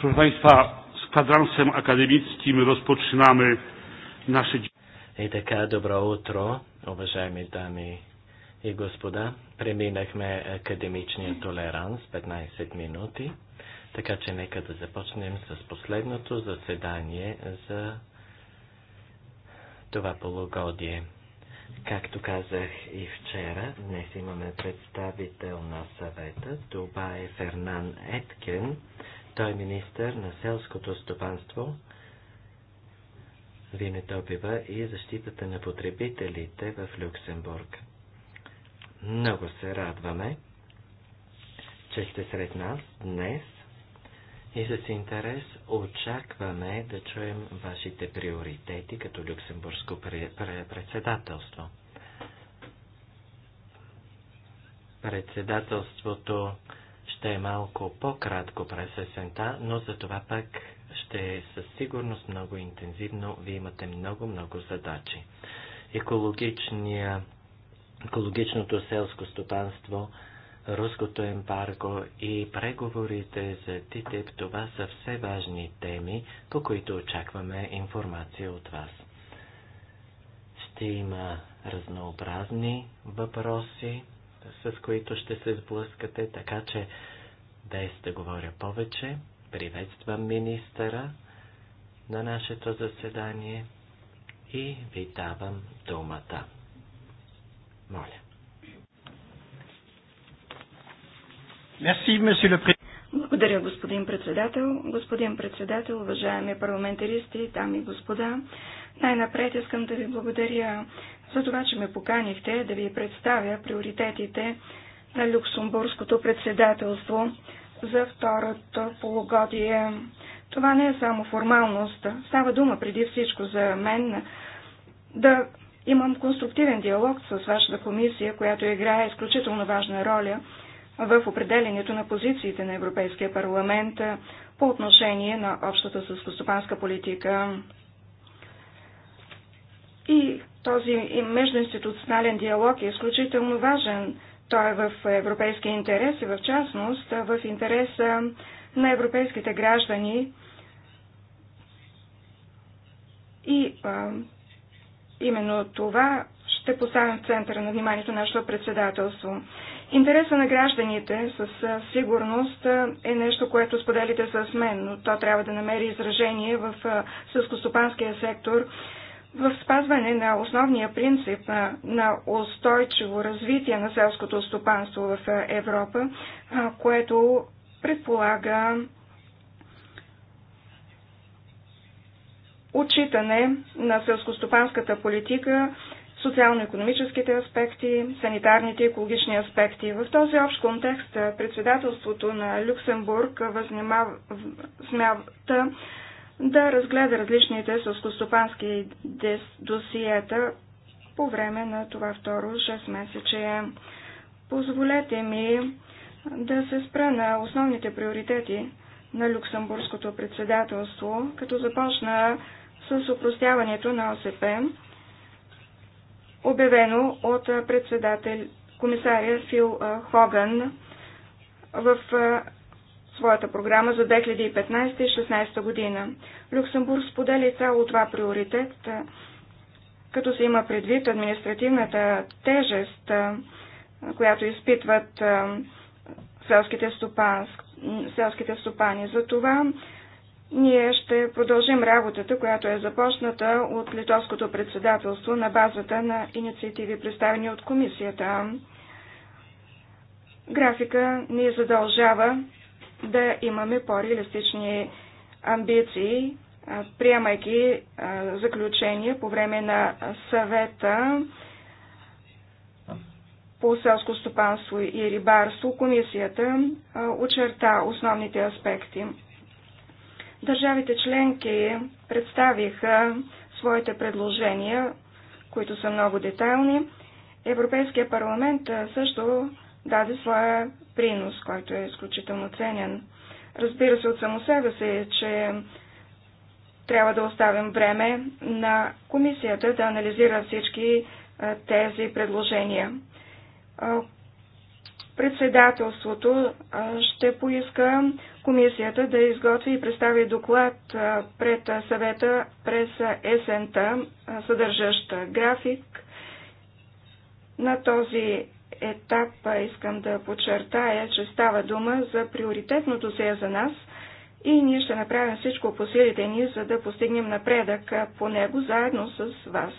Proszę Państwa, z kwadransem akademickim rozpoczynamy nasze... И така, добро утро, уважаеми дами и господа. Преминахме академичния толеранс 15 минути, така че нека да започнем с последното заседание за това полугодие. Както казах и вчера, днес имаме представител на съвета. Това е Фернан Еткен, той е министър на селското стопанство, винетопива и защитата на потребителите в Люксембург. Много се радваме, че сте сред нас днес и с интерес очакваме да чуем вашите приоритети като люксембургско председателство. Председателството ще е малко по-кратко през есента, но за това пък ще е със сигурност много интензивно. Вие имате много-много задачи. Екологичния, екологичното селско стопанство, руското ембарго и преговорите за ТТИП, това са все важни теми, по които очакваме информация от вас. Ще има разнообразни въпроси, с които ще се сблъскате, така че без да говоря повече, приветствам министъра на нашето заседание и ви давам думата. Моля. Благодаря, господин председател. Господин председател, уважаеми парламентаристи, дами и господа, най-напред искам да ви благодаря за това, че ме поканихте да ви представя приоритетите на Люксембургското председателство за второто полугодие. Това не е само формалност. Става дума преди всичко за мен да имам конструктивен диалог с вашата комисия, която играе изключително важна роля в определенето на позициите на Европейския парламент по отношение на общата съскостопанска политика. И този междуинституционален диалог е изключително важен. Той е в европейския интерес и в частност в интереса на европейските граждани и а, именно това ще поставим в центъра на вниманието на нашето председателство. Интереса на гражданите със сигурност е нещо, което споделите с мен, но то трябва да намери изражение в съскостопанския сектор в спазване на основния принцип на устойчиво развитие на селското стопанство в Европа, което предполага отчитане на селскостопанската политика, социално-економическите аспекти, санитарните и екологични аспекти. В този общ контекст председателството на Люксембург възнимава да разгледа различните сълскостопански досиета по време на това второ 6 месече. Позволете ми да се спра на основните приоритети на Люксембургското председателство, като започна с упростяването на ОСП, обявено от председател комисаря Фил Хоган в своята програма за 2015 и 2016 година. Люксембург споделя цяло това приоритет, е, като се има предвид административната тежест, е, която изпитват е, селските, стопан, селските стопани. За това ние ще продължим работата, която е започната от литовското председателство на базата на инициативи, представени от комисията. Графика ни задължава да имаме по-реалистични амбиции, приемайки заключение по време на съвета по селско стопанство и рибарство, комисията очерта основните аспекти. Държавите членки представиха своите предложения, които са много детайлни. Европейския парламент също даде своя принос, който е изключително ценен. Разбира се от само себе си, че трябва да оставим време на комисията да анализира всички е, тези предложения. Е, председателството е, ще поиска комисията да изготви и представи доклад пред съвета през есента, съдържащ график на този етап искам да подчертая, че става дума за приоритетното се за нас и ние ще направим всичко по силите ни, за да постигнем напредък по него заедно с вас.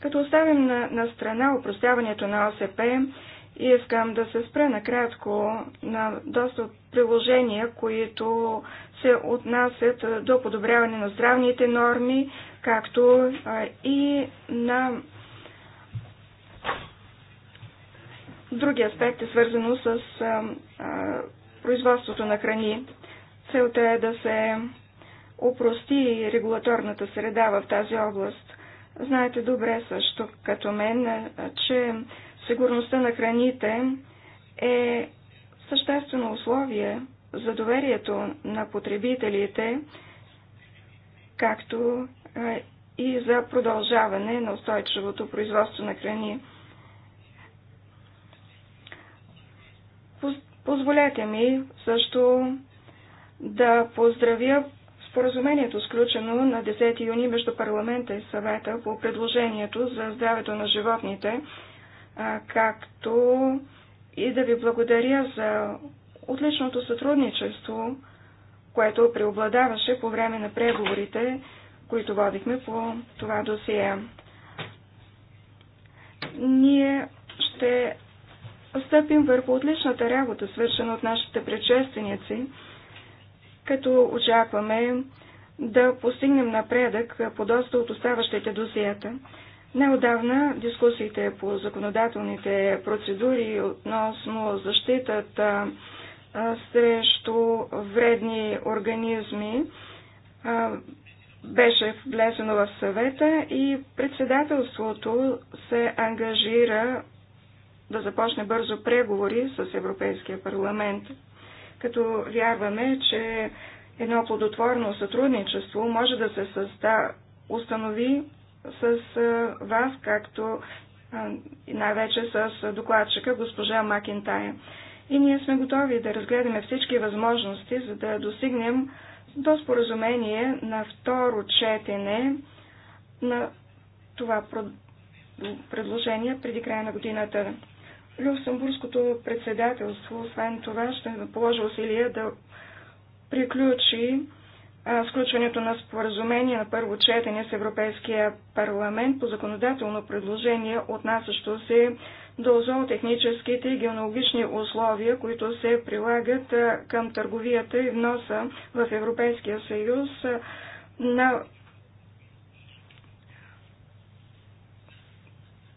Като оставим на, на страна упростяването на ОСП, искам да се спра накратко на доста приложения, които се отнасят до подобряване на здравните норми, както и на Други аспект е свързано с а, а, производството на храни. Целта е да се упрости регулаторната среда в тази област. Знаете добре също като мен, че сигурността на храните е съществено условие за доверието на потребителите, както и за продължаване на устойчивото производство на храни. Позволете ми също да поздравя споразумението, сключено на 10 юни между парламента и съвета по предложението за здравето на животните, както и да ви благодаря за отличното сътрудничество, което преобладаваше по време на преговорите, които водихме по това досие. Ние ще стъпим върху отличната работа, свършена от нашите предшественици, като очакваме да постигнем напредък по доста от оставащите досията. Неодавна дискусиите по законодателните процедури относно защитата срещу вредни организми беше влезено в съвета и председателството се ангажира да започне бързо преговори с Европейския парламент, като вярваме, че едно плодотворно сътрудничество може да се съста, установи с вас, както най-вече с докладчика госпожа Макентай. И ние сме готови да разгледаме всички възможности, за да достигнем до споразумение на второ четене на това предложение преди края на годината. Люксембургското председателство, освен това, ще положи усилия да приключи сключването на споразумение на първо четене с Европейския парламент по законодателно предложение, отнасящо се до зоотехническите и геонологични условия, които се прилагат към търговията и вноса в Европейския съюз на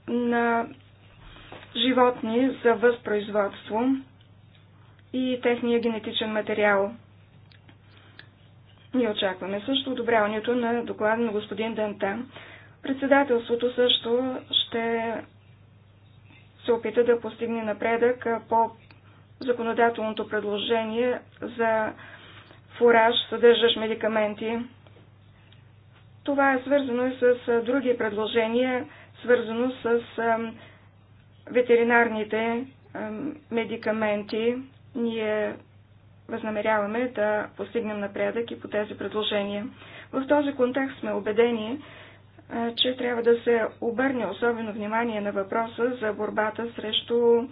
на животни за възпроизводство и техния генетичен материал. Ние очакваме също одобряването на доклада на господин Данта. Председателството също ще се опита да постигне напредък по законодателното предложение за фураж, съдържащ медикаменти. Това е свързано и с други предложения, свързано с ветеринарните медикаменти. Ние възнамеряваме да постигнем напредък и по тези предложения. В този контекст сме убедени, че трябва да се обърне особено внимание на въпроса за борбата срещу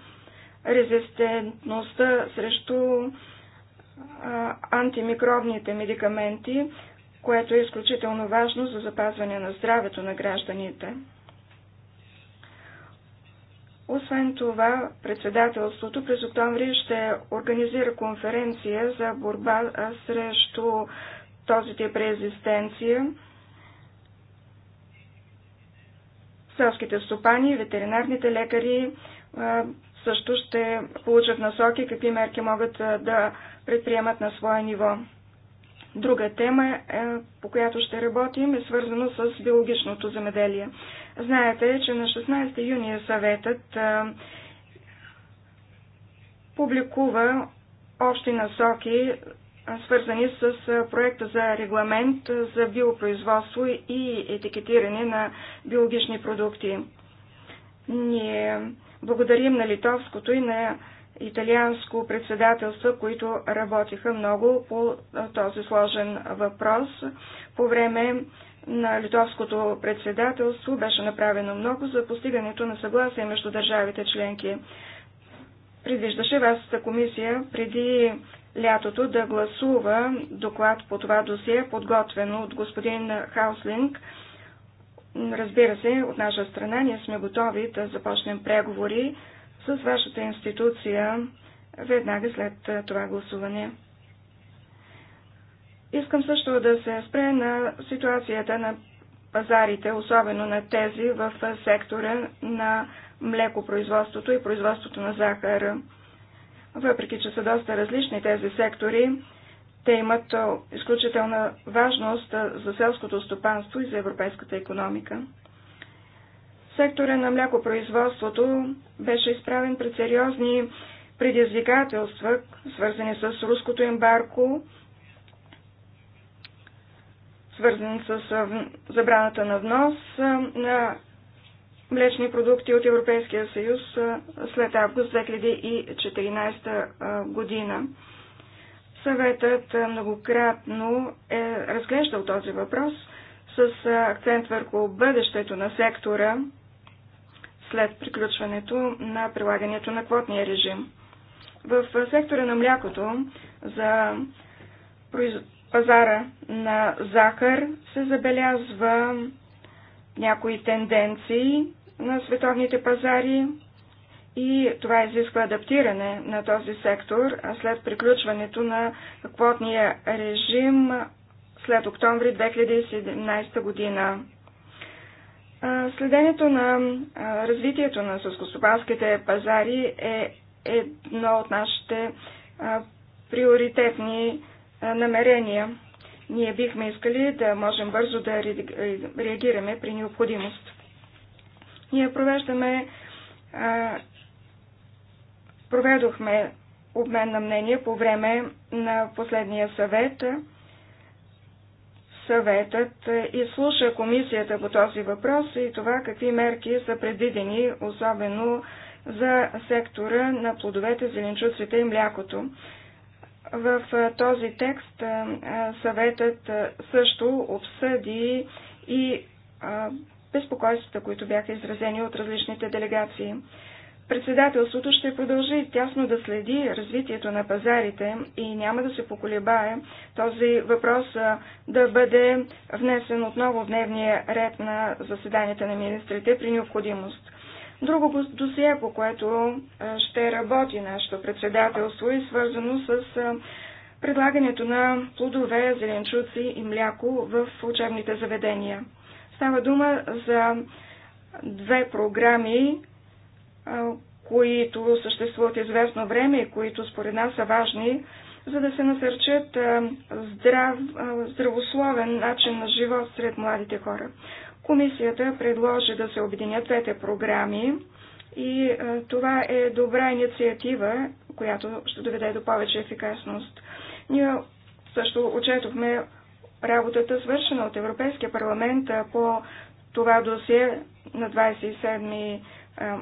резистентността, срещу антимикробните медикаменти, което е изключително важно за запазване на здравето на гражданите. Освен това, председателството през октомври ще организира конференция за борба срещу този тип резистенция. Селските стопани ветеринарните лекари също ще получат насоки какви мерки могат да предприемат на своя ниво. Друга тема, е, по която ще работим, е свързано с биологичното земеделие. Знаете, че на 16 юни съветът публикува общи насоки, свързани с проекта за регламент за биопроизводство и етикетиране на биологични продукти. Ние благодарим на литовското и на италианско председателство, които работиха много по този сложен въпрос по време на литовското председателство беше направено много за постигането на съгласие между държавите членки. Предвиждаше вашата комисия преди лятото да гласува доклад по това досие, подготвено от господин Хауслинг. Разбира се, от наша страна ние сме готови да започнем преговори с вашата институция веднага след това гласуване. Искам също да се спре на ситуацията на пазарите, особено на тези в сектора на млекопроизводството и производството на захар. Въпреки, че са доста различни тези сектори, те имат изключителна важност за селското стопанство и за европейската економика. Сектора на млякопроизводството беше изправен пред сериозни предизвикателства, свързани с руското ембарко, свързан с забраната на внос на млечни продукти от Европейския съюз след август 2014 година. Съветът многократно е разглеждал този въпрос с акцент върху бъдещето на сектора след приключването на прилагането на квотния режим. В сектора на млякото за производството пазара на захар се забелязва някои тенденции на световните пазари и това изисква адаптиране на този сектор след приключването на квотния режим след октомври 2017 година. Следенето на развитието на съскостопанските пазари е едно от нашите приоритетни намерения. Ние бихме искали да можем бързо да реагираме при необходимост. Ние провеждаме, проведохме обмен на мнение по време на последния съвет. Съветът изслуша комисията по този въпрос и това какви мерки са предвидени, особено за сектора на плодовете, зеленчуците и млякото. В този текст съветът също обсъди и безпокойствата, които бяха изразени от различните делегации. Председателството ще продължи тясно да следи развитието на пазарите и няма да се поколебае този въпрос да бъде внесен отново в дневния ред на заседанията на министрите при необходимост. Друго досие, по което ще работи нашето председателство е свързано с предлагането на плодове, зеленчуци и мляко в учебните заведения. Става дума за две програми, които съществуват известно време и които според нас са важни, за да се насърчат здрав, здравословен начин на живот сред младите хора. Комисията предложи да се объединят двете програми и е, това е добра инициатива, която ще доведе до повече ефикасност. Ние също отчетохме работата, свършена от Европейския парламент по това досие на 27 е,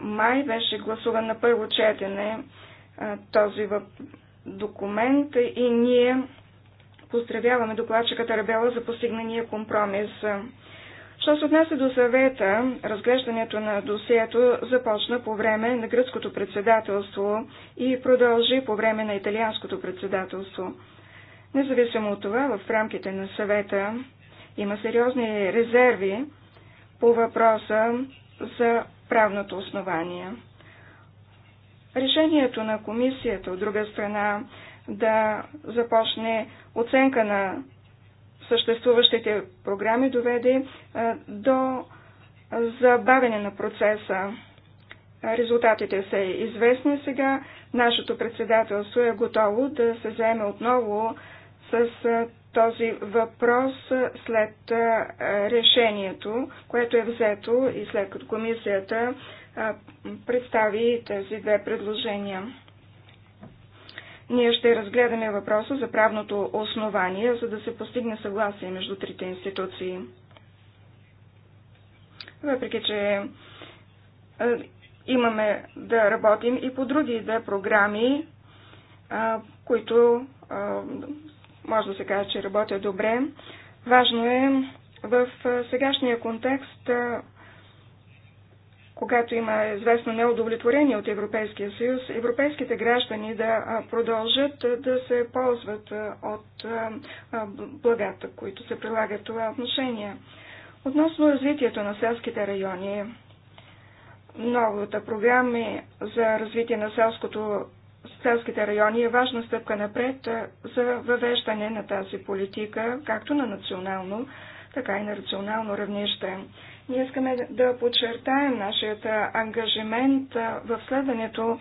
май беше гласуван на първо четене е, този документ и ние поздравяваме докладчиката Рабела за постигнания компромис. Що се отнася до съвета, разглеждането на досието започна по време на гръцкото председателство и продължи по време на италианското председателство. Независимо от това, в рамките на съвета има сериозни резерви по въпроса за правното основание. Решението на комисията, от друга страна, да започне оценка на съществуващите програми доведе до забавяне на процеса. Резултатите са известни сега. Нашето председателство е готово да се заеме отново с този въпрос след решението, което е взето и след като комисията представи тези две предложения. Ние ще разгледаме въпроса за правното основание, за да се постигне съгласие между трите институции. Въпреки, че имаме да работим и по други две програми, които може да се каже, че работят добре. Важно е в сегашния контекст когато има известно неудовлетворение от Европейския съюз, европейските граждани да продължат да се ползват от благата, които се прилагат в това отношение. Относно развитието на селските райони, новата програми за развитие на селското, селските райони е важна стъпка напред за въвеждане на тази политика, както на национално, така и на рационално равнище. Ние искаме да подчертаем нашият ангажимент в следването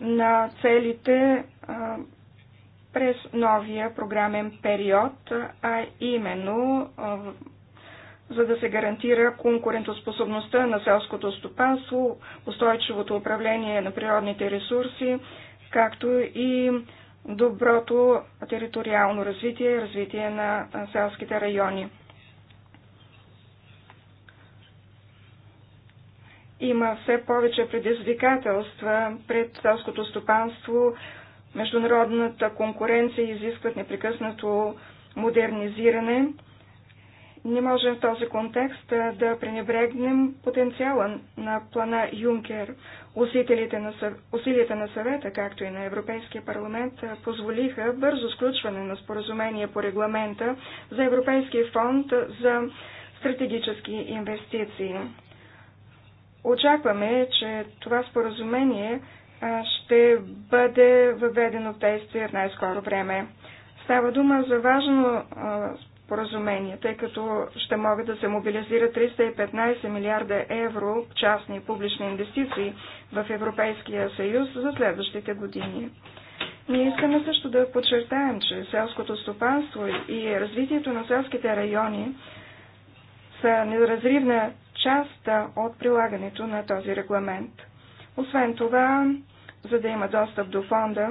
на целите през новия програмен период, а именно за да се гарантира конкурентоспособността на селското стопанство, устойчивото управление на природните ресурси, както и доброто териториално развитие и развитие на селските райони. Има все повече предизвикателства пред селското стопанство. Международната конкуренция изискват непрекъснато модернизиране. Не можем в този контекст да пренебрегнем потенциала на плана Юнкер. Усилите на, усилията на съвета, както и на Европейския парламент, позволиха бързо сключване на споразумение по регламента за Европейския фонд за стратегически инвестиции. Очакваме, че това споразумение ще бъде въведено в действие в най-скоро време. Става дума за важно споразумение, тъй като ще могат да се мобилизират 315 милиарда евро частни и публични инвестиции в Европейския съюз за следващите години. Ние искаме също да подчертаем, че селското стопанство и развитието на селските райони са неразривна част от прилагането на този регламент. Освен това, за да има достъп до фонда,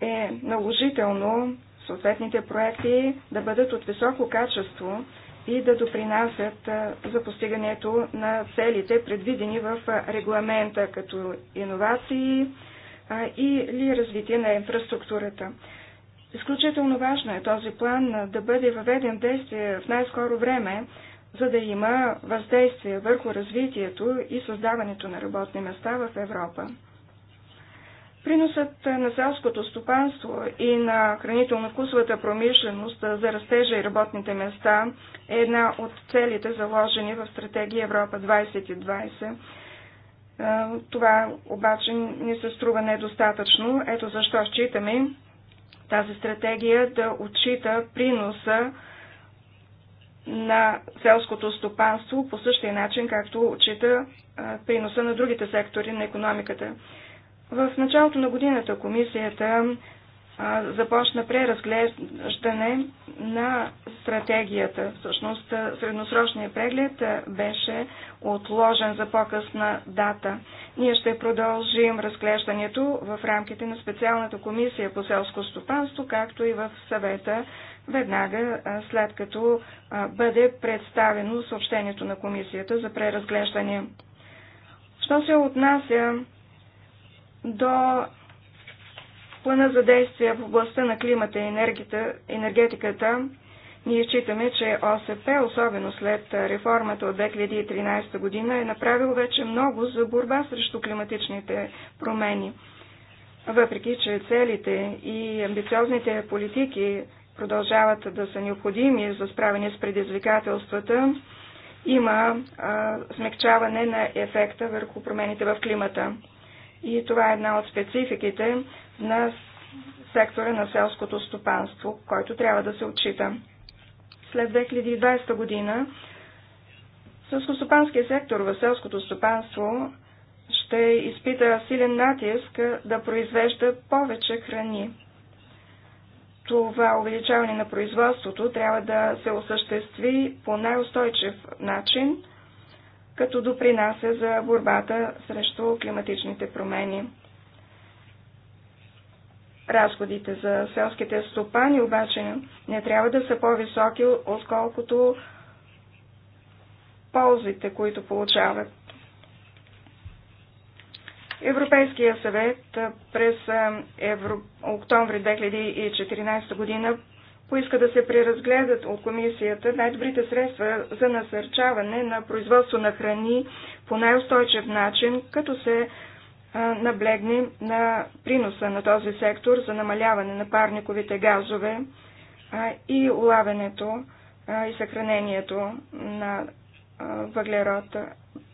е наложително съответните проекти да бъдат от високо качество и да допринасят за постигането на целите, предвидени в регламента, като иновации или развитие на инфраструктурата. Изключително важно е този план да бъде въведен в действие в най-скоро време, за да има въздействие върху развитието и създаването на работни места в Европа. Приносът на селското стопанство и на хранително-вкусовата промишленост за растежа и работните места е една от целите заложени в стратегия Европа 2020. Е, това обаче ни се струва недостатъчно. Ето защо считаме тази стратегия да отчита приноса на селското стопанство по същия начин, както отчита приноса на другите сектори на економиката. В началото на годината комисията започна преразглеждане на стратегията. Всъщност, средносрочният преглед беше отложен за по-късна дата. Ние ще продължим разглеждането в рамките на специалната комисия по селско стопанство, както и в съвета веднага след като бъде представено съобщението на комисията за преразглеждане. Що се отнася до плана за действие в областта на климата и енергетиката, ние считаме, че ОСП, особено след реформата от 2013 година, е направил вече много за борба срещу климатичните промени. Въпреки, че целите и амбициозните политики продължават да са необходими за справяне с предизвикателствата, има а, смягчаване на ефекта върху промените в климата. И това е една от спецификите на сектора на селското стопанство, който трябва да се отчита. След 2020 година селскостопанския сектор в селското стопанство ще изпита силен натиск да произвежда повече храни това увеличаване на производството трябва да се осъществи по най-устойчив начин, като допринася за борбата срещу климатичните промени. Разходите за селските стопани обаче не трябва да са по-високи, отколкото ползите, които получават. Европейския съвет през евро... октомври 2014 година поиска да се преразгледат от комисията най-добрите средства за насърчаване на производство на храни по най-устойчив начин, като се наблегне на приноса на този сектор за намаляване на парниковите газове и улавянето и съхранението на въглерод.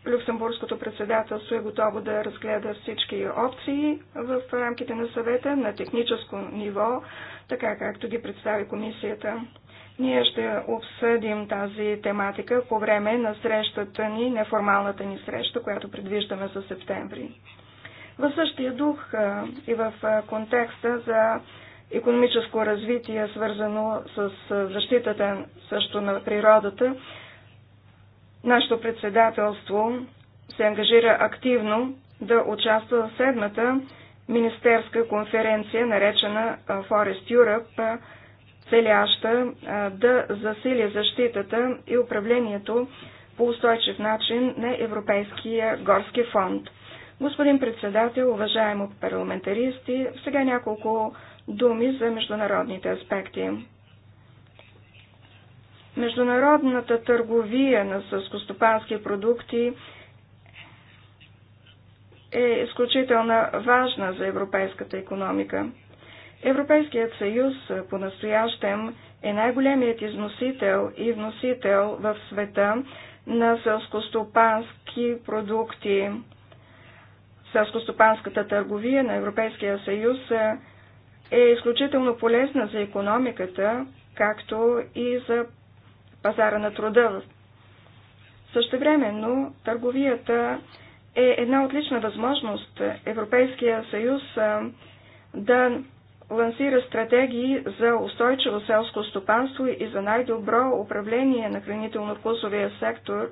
Люксембургското председателство е готово да разгледа всички опции в рамките на съвета на техническо ниво, така както ги представи комисията. Ние ще обсъдим тази тематика по време на срещата ни, неформалната ни среща, която предвиждаме за септември. В същия дух и в контекста за економическо развитие, свързано с защитата също на природата, Нашето председателство се ангажира активно да участва в седмата министерска конференция, наречена Forest Europe, целяща да засили защитата и управлението по устойчив начин на Европейския горски фонд. Господин председател, уважаемо парламентаристи, сега няколко думи за международните аспекти. Международната търговия на сълскостопански продукти е изключително важна за европейската економика. Европейският съюз по-настоящем е най-големият износител и вносител в света на селскостопански продукти. Селскостопанската търговия на Европейския съюз е изключително полезна за економиката, както и за пазара на труда. Също времено търговията е една отлична възможност Европейския съюз да лансира стратегии за устойчиво селско стопанство и за най-добро управление на хранително-вкусовия сектор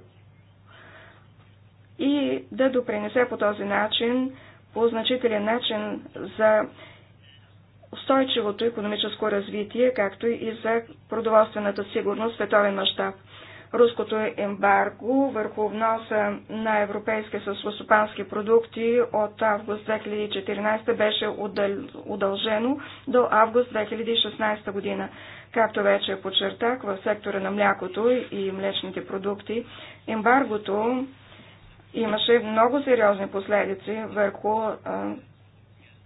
и да допринесе по този начин, по значителен начин за устойчивото економическо развитие, както и за продоволствената сигурност в световен мащаб. Руското ембарго върху вноса на европейски съсвосопански продукти от август 2014 беше удължено до август 2016 година. Както вече подчертах, в сектора на млякото и млечните продукти, ембаргото имаше много сериозни последици върху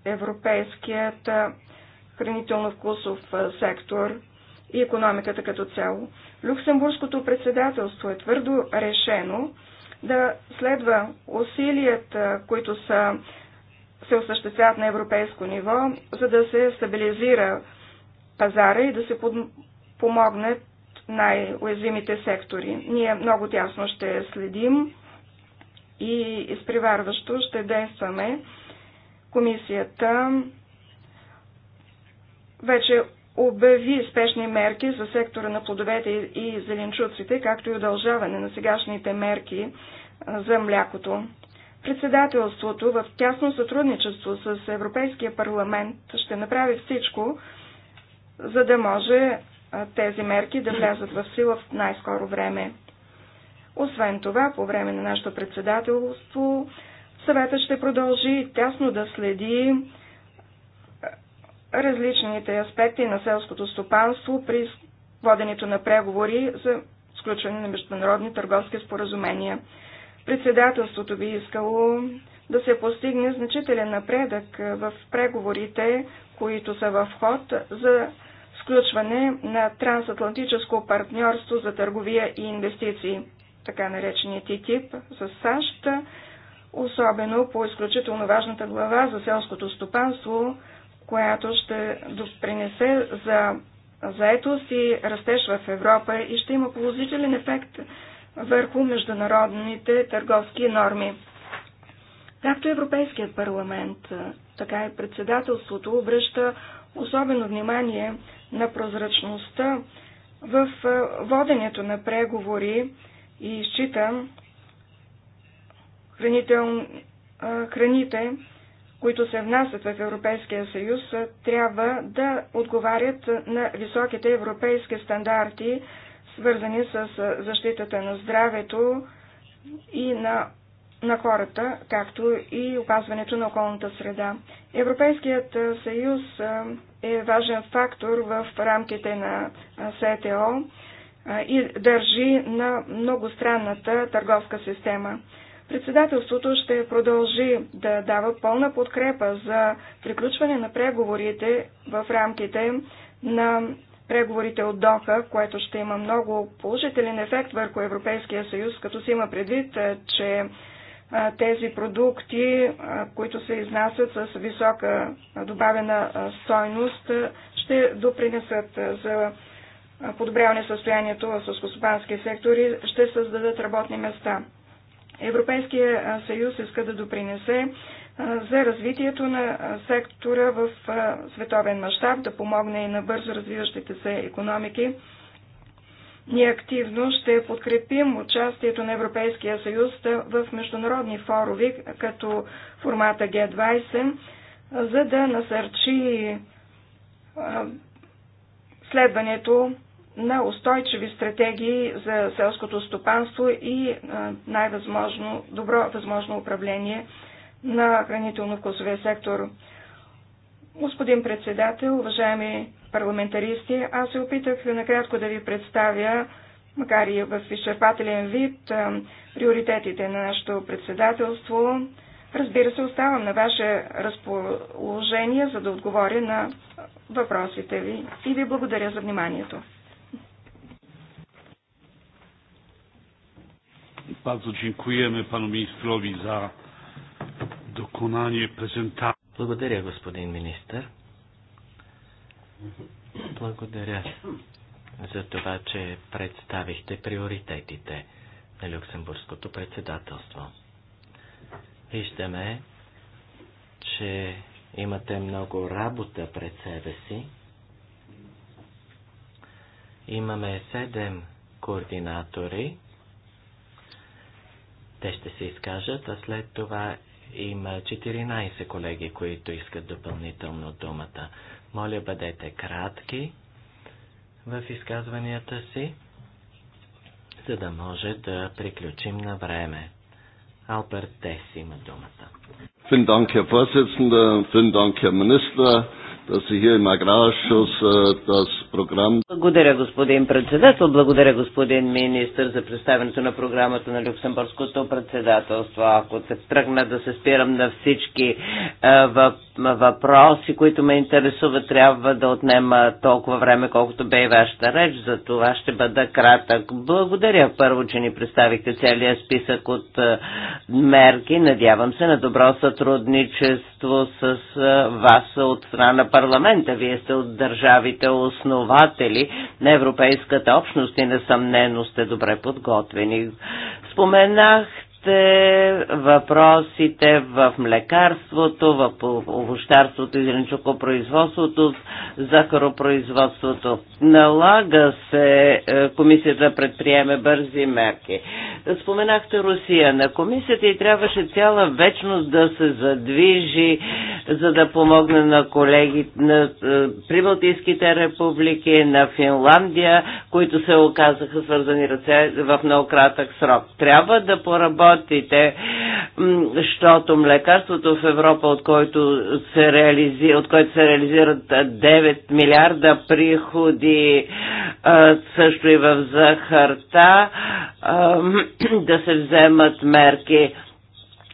европейският хранително-вкусов сектор и економиката като цяло. Люксембургското председателство е твърдо решено да следва усилията, които са, се осъществяват на европейско ниво, за да се стабилизира пазара и да се помогне най-уязвимите сектори. Ние много тясно ще следим и изпреварващо ще действаме. Комисията вече обяви спешни мерки за сектора на плодовете и зеленчуците, както и удължаване на сегашните мерки за млякото. Председателството в тясно сътрудничество с Европейския парламент ще направи всичко, за да може тези мерки да влязат в сила в най-скоро време. Освен това, по време на нашето председателство, съветът ще продължи тясно да следи различните аспекти на селското стопанство при воденето на преговори за сключване на международни търговски споразумения. Председателството би искало да се постигне значителен напредък в преговорите, които са в ход за сключване на трансатлантическо партньорство за търговия и инвестиции, така наречения ТИТИП, с САЩ, особено по изключително важната глава за селското стопанство, която ще допринесе за заетост и растеж в Европа и ще има положителен ефект върху международните търговски норми. Както Европейският парламент, така и председателството обръща особено внимание на прозрачността в воденето на преговори и изчита хранител, храните които се внасят в Европейския съюз, трябва да отговарят на високите европейски стандарти, свързани с защитата на здравето и на, на хората, както и опазването на околната среда. Европейският съюз е важен фактор в рамките на СТО и държи на многостранната търговска система. Председателството ще продължи да дава пълна подкрепа за приключване на преговорите в рамките на преговорите от Доха, което ще има много положителен ефект върху Европейския съюз, като се има предвид, че тези продукти, които се изнасят с висока добавена стойност, ще допринесат за подобряване състоянието в сълскостопанския сектор и ще създадат работни места. Европейския съюз иска да допринесе за развитието на сектора в световен мащаб, да помогне и на бързо развиващите се економики. Ние активно ще подкрепим участието на Европейския съюз в международни форуми, като формата G20, за да насърчи следването на устойчиви стратегии за селското стопанство и най-възможно добро възможно управление на хранително-вкусовия сектор. Господин председател, уважаеми парламентаристи, аз се опитах накратко да ви представя, макар и в изчерпателен вид, приоритетите на нашето председателство. Разбира се, оставам на ваше разположение, за да отговоря на въпросите ви и ви благодаря за вниманието. Bardzo dziękujemy panu ministrowi za dokonanie prezentacji. Благодаря, господин министър. Благодаря за това, че представихте приоритетите на Люксембургското председателство. Виждаме, че имате много работа пред себе си. Имаме седем координатори те ще се изкажат, а след това има 14 колеги, които искат допълнително думата. Моля, бъдете кратки в изказванията си, за да може да приключим на време. Алберт Тес има думата. Vielen Dank, Herr Vorsitzender. Vielen Dank, Herr Minister dass Sie hier im Agrarausschuss äh, das Programm. Благодаря, господин председател. Благодаря, господин министр, за представенето на програмата на Люксембургското председателство. Ако се тръгна да се спирам на всички е, въпроси, които ме интересуват, трябва да отнема толкова време, колкото бе и вашата реч. За това ще бъда кратък. Благодаря първо, че ни представихте целият списък от е, мерки. Надявам се на добро сътрудничество с е, вас от страна парламента. Вие сте от държавите основатели на Европейската общност и несъмнено сте добре подготвени. Споменах храните, въпросите в млекарството, в овощарството и зеленчукопроизводството, захаропроизводството. Налага се е, комисията да предприеме бързи мерки. Споменахте Русия. На комисията и трябваше цяла вечност да се задвижи, за да помогне на колегите на е, Прибалтийските републики, на Финландия, които се оказаха свързани ръце в много кратък срок. Трябва да поработи квотите, защото лекарството в Европа, от който се, реализи, от който се реализират 9 милиарда приходи, също и в захарта, да се вземат мерки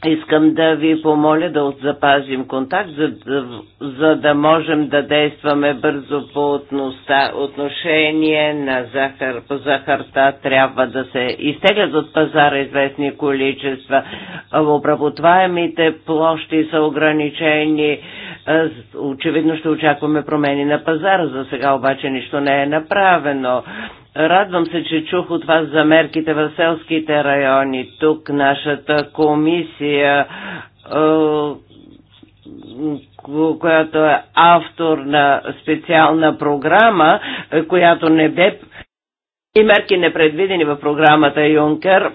Искам да ви помоля да запазим контакт, за да, за да можем да действаме бързо по относа, отношение на захар. По захарта трябва да се изтеглят от пазара известни количества. Обработваемите площи са ограничени. Е, очевидно ще очакваме промени на пазара. За сега обаче нищо не е направено. Радвам се, че чух от вас за мерките в селските райони. Тук нашата комисия е, която е автор на специална програма, е, която не бе и мерки непредвидени в програмата Юнкер,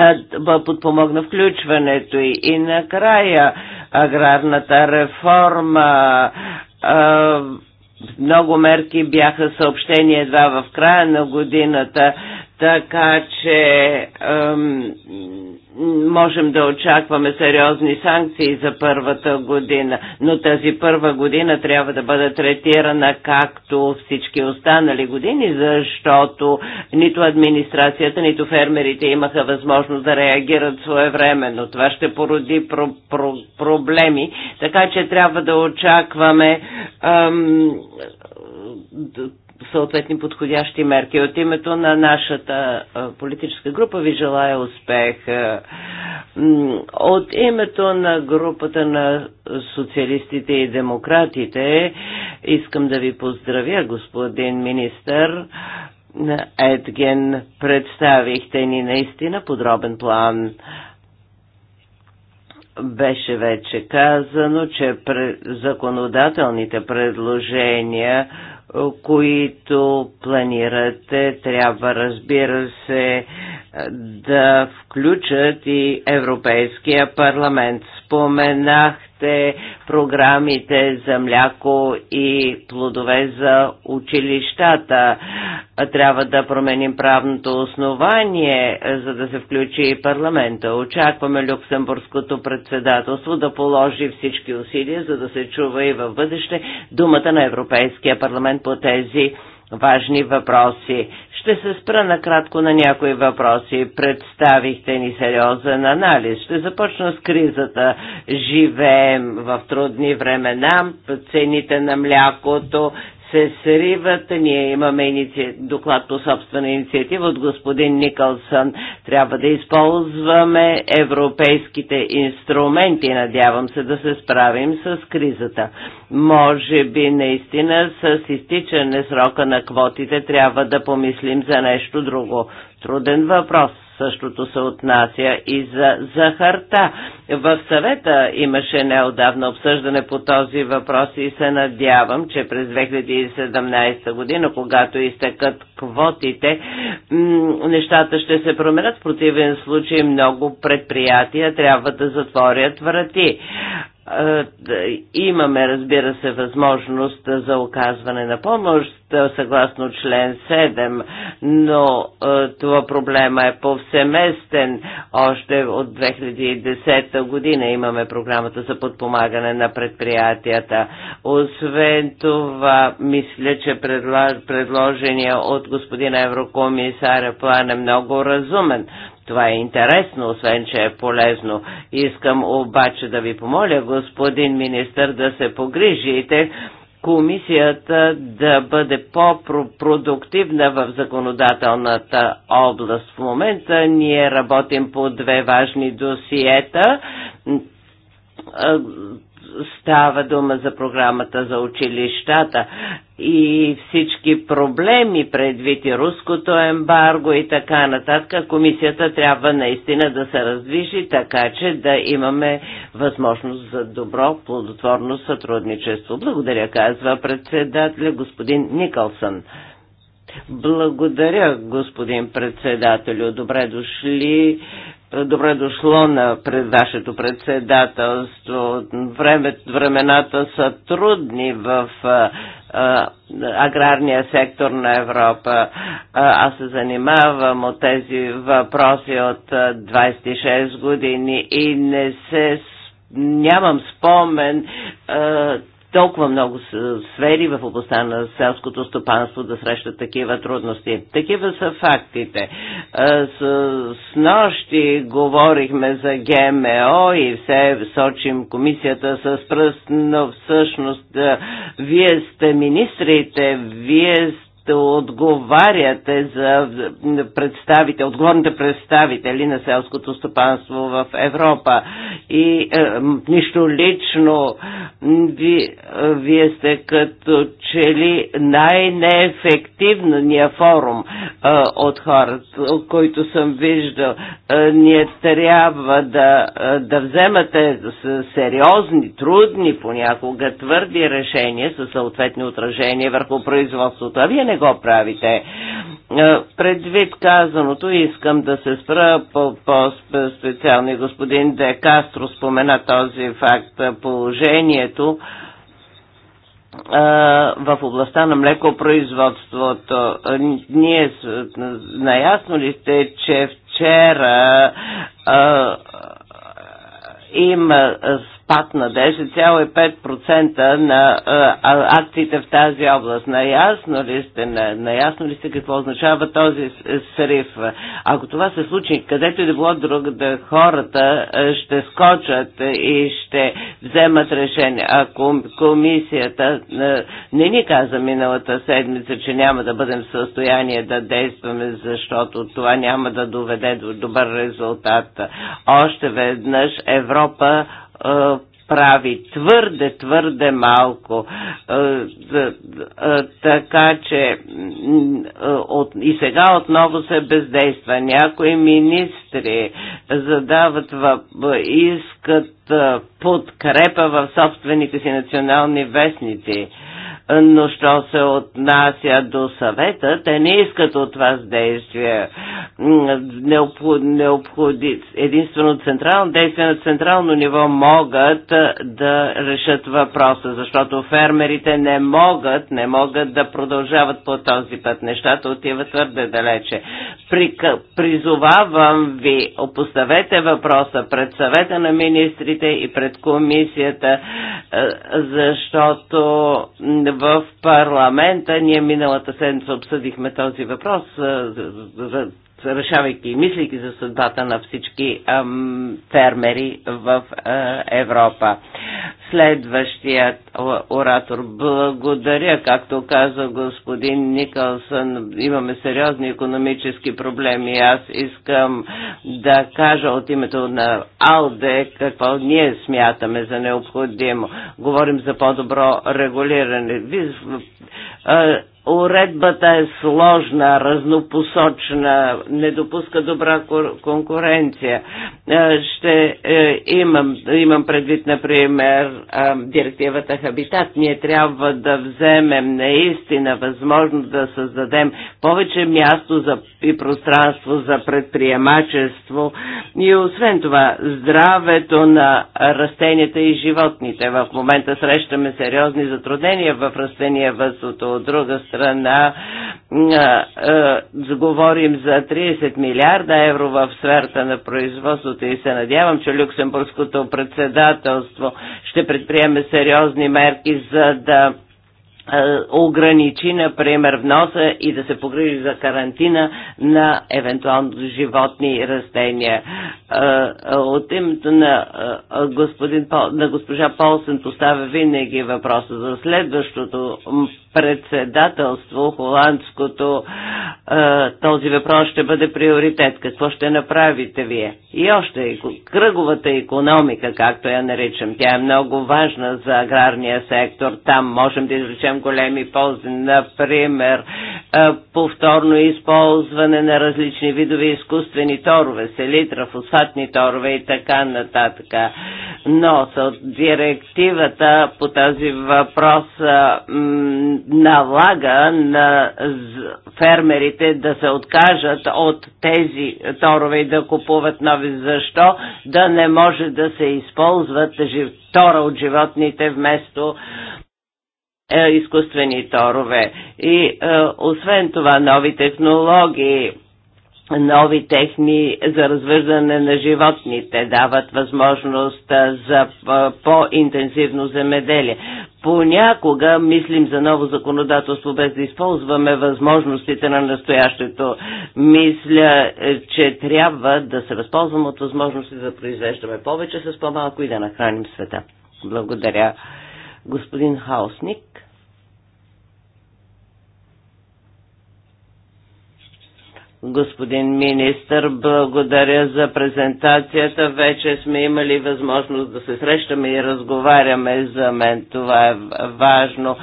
е, подпомогна включването и. И накрая аграрната реформа много мерки бяха съобщени едва в края на годината, така че можем да очакваме сериозни санкции за първата година, но тази първа година трябва да бъде третирана както всички останали години, защото нито администрацията, нито фермерите имаха възможност да реагират своевременно. Това ще породи про- про- проблеми, така че трябва да очакваме ам, съответни подходящи мерки. От името на нашата политическа група ви желая успех. От името на групата на социалистите и демократите искам да ви поздравя, господин министър. Едген, представихте ни наистина подробен план беше вече казано, че законодателните предложения които планирате, трябва, разбира се, да включат и Европейския парламент. Споменахте още програмите за мляко и плодове за училищата. Трябва да променим правното основание, за да се включи и парламента. Очакваме Люксембургското председателство да положи всички усилия, за да се чува и във бъдеще думата на Европейския парламент по тези важни въпроси. Ще се спра накратко на някои въпроси. Представихте ни сериозен анализ. Ще започна с кризата. Живеем в трудни времена, цените на млякото се сриват. Ние имаме иници... доклад по собствена инициатива от господин Никълсън. Трябва да използваме европейските инструменти. Надявам се да се справим с кризата. Може би наистина с изтичане срока на квотите трябва да помислим за нещо друго. Труден въпрос Същото се отнася и за захарта. В съвета имаше неодавна обсъждане по този въпрос и се надявам, че през 2017 година, когато изтекат квотите, нещата ще се променят. В противен случай много предприятия трябва да затворят врати. Е, имаме, разбира се, възможност за оказване на помощ съгласно член 7, но е, това проблема е повсеместен. Още от 2010 година имаме програмата за подпомагане на предприятията. Освен това, мисля, че предложения от господина еврокомисаря план е много разумен това е интересно, освен че е полезно. Искам обаче да ви помоля, господин министър, да се погрижите комисията да бъде по-продуктивна в законодателната област. В момента ние работим по две важни досиета става дума за програмата за училищата и всички проблеми предвид и руското ембарго и така нататък, комисията трябва наистина да се раздвижи, така че да имаме възможност за добро, плодотворно сътрудничество. Благодаря, казва председателя господин Никълсън. Благодаря, господин председателю. Добре дошли Добре дошло на пред вашето председателство. Време, времената са трудни в а, аграрния сектор на Европа. Аз се занимавам от тези въпроси от 26 години и не се нямам спомен а, толкова много сфери в областта на селското стопанство да срещат такива трудности. Такива са фактите. Е, с, с нощи говорихме за ГМО и все сочим комисията с пръст, но всъщност е, вие сте министрите, вие сте отговаряте за представите, отговорните представители на селското стопанство в Европа. И е, нищо лично, ви, е, вие сте като че ли най-неефективния форум а, от хората, който съм виждал. ние трябва да, а, да вземате сериозни, трудни, понякога твърди решения със съответни отражения върху производството. А вие не го правите. предвид казаното искам да се спра по-специално по, по господин Де Кастро спомена този факт. Положението в областта на млекопроизводството. Ние наясно ли сте, че вчера има спад на 10,5% на акциите в тази област. Наясно ли сте, На наясно ли сте какво означава този срив? Ако това се случи, където и да било друг, да хората ще скочат и ще вземат решение. Ако комисията не ни каза миналата седмица, че няма да бъдем в състояние да действаме, защото това няма да доведе до добър резултат. Още веднъж Европа прави твърде, твърде малко. Така че и сега отново се бездейства. Някои министри задават, искат подкрепа в собствените си национални вестници но що се отнася до съвета, те не искат от вас действия. Необходи... Единствено централно действие на централно ниво могат да решат въпроса, защото фермерите не могат, не могат да продължават по този път. Нещата отиват твърде далече. При... Призовавам ви, опоставете въпроса пред съвета на министрите и пред комисията, защото в парламента. Ние миналата седмица обсъдихме този въпрос решавайки и мислейки за съдбата на всички ам, фермери в а, е, Европа. Следващият оратор. Благодаря, както каза господин Никълсън, имаме сериозни економически проблеми. Аз искам да кажа от името на АЛДЕ какво ние смятаме за необходимо. Говорим за по-добро регулиране. Е, Уредбата е сложна, разнопосочна, не допуска добра конкуренция. Е, ще е, имам, имам предвид, например, е, директивата Хабитат. Ние трябва да вземем наистина възможност да създадем повече място за, и пространство за предприемачество. И освен това, здравето на растенията и животните. В момента срещаме сериозни затруднения в растения въздуто от друга страна страна говорим за 30 милиарда евро в сферата на производството и се надявам, че Люксембургското председателство ще предприеме сериозни мерки за да е, ограничи, например, вноса и да се погрижи за карантина на евентуално животни и растения. Е, е, от името на, господин, на госпожа Полсен поставя винаги въпроса за следващото председателство, холандското, този въпрос ще бъде приоритет. Какво ще направите вие? И още кръговата економика, както я наричам, тя е много важна за аграрния сектор. Там можем да изречем съвсем големи ползи. Например, повторно използване на различни видове изкуствени торове, селитра, фосфатни торове и така нататък. Но директивата по тази въпрос налага на фермерите да се откажат от тези торове и да купуват нови. Защо да не може да се използват тора от животните вместо е, изкуствени торове. И е, освен това нови технологии, нови техни за развързане на животните дават възможност е, за по-интензивно земеделие. Понякога мислим за ново законодателство без да използваме възможностите на настоящето. Мисля, че трябва да се възползваме от възможности да произвеждаме повече с по-малко и да нахраним света. Благодаря. Господин Хаусник. Господин министр, благодаря за презентацията. Вече сме имали възможност да се срещаме и разговаряме. За мен това е важно,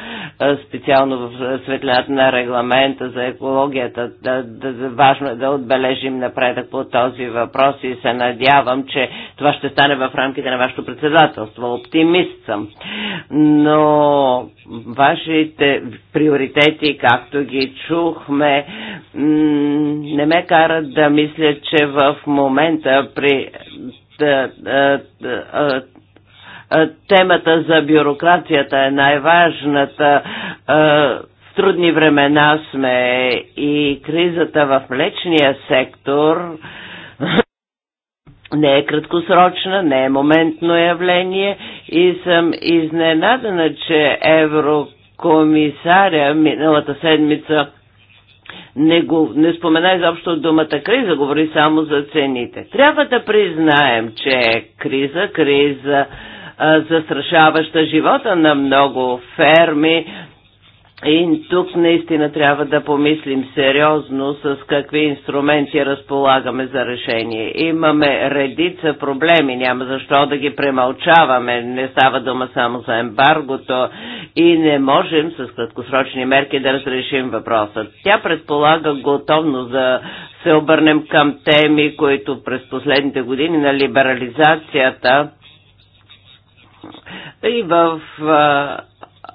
специално в светлината на регламента за екологията. Да, да, важно е да отбележим напредък по този въпрос и се надявам, че това ще стане в рамките на вашето председателство. Оптимист съм. Но вашите приоритети, както ги чухме, не ме карат да мисля, че в момента при да, да, да, темата за бюрокрацията е най-важната. В трудни времена сме и кризата в млечния сектор не е краткосрочна, не е моментно явление и съм изненадана, че еврокомисаря миналата седмица не, го, не спомена изобщо думата криза, говори само за цените. Трябва да признаем, че е криза, криза застрашаваща живота на много ферми, и тук наистина трябва да помислим сериозно с какви инструменти разполагаме за решение. Имаме редица проблеми, няма защо да ги премълчаваме. Не става дума само за ембаргото и не можем с краткосрочни мерки да разрешим въпроса. Тя предполага готовно да се обърнем към теми, които през последните години на либерализацията и в а,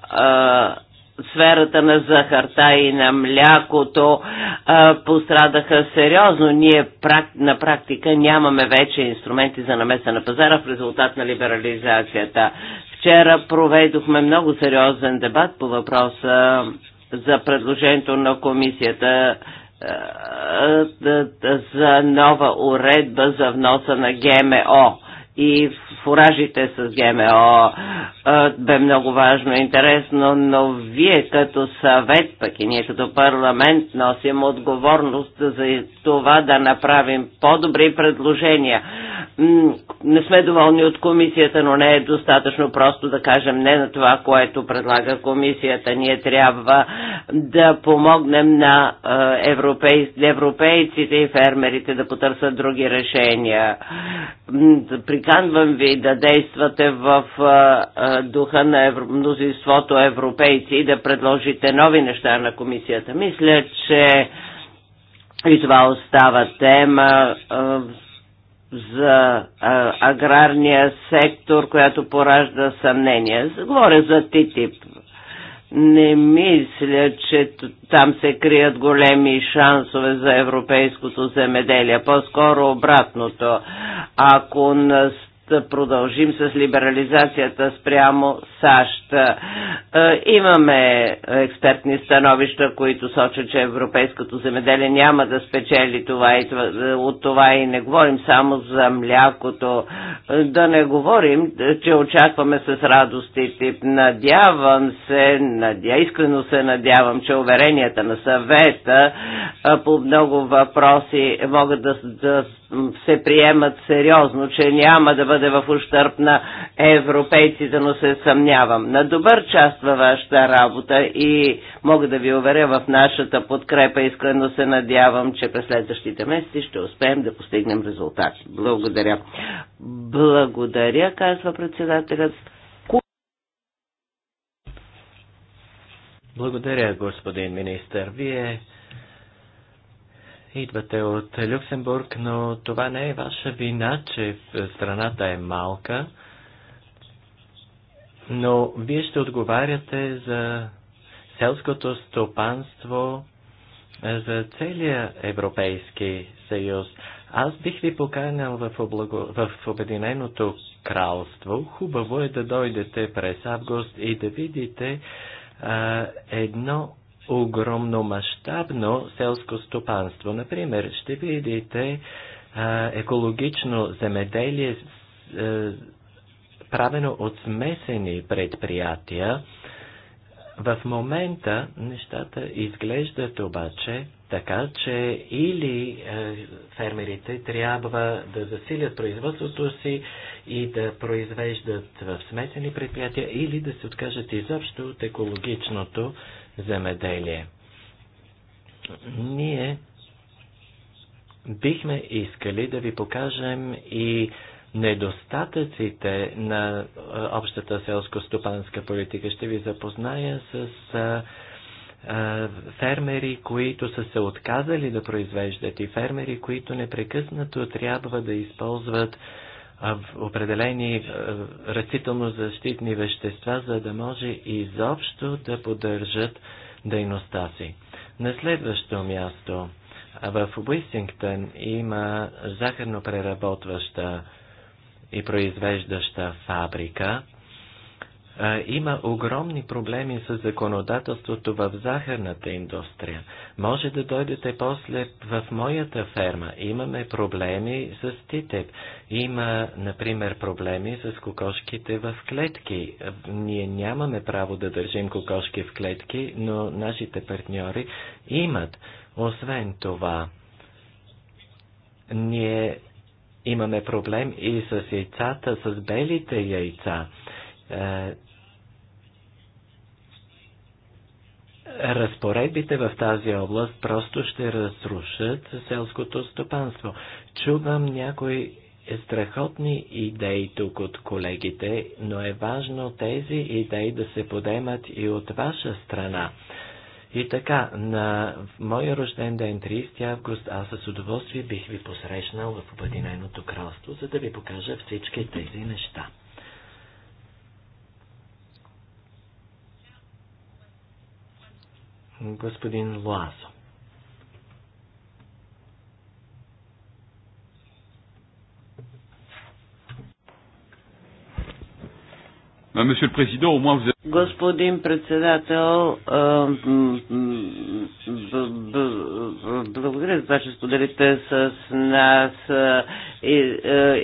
а, сферата на захарта и на млякото а, пострадаха сериозно. Ние прак, на практика нямаме вече инструменти за намеса на пазара в резултат на либерализацията. Вчера проведохме много сериозен дебат по въпроса за предложението на комисията за нова уредба за вноса на ГМО и фуражите с ГМО бе много важно и интересно, но вие като съвет, пък и ние като парламент носим отговорност за това да направим по-добри предложения. Не сме доволни от комисията, но не е достатъчно просто да кажем не на това, което предлага комисията. Ние трябва да помогнем на европейците и фермерите да потърсят други решения. При приканвам ви да действате в духа на евро, мнозинството европейци и да предложите нови неща на комисията. Мисля, че и това остава тема за аграрния сектор, която поражда съмнения. Говоря за ТИТИП. Не мисля, че там се крият големи шансове за европейското земеделие. По-скоро обратното. Ако на да продължим с либерализацията спрямо САЩ. Е, имаме експертни становища, които сочат, че европейското земеделие няма да спечели това и това, е, от това и не говорим само за млякото. Е, да не говорим, че очакваме с радост и тип. Надявам се, надя, искрено се надявам, че уверенията на съвета по много въпроси могат да, да се приемат сериозно, че няма да бъде в ущърп на европейците, но се съмнявам. На добър част във вашата работа и мога да ви уверя в нашата подкрепа. Искрено се надявам, че през следващите месеци ще успеем да постигнем резултати. Благодаря. Благодаря, казва председателят. Благодаря, господин министър. Вие Идвате от Люксембург, но това не е ваша вина, че страната е малка. Но вие ще отговаряте за селското стопанство за целия Европейски съюз. Аз бих ви поканял в, облаго... в Обединеното кралство. Хубаво е да дойдете през август и да видите а, едно огромномащабно селско стопанство. Например, ще видите а, екологично земеделие, а, правено от смесени предприятия. В момента нещата изглеждат обаче така, че или е, фермерите трябва да засилят производството си и да произвеждат в смесени предприятия, или да се откажат изобщо от екологичното земеделие. Ние бихме искали да ви покажем и недостатъците на общата селско-стопанска политика. Ще ви запозная с а, а, фермери, които са се отказали да произвеждат и фермери, които непрекъснато трябва да използват определени растително-защитни вещества, за да може изобщо да поддържат дейността си. На следващо място в Уисингтън има захарно преработваща и произвеждаща фабрика. Има огромни проблеми с законодателството в захарната индустрия. Може да дойдете после в моята ферма. Имаме проблеми с ТИТЕП. Има, например, проблеми с кокошките в клетки. Ние нямаме право да държим кокошки в клетки, но нашите партньори имат. Освен това, ние имаме проблем и с яйцата, с белите яйца. Е, разпоредбите в тази област просто ще разрушат селското стопанство. Чувам някои страхотни идеи тук от колегите, но е важно тези идеи да се подемат и от ваша страна. И така, на моя рожден ден, 30 август, аз с удоволствие бих ви посрещнал в Обединеното кралство, за да ви покажа всички тези неща. господин Луазо. Monsieur le Président, au moins vous avez... Господин председател, благодаря за това, че споделите с нас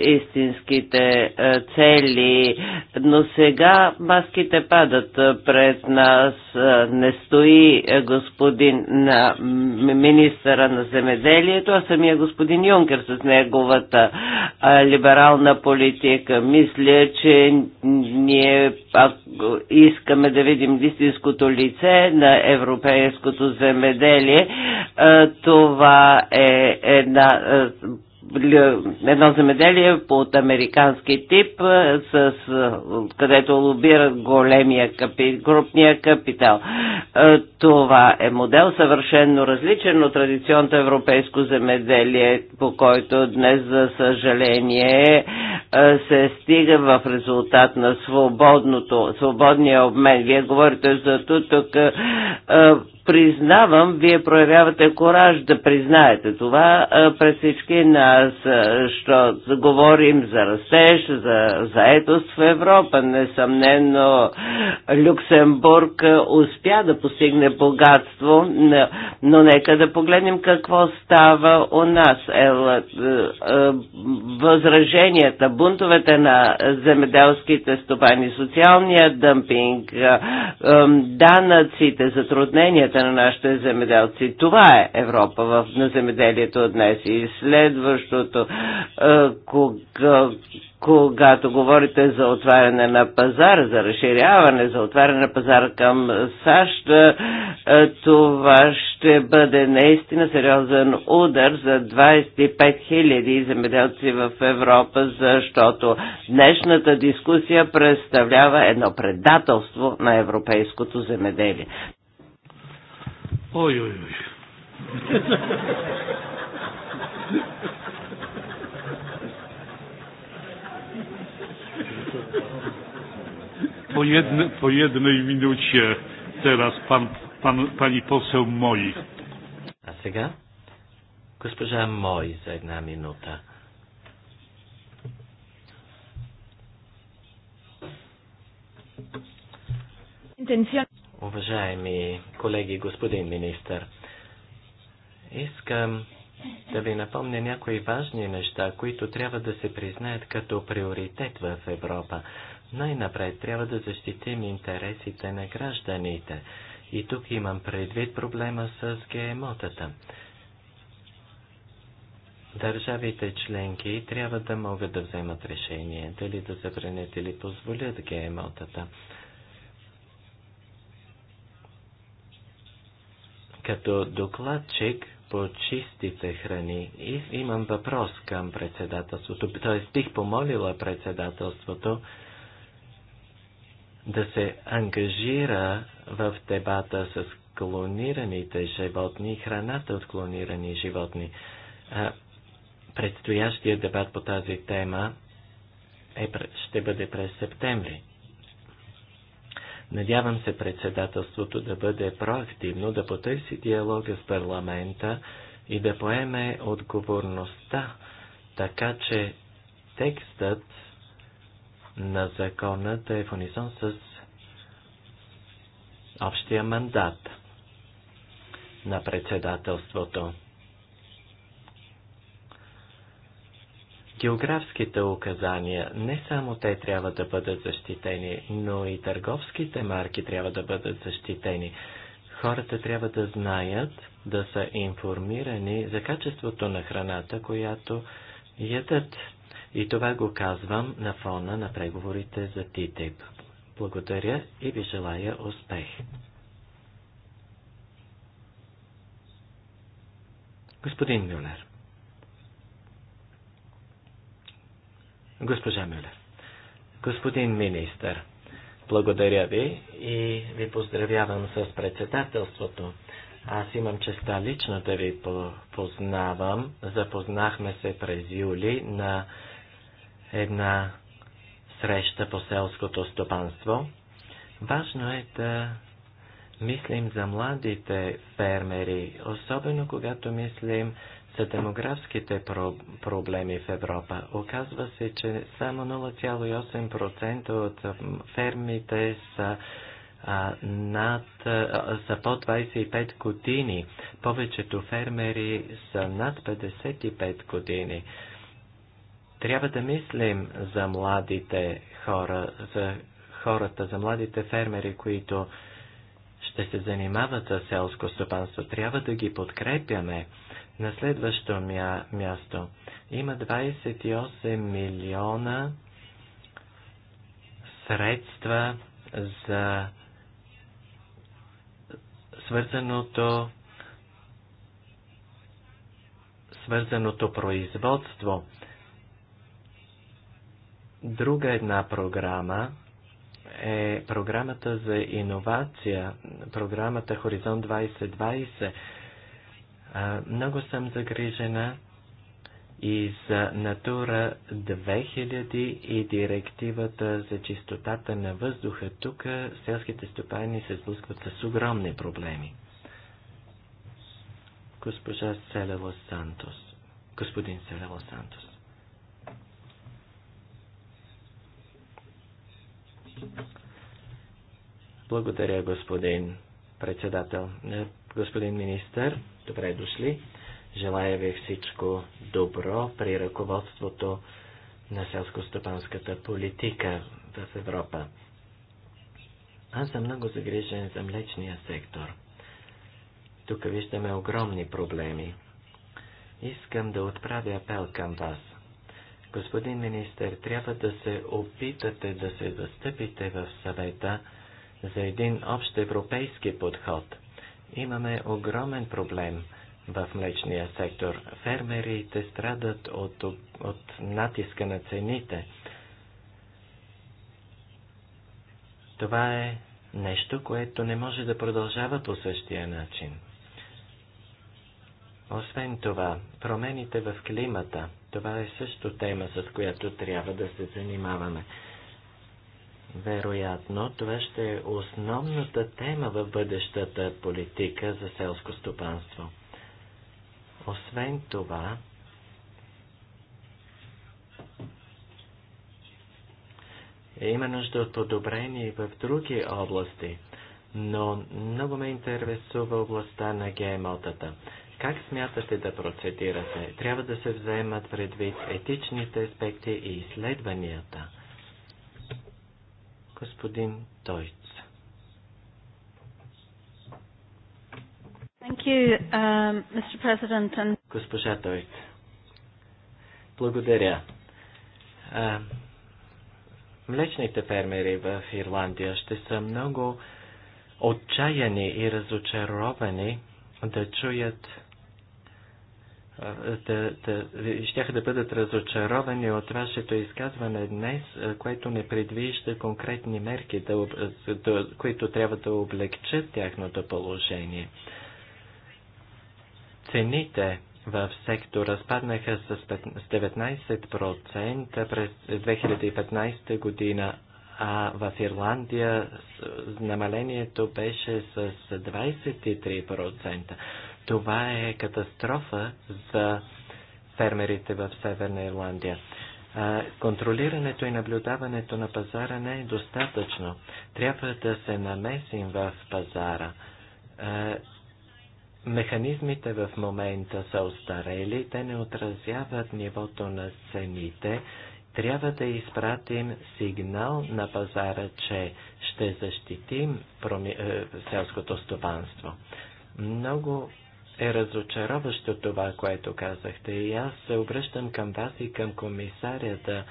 истинските цели, но сега маските падат пред нас. Не стои господин на министъра на земеделието, а самия господин Юнкер с неговата либерална политика. Мисля, че ние ако искаме да видим истинското лице на европейското земеделие, това е една едно земеделие от американски тип, с, където лобират големия капи, групния капитал. Това е модел съвършенно различен от традиционното европейско земеделие, по който днес, за съжаление, се стига в резултат на свободното, свободния обмен. Вие говорите за тук признавам, вие проявявате кораж да признаете това през всички нас, що говорим за растеж, за заетост в Европа. Несъмнено Люксембург успя да постигне богатство, но нека да погледнем какво става у нас. Е, възраженията, бунтовете на земеделските стопани, социалния дъмпинг, данъците, затрудненията, усилията на нашите земеделци. Това е Европа в, на земеделието днес. И следващото, е, кога, когато говорите за отваряне на пазар, за разширяване, за отваряне на пазар към САЩ, е, това ще бъде наистина сериозен удар за 25 000 земеделци в Европа, защото днешната дискусия представлява едно предателство на европейското земеделие. Ой, ой, ой. Po, jedne, po jednej minucie teraz pan, pan, pani poseł Moi. A сега? Gospodarza moi za jedna minuta. Интенция Уважаеми колеги, господин министър, искам да ви напомня някои важни неща, които трябва да се признаят като приоритет в Европа. Най-напред трябва да защитим интересите на гражданите. И тук имам предвид проблема с ГМО-тата. Държавите членки трябва да могат да вземат решение дали да забранят или позволят ГМО-тата. Като докладчик по чистите храни и имам въпрос към председателството, т.е. бих помолила председателството да се ангажира в дебата с клонираните животни и храната от клонирани животни. Предстоящия дебат по тази тема е, ще бъде през септември. Надявам се председателството да бъде проактивно, да потърси диалога с парламента и да поеме отговорността, така че текстът на закона да е в унисон с общия мандат на председателството. Географските указания, не само те трябва да бъдат защитени, но и търговските марки трябва да бъдат защитени. Хората трябва да знаят, да са информирани за качеството на храната, която ядат. И това го казвам на фона на преговорите за ТИТИП. Благодаря и ви желая успех! Господин Мюлер. Госпожа Мюле, господин министър, благодаря ви и ви поздравявам с председателството. Аз имам честа лично да ви познавам. Запознахме се през юли на една среща по селското стопанство. Важно е да мислим за младите фермери, особено когато мислим за демографските про- проблеми в Европа. Оказва се, че само 0,8% от фермите са а, над, а, са под 25 години. Повечето фермери са над 55 години. Трябва да мислим за младите хора, за хората, за младите фермери, които ще се занимават с селско стопанство. Трябва да ги подкрепяме. На следващо мя, място има 28 милиона средства за свързаното свързаното производство. Друга една програма е програмата за иновация, програмата Хоризонт 2020. Много съм загрижена и за Натура 2000 и директивата за чистотата на въздуха. Тук селските стопани се сблъскват с огромни проблеми. Госпожа Селево Сантос. Господин Селево Сантос. Благодаря, господин председател. Господин министър, Добре дошли. Желая ви всичко добро при ръководството на селско-стопанската политика в Европа. Аз съм много загрижен за млечния сектор. Тук виждаме огромни проблеми. Искам да отправя апел към вас. Господин министр, трябва да се опитате да се застъпите в съвета за един общ европейски подход – Имаме огромен проблем в млечния сектор. Фермерите страдат от, от натиска на цените. Това е нещо, което не може да продължава по същия начин. Освен това, промените в климата, това е също тема, с която трябва да се занимаваме. Вероятно, това ще е основната тема в бъдещата политика за селско стопанство. Освен това, има нужда от подобрение в други области, но много ме интересува областта на ГМО-тата. Как смятате да процедирате? Трябва да се вземат предвид етичните аспекти и изследванията – господин Тойц. Uh, Госпожа Тойц. Благодаря. Uh, млечните фермери в Ирландия ще са много отчаяни и разочаровани да чуят да, да, ще да бъдат разочаровани от вашето изказване днес, което не предвижда конкретни мерки, да, да, които трябва да облегчат тяхното положение. Цените в сектора спаднаха с 19% през 2015 година, а в Ирландия намалението беше с 23%. Това е катастрофа за фермерите в Северна Ирландия. Контролирането и наблюдаването на пазара не е достатъчно. Трябва да се намесим в пазара. Механизмите в момента са устарели. те не отразяват нивото на цените. Трябва да изпратим сигнал на пазара, че ще защитим е, селското стопанство. Много е разочароващо това, което казахте. И аз се обръщам към вас и към комисаря да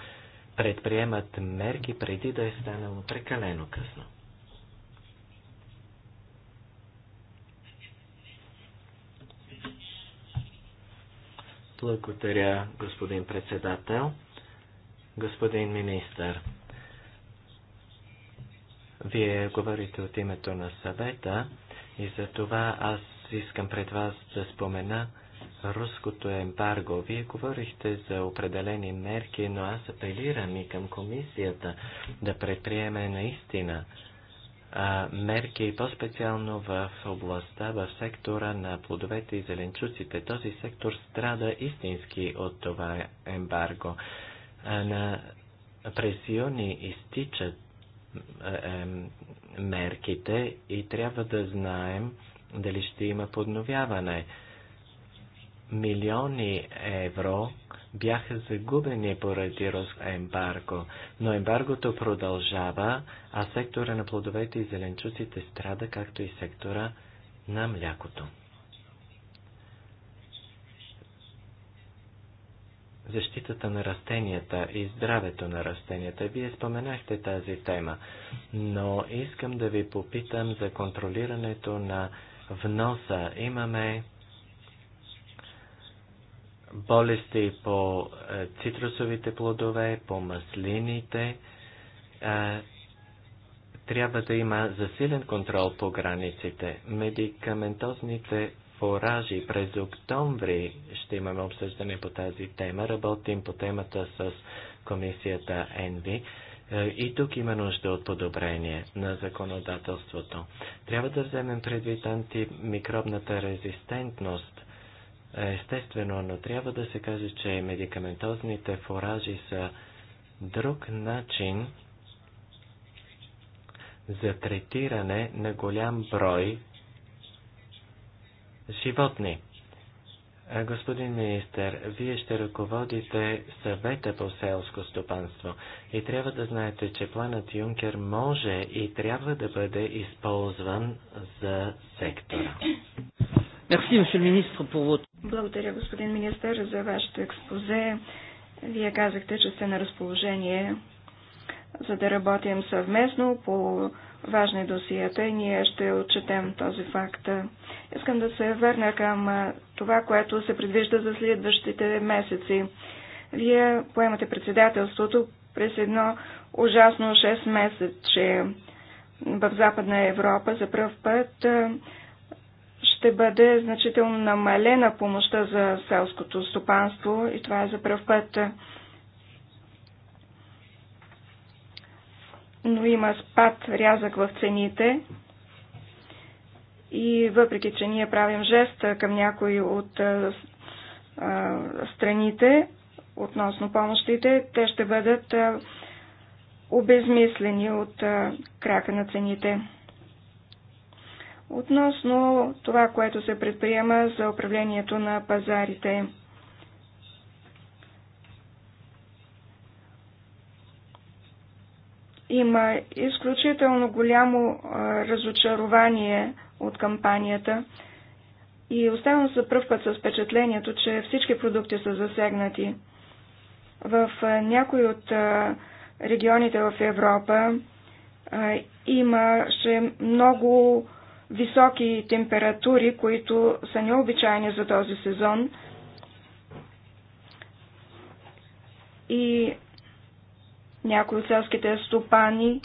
предприемат мерки преди да е станало прекалено късно. Благодаря, господин председател. Господин министър, вие говорите от името на съвета и за това аз искам пред вас да спомена руското ембарго. Вие говорихте за определени мерки, но аз апелирам и към комисията да предприеме наистина а, мерки и по-специално в областта, в сектора на плодовете и зеленчуците. Този сектор страда истински от това ембарго. А, на пресиони изтичат мерките и трябва да знаем, дали ще има подновяване. Милиони евро бяха загубени поради ембарго, но ембаргото продължава, а сектора на плодовете и зеленчуците страда, както и сектора на млякото. защитата на растенията и здравето на растенията. Вие споменахте тази тема, но искам да ви попитам за контролирането на вноса. Имаме болести по е, цитрусовите плодове, по маслините. Е, трябва да има засилен контрол по границите. Медикаментозните фуражи през октомври ще имаме обсъждане по тази тема. Работим по темата с комисията ЕНВИ. Е, и тук има нужда от подобрение на законодателството. Трябва да вземем предвид антимикробната резистентност. Е, естествено, но трябва да се каже, че медикаментозните форажи са друг начин за третиране на голям брой животни. Господин министр, вие ще ръководите съвета по селско стопанство и трябва да знаете, че планът Юнкер може и трябва да бъде използван за сектора. Благодаря, господин министър, за вашето експозе. Вие казахте, че сте на разположение за да работим съвместно по важни досията и ние ще отчетем този факт. Искам да се върна към това, което се предвижда за следващите месеци. Вие поемате председателството през едно ужасно 6 месече в Западна Европа за пръв път ще бъде значително намалена помощта за селското стопанство и това е за пръв път. но има спад, рязък в цените. И въпреки, че ние правим жест към някои от а, а, страните относно помощите, те ще бъдат а, обезмислени от а, крака на цените. Относно това, което се предприема за управлението на пазарите – Има изключително голямо разочарование от кампанията и оставам за пръв път с впечатлението, че всички продукти са засегнати. В някои от регионите в Европа имаше много високи температури, които са необичайни за този сезон. И някои от селските стопани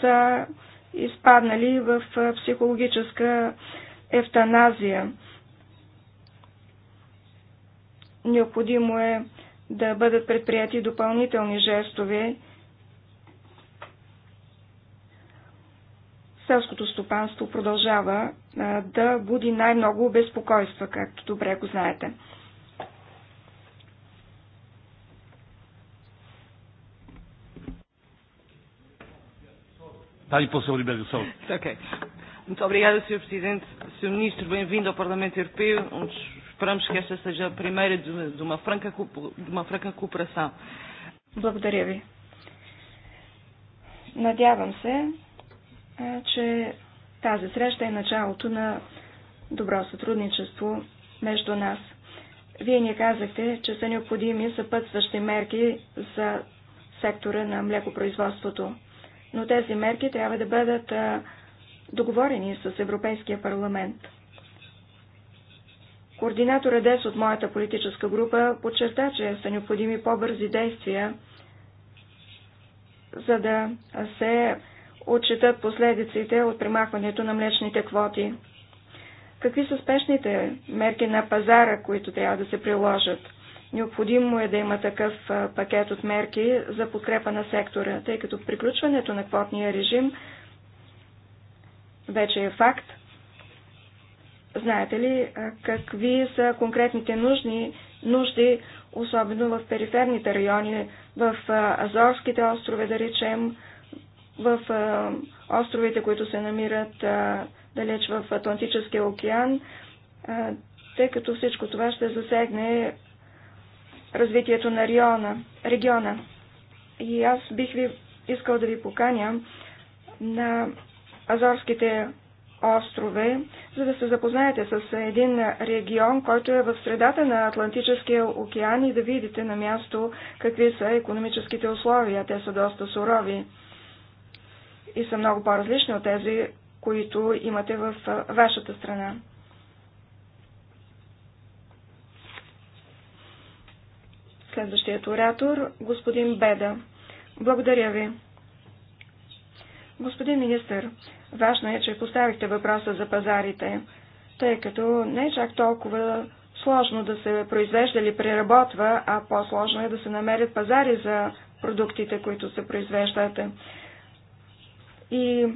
са изпаднали в психологическа ефтаназия. Необходимо е да бъдат предприяти допълнителни жестове. Селското стопанство продължава да буди най-много безпокойства, както добре го знаете. para o Sr. Ribeiro, saúde. Ok. Muito obrigada, Sr. Presidente. Sr. Ministro, bem-vindo ao Parlamento Europeu, onde esperamos que esta seja a primeira de, uma, de, uma, franca, de uma franca cooperação. Благодаря ви. Надявам се, че тази среща е началото на добро сътрудничество между нас. Вие ни казахте, че са необходими съпътстващи мерки за сектора на млекопроизводството но тези мерки трябва да бъдат договорени с Европейския парламент. Координатора ДЕС от моята политическа група подчерта, че са необходими по-бързи действия, за да се отчитат последиците от примахването на млечните квоти. Какви са спешните мерки на пазара, които трябва да се приложат? Необходимо е да има такъв пакет от мерки за подкрепа на сектора, тъй като приключването на квотния режим вече е факт. Знаете ли какви са конкретните нужни, нужди, особено в периферните райони, в Азорските острове, да речем, в островите, които се намират далеч в Атлантическия океан, тъй като всичко това ще засегне развитието на региона. региона. И аз бих ви искал да ви поканя на Азорските острове, за да се запознаете с един регион, който е в средата на Атлантическия океан и да видите на място какви са економическите условия. Те са доста сурови и са много по-различни от тези, които имате в вашата страна. Следващият оратор, господин Беда. Благодаря ви. Господин министр, важно е, че поставихте въпроса за пазарите, тъй като не е чак толкова сложно да се произвежда или преработва, а по-сложно е да се намерят пазари за продуктите, които се произвеждат. И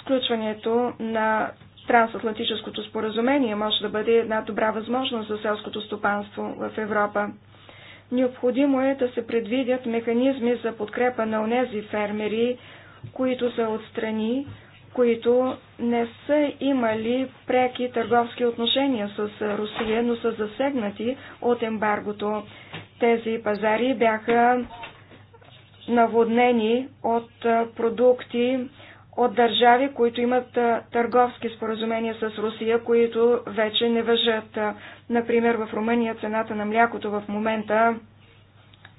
сключването на трансатлантическото споразумение може да бъде една добра възможност за селското стопанство в Европа. Необходимо е да се предвидят механизми за подкрепа на онези фермери, които са от страни, които не са имали преки търговски отношения с Русия, но са засегнати от ембаргото. Тези пазари бяха наводнени от продукти, от държави, които имат търговски споразумения с Русия, които вече не въжат. Например, в Румъния цената на млякото в момента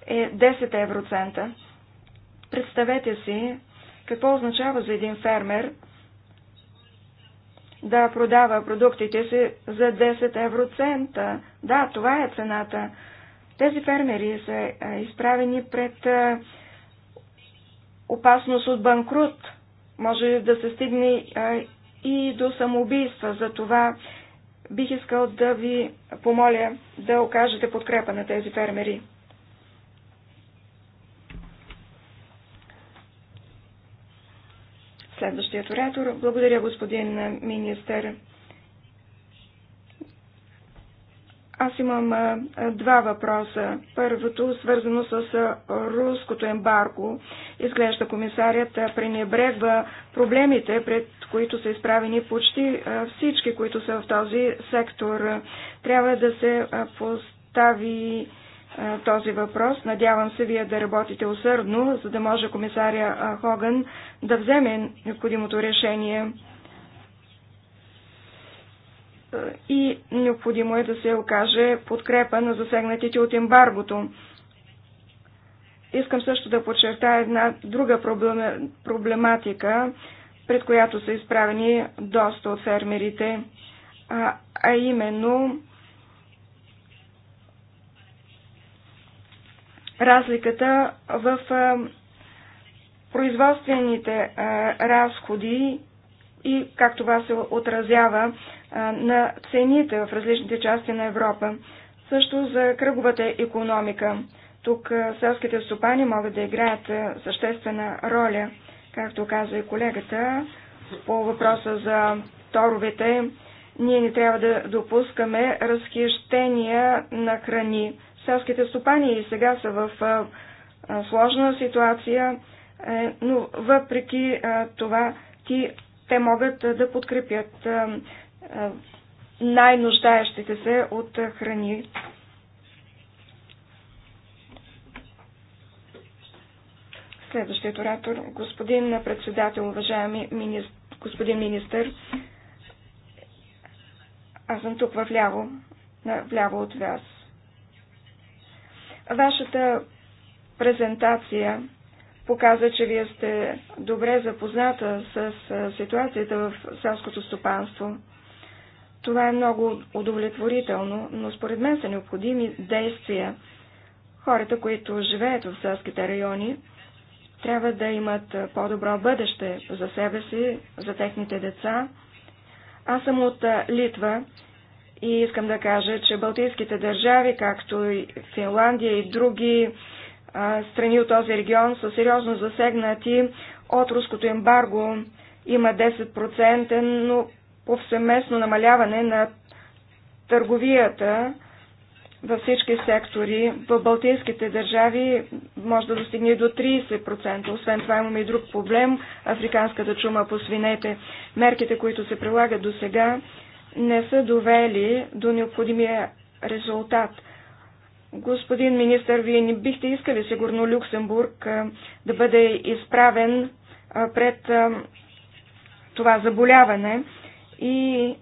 е 10 евроцента. Представете си какво означава за един фермер да продава продуктите си за 10 евроцента. Да, това е цената. Тези фермери са изправени пред опасност от банкрут – може да се стигне и до самоубийства. Затова бих искал да ви помоля да окажете подкрепа на тези фермери. Следващият оратор. Благодаря, господин министър. Аз имам а, два въпроса. Първото, свързано с а, руското ембарго. Изглежда комисарят пренебрегва проблемите, пред които са изправени почти а, всички, които са в този сектор. Трябва да се а, постави а, този въпрос. Надявам се вие да работите усърдно, за да може комисаря а, Хоган да вземе необходимото решение и необходимо е да се окаже подкрепа на засегнатите от ембаргото. Искам също да подчертая една друга проблематика, пред която са изправени доста от фермерите, а, а именно разликата в производствените разходи и как това се отразява на цените в различните части на Европа. Също за кръговата економика. Тук селските стопани могат да играят съществена роля, както каза и колегата, по въпроса за торовете. Ние не трябва да допускаме разхищения на храни. Селските стопани и сега са в сложна ситуация, е, но въпреки това ти те могат да подкрепят най-нуждаещите се от храни. Следващият оратор, господин председател, уважаеми министр, господин министър, аз съм тук вляво, вляво от вас. Вашата презентация показва, че вие сте добре запозната с ситуацията в селското стопанство. Това е много удовлетворително, но според мен са необходими действия. Хората, които живеят в селските райони, трябва да имат по-добро бъдеще за себе си, за техните деца. Аз съм от Литва и искам да кажа, че балтийските държави, както и Финландия и други страни от този регион са сериозно засегнати от руското ембарго. Има 10%, но повсеместно намаляване на търговията във всички сектори. В Балтийските държави може да достигне до 30%. Освен това имаме и друг проблем – африканската чума по свинете. Мерките, които се прилагат до сега, не са довели до необходимия резултат – Господин министър, вие не бихте искали сигурно Люксембург да бъде изправен пред това заболяване и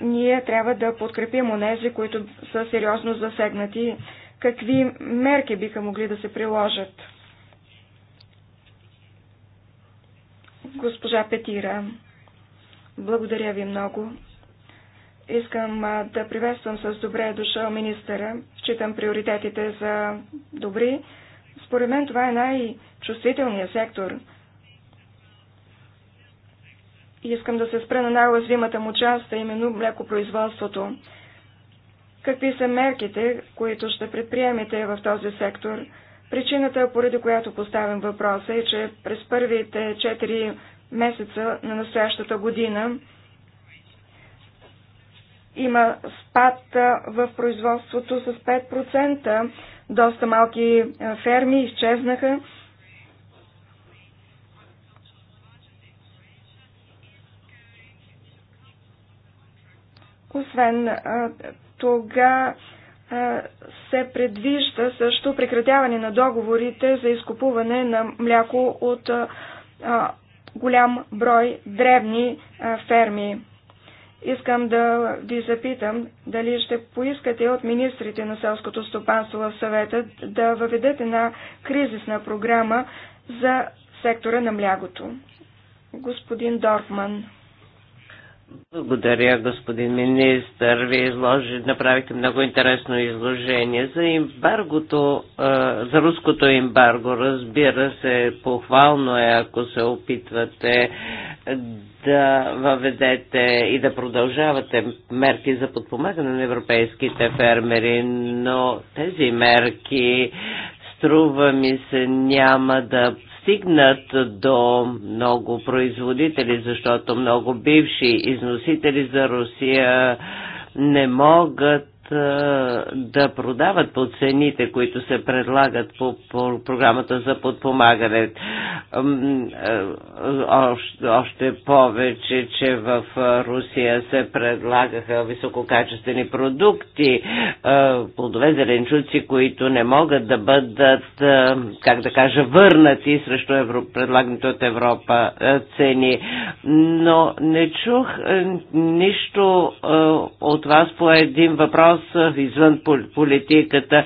ние трябва да подкрепим онези, които са сериозно засегнати. Какви мерки биха могли да се приложат? Госпожа Петира, благодаря ви много. Искам да приветствам с добре е дошъл министъра. Считам приоритетите за добри. Според мен това е най-чувствителният сектор. И искам да се спра на най-уязвимата му част, а именно млекопроизводството. Какви са мерките, които ще предприемете в този сектор? Причината, поради която поставям въпроса е, че през първите 4 месеца на настоящата година има спад в производството с 5%. Доста малки ферми изчезнаха. Освен тога се предвижда също прекратяване на договорите за изкупуване на мляко от голям брой дребни ферми. Искам да ви запитам дали ще поискате от министрите на селското стопанство в съвета да въведат една кризисна програма за сектора на млягото. Господин Дорфман. Благодаря, господин министър. Вие изложи, направихте много интересно изложение за имбаргото, за руското имбарго, Разбира се, похвално е, ако се опитвате да въведете и да продължавате мерки за подпомагане на европейските фермери, но тези мерки струва ми се няма да стигнат до много производители, защото много бивши износители за Русия не могат да продават по цените, които се предлагат по, по програмата за подпомагане. Още, още повече, че в Русия се предлагаха висококачествени продукти, плодове, зеленчуци, които не могат да бъдат, как да кажа, върнати срещу предлагането от Европа цени. Но не чух нищо от вас по един въпрос, въпрос извън политиката.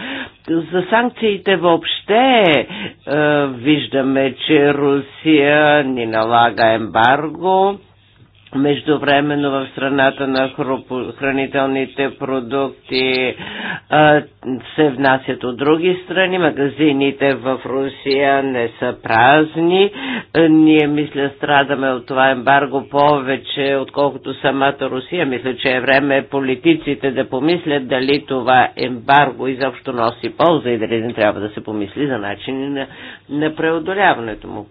За санкциите въобще е, виждаме, че Русия ни налага ембарго Междувременно в страната на хранителните продукти се внасят от други страни. Магазините в Русия не са празни. ние, мисля, страдаме от това ембарго повече, отколкото самата Русия. Мисля, че е време политиците да помислят дали това ембарго изобщо носи полза и дали не трябва да се помисли за начин на преодоляването му.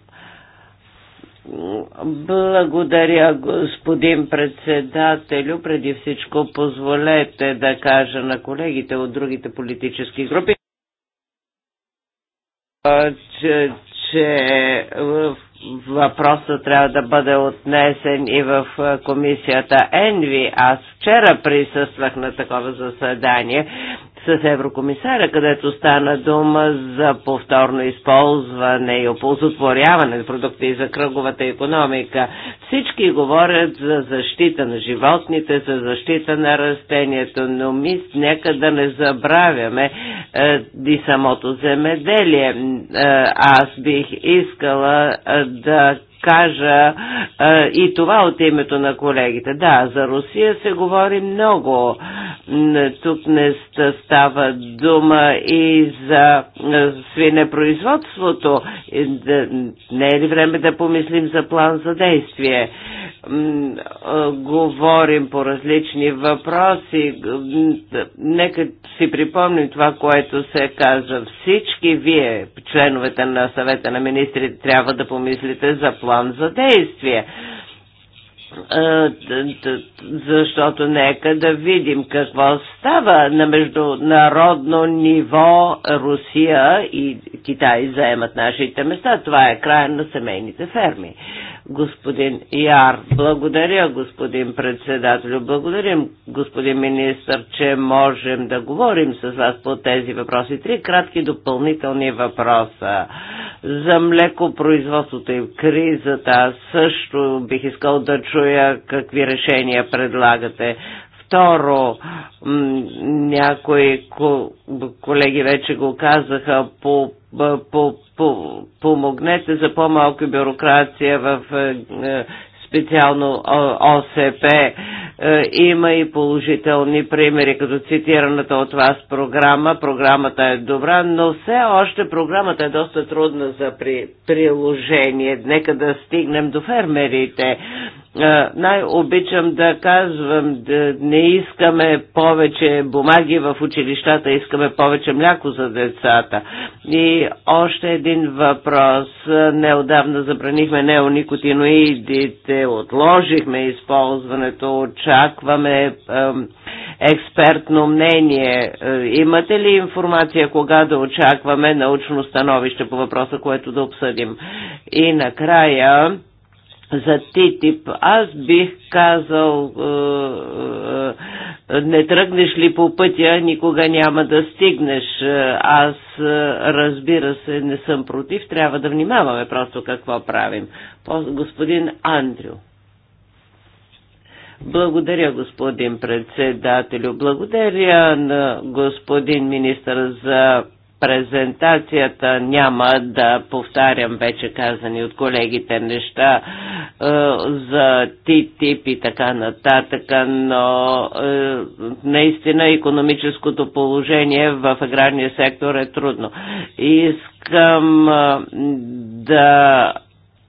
Благодаря, господин председателю. Преди всичко позволете да кажа на колегите от другите политически групи, че, че въпросът трябва да бъде отнесен и в комисията Енви. Аз вчера присъствах на такова заседание с еврокомисаря, където стана дума за повторно използване и оползотворяване на продукти за кръговата економика. Всички говорят за защита на животните, за защита на растението, но ми нека да не забравяме е, и самото земеделие. Е, аз бих искала е, да кажа е, и това от името на колегите. Да, за Русия се говори много. Тук не става дума и за свинепроизводството. Не е ли време да помислим за план за действие? Говорим по различни въпроси. Нека си припомним това, което се каза. Всички вие, членовете на съвета на министрите, трябва да помислите за план план за действие защото нека да видим какво става на международно ниво Русия и Китай заемат нашите места. Това е края на семейните ферми господин Яр. Благодаря, господин председател, Благодарим, господин министр, че можем да говорим с вас по тези въпроси. Три кратки допълнителни въпроса. За млекопроизводството и кризата също бих искал да чуя какви решения предлагате. Второ, някои колеги вече го казаха, по, по, по, помогнете за по-малко бюрокрация в е, е, специално ОСП. Е, има и положителни примери, като цитираната от вас програма. Програмата е добра, но все още програмата е доста трудна за при, приложение. Нека да стигнем до фермерите най-обичам да казвам, да не искаме повече бумаги в училищата, искаме повече мляко за децата. И още един въпрос. Неодавна забранихме неоникотиноидите, отложихме използването, очакваме експертно мнение. Имате ли информация кога да очакваме научно становище по въпроса, което да обсъдим? И накрая за ТИТИП. Аз бих казал, е, е, не тръгнеш ли по пътя, никога няма да стигнеш. Аз, е, разбира се, не съм против, трябва да внимаваме просто какво правим. Господин Андрю. Благодаря, господин председателю. Благодаря на господин министър за презентацията няма да повтарям вече казани от колегите неща е, за ТИТИП и така нататък, но е, наистина економическото положение в аграрния сектор е трудно. Искам е, да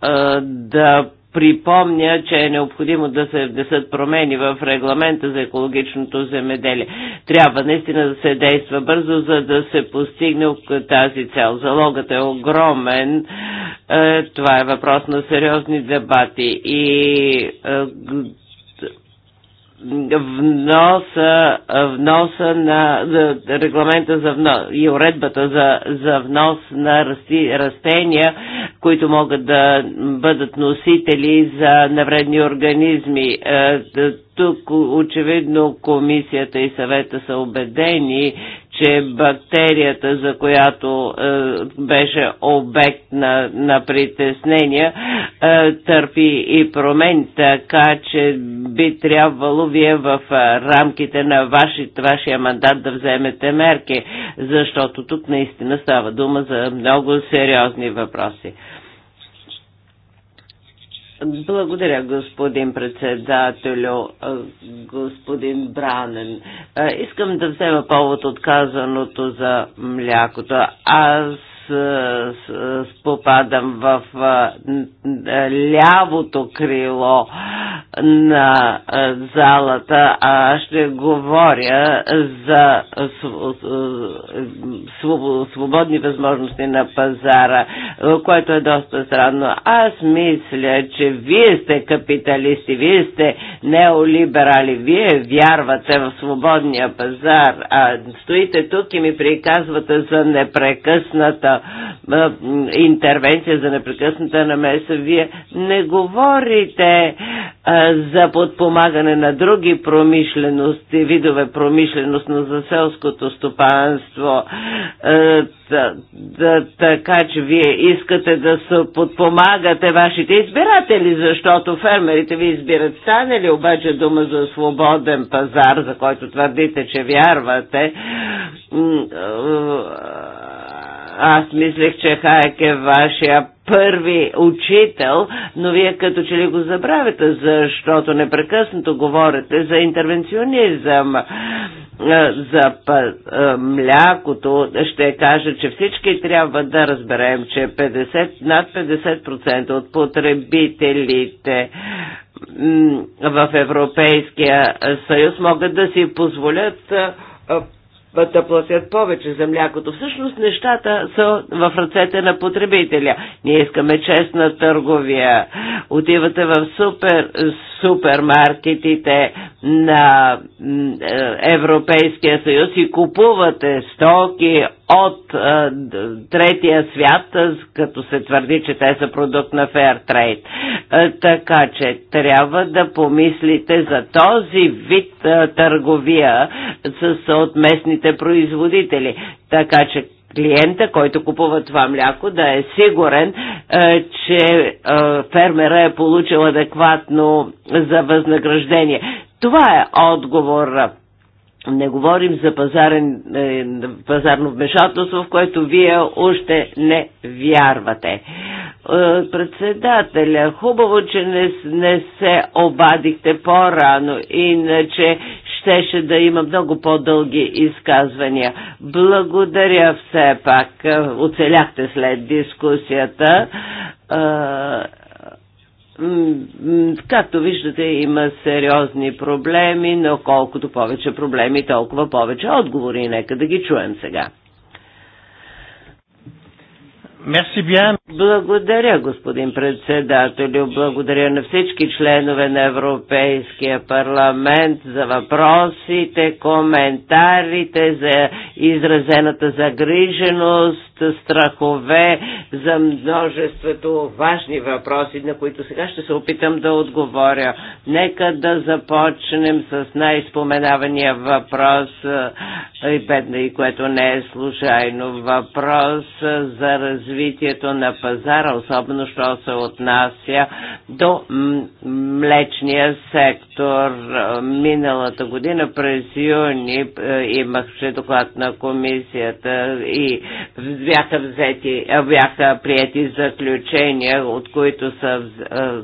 е, да припомня, че е необходимо да се внесат промени в регламента за екологичното земеделие. Трябва наистина да се действа бързо, за да се постигне тази цел. Залогът е огромен. Е, това е въпрос на сериозни дебати и е, вноса, вноса на, регламента за внос и уредбата за, за внос на расти, растения, които могат да бъдат носители за навредни организми. Е, тук очевидно комисията и съвета са убедени, че бактерията, за която е, беше обект на, на притеснения, е, търпи и промен, така че би трябвало вие в е, рамките на ваши, вашия мандат да вземете мерки, защото тук наистина става дума за много сериозни въпроси. Благодаря, господин председателю, господин Бранен. Искам да взема повод от казаното за млякото. Аз попадам в лявото крило на залата, а ще говоря за свободни възможности на пазара, което е доста странно. Аз мисля, че вие сте капиталисти, вие сте неолиберали, вие вярвате в свободния пазар, а стоите тук и ми приказвате за непрекъсната интервенция, за непрекъсната намеса. Вие не говорите а, за подпомагане на други промишлености, видове промишленост, но за селското стопанство. А, да, да, така че вие искате да се подпомагате вашите избиратели, защото фермерите ви избират. Стане ли обаче дума за свободен пазар, за който твърдите, че вярвате? Аз мислех, че Хаек е вашия първи учител, но вие като че ли го забравяте, защото непрекъснато говорите за интервенционизъм, за млякото. Ще кажа, че всички трябва да разберем, че 50, над 50% от потребителите в Европейския съюз могат да си позволят да платят повече за млякото. Всъщност нещата са в ръцете на потребителя. Ние искаме честна търговия. Отивате в супер, супермаркетите на е, Европейския съюз и купувате стоки от а, е, третия свят, е, като се твърди, че те са продукт на Fair Trade. А, е, така че трябва да помислите за този вид а, търговия с, от местните производители. Така че клиента, който купува това мляко, да е сигурен, че фермера е получил адекватно за възнаграждение. Това е отговор не говорим за пазарен, е, пазарно вмешателство, в което вие още не вярвате. Е, председателя, хубаво, че не, не се обадихте по-рано, иначе щеше да има много по-дълги изказвания. Благодаря все пак. Оцеляхте след дискусията е, Както виждате, има сериозни проблеми, но колкото повече проблеми, толкова повече отговори. Нека да ги чуем сега. Благодаря, господин председателю. Благодаря на всички членове на Европейския парламент за въпросите, коментарите, за изразената загриженост, страхове, за множеството важни въпроси, на които сега ще се опитам да отговоря. Нека да започнем с най-споменавания въпрос, и бедна и което не е случайно, въпрос за развитие развитието на пазара, особено що се отнася до млечния сектор. Миналата година през юни е, имахше доклад на комисията и бяха, взети, е, бяха прияти заключения, от които са,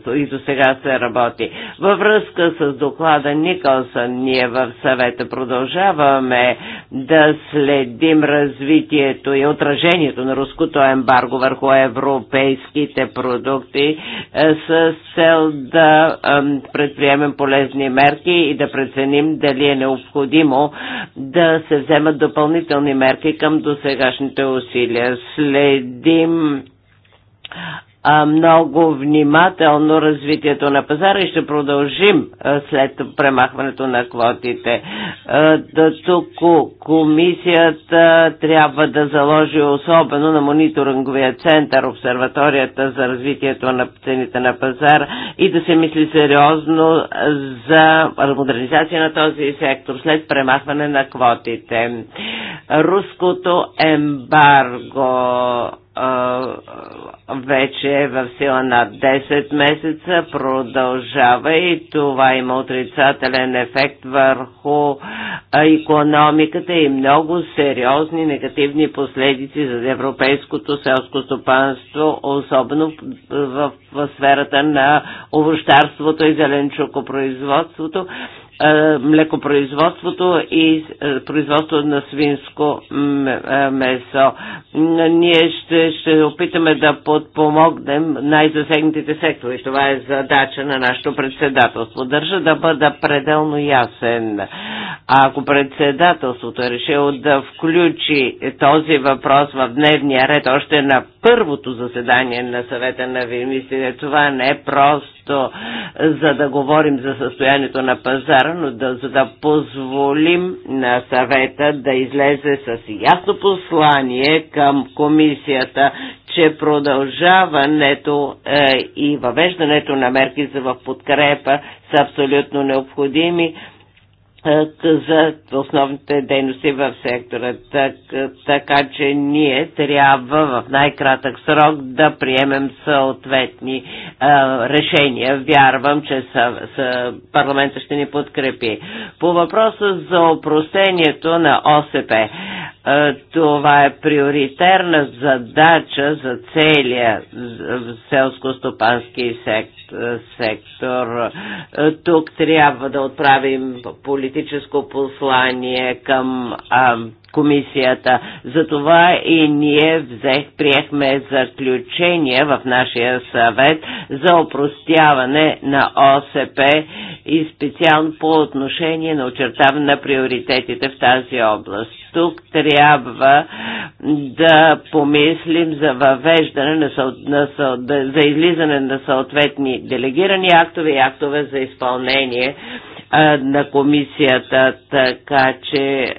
е, и до сега се работи. Във връзка с доклада Николсън, ние в съвета продължаваме да следим развитието и отражението на руското ембарго ембарго върху европейските продукти е, с цел да предприемем полезни мерки и да преценим дали е необходимо да се вземат допълнителни мерки към досегашните усилия. Следим много внимателно развитието на пазара и ще продължим след премахването на квотите. Тук комисията трябва да заложи особено на мониторинговия център, обсерваторията за развитието на цените на пазара и да се мисли сериозно за модернизация на този сектор след премахване на квотите. Руското ембарго вече е в сила над 10 месеца, продължава и това има отрицателен ефект върху економиката и много сериозни негативни последици за европейското селско стопанство, особено в, в сферата на овощарството и зеленчукопроизводството е, млекопроизводството и е, производство на свинско е, месо. Ние ще, ще опитаме да подпомогнем най-засегнатите сектори. Това е задача на нашето председателство. Държа да бъда пределно ясен. А ако председателството е решило да включи този въпрос в дневния ред още на първото заседание на съвета на Вимистите, това не е просто нещо, за да говорим за състоянието на пазара, но да, за да позволим на съвета да излезе с ясно послание към комисията, че продължаването е, и въвеждането на мерки за в подкрепа са абсолютно необходими, е, за основните дейности в сектора. Так, така че ние трябва в най-кратък срок да приемем съответни а, е, решения. Вярвам, че са, са, парламента ще ни подкрепи. По въпроса за опростението на ОСП. А, е, това е приоритерна задача за целия селско-стопански сектор. А, тук трябва да отправим политика политическо послание към а, комисията. Затова и ние взех, приехме заключение в нашия съвет за опростяване на ОСП и специално по отношение на очертаване на приоритетите в тази област. Тук трябва да помислим за въвеждане на, съ... на съ... за излизане на съответни делегирани актове и актове за изпълнение на комисията, така че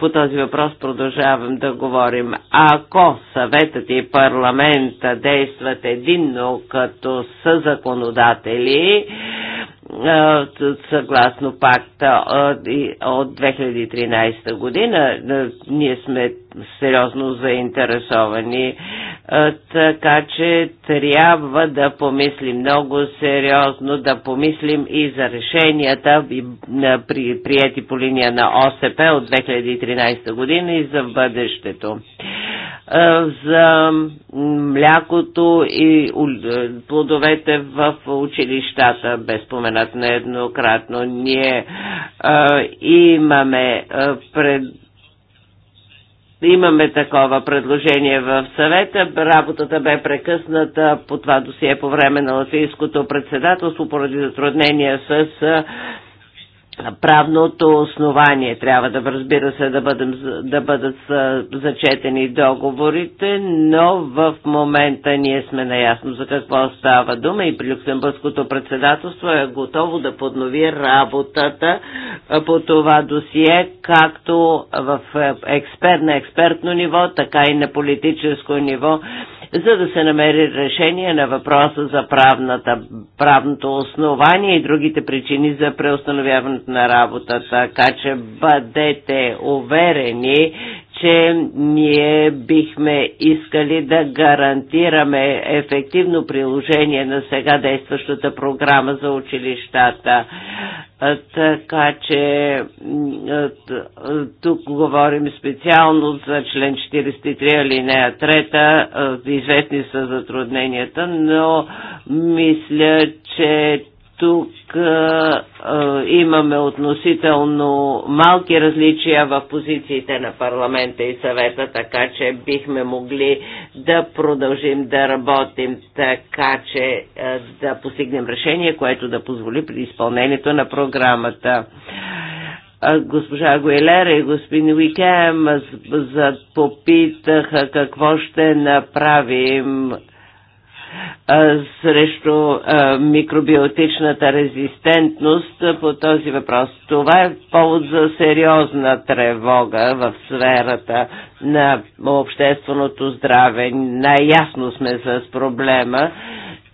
по този въпрос продължавам да говорим. Ако съветът и парламента действат единно като съзаконодатели, съгласно пакта от 2013 година. Ние сме сериозно заинтересовани, така че трябва да помислим много сериозно, да помислим и за решенията, прияти по линия на ОСП от 2013 година и за бъдещето. Е, за млякото и е, плодовете в училищата, без споменат нееднократно. Ние е, имаме пред имаме такова предложение в съвета. Работата бе прекъсната по това досие по време на латвийското председателство поради затруднения с правното основание. Трябва да, разбира се, да, бъдем, да бъдат зачетени договорите, но в момента ние сме наясно за какво става дума и при Люксембургското председателство е готово да поднови работата по това досие, както в е, експерт, на експертно ниво, така и на политическо ниво за да се намери решение на въпроса за правната, правното основание и другите причини за преустановяването на работата. Така че бъдете уверени, че ние бихме искали да гарантираме ефективно приложение на сега действащата програма за училищата. Така че тук говорим специално за член 43 алинея 3. Известни са затрудненията, но мисля, че тук а, а, имаме относително малки различия в позициите на парламента и съвета, така че бихме могли да продължим да работим така, че а, да постигнем решение, което да позволи при изпълнението на програмата госпожа Гуелера и господин Уикем попитаха какво ще направим срещу микробиотичната резистентност по този въпрос. Това е повод за сериозна тревога в сферата на общественото здраве. най-ясно сме с проблема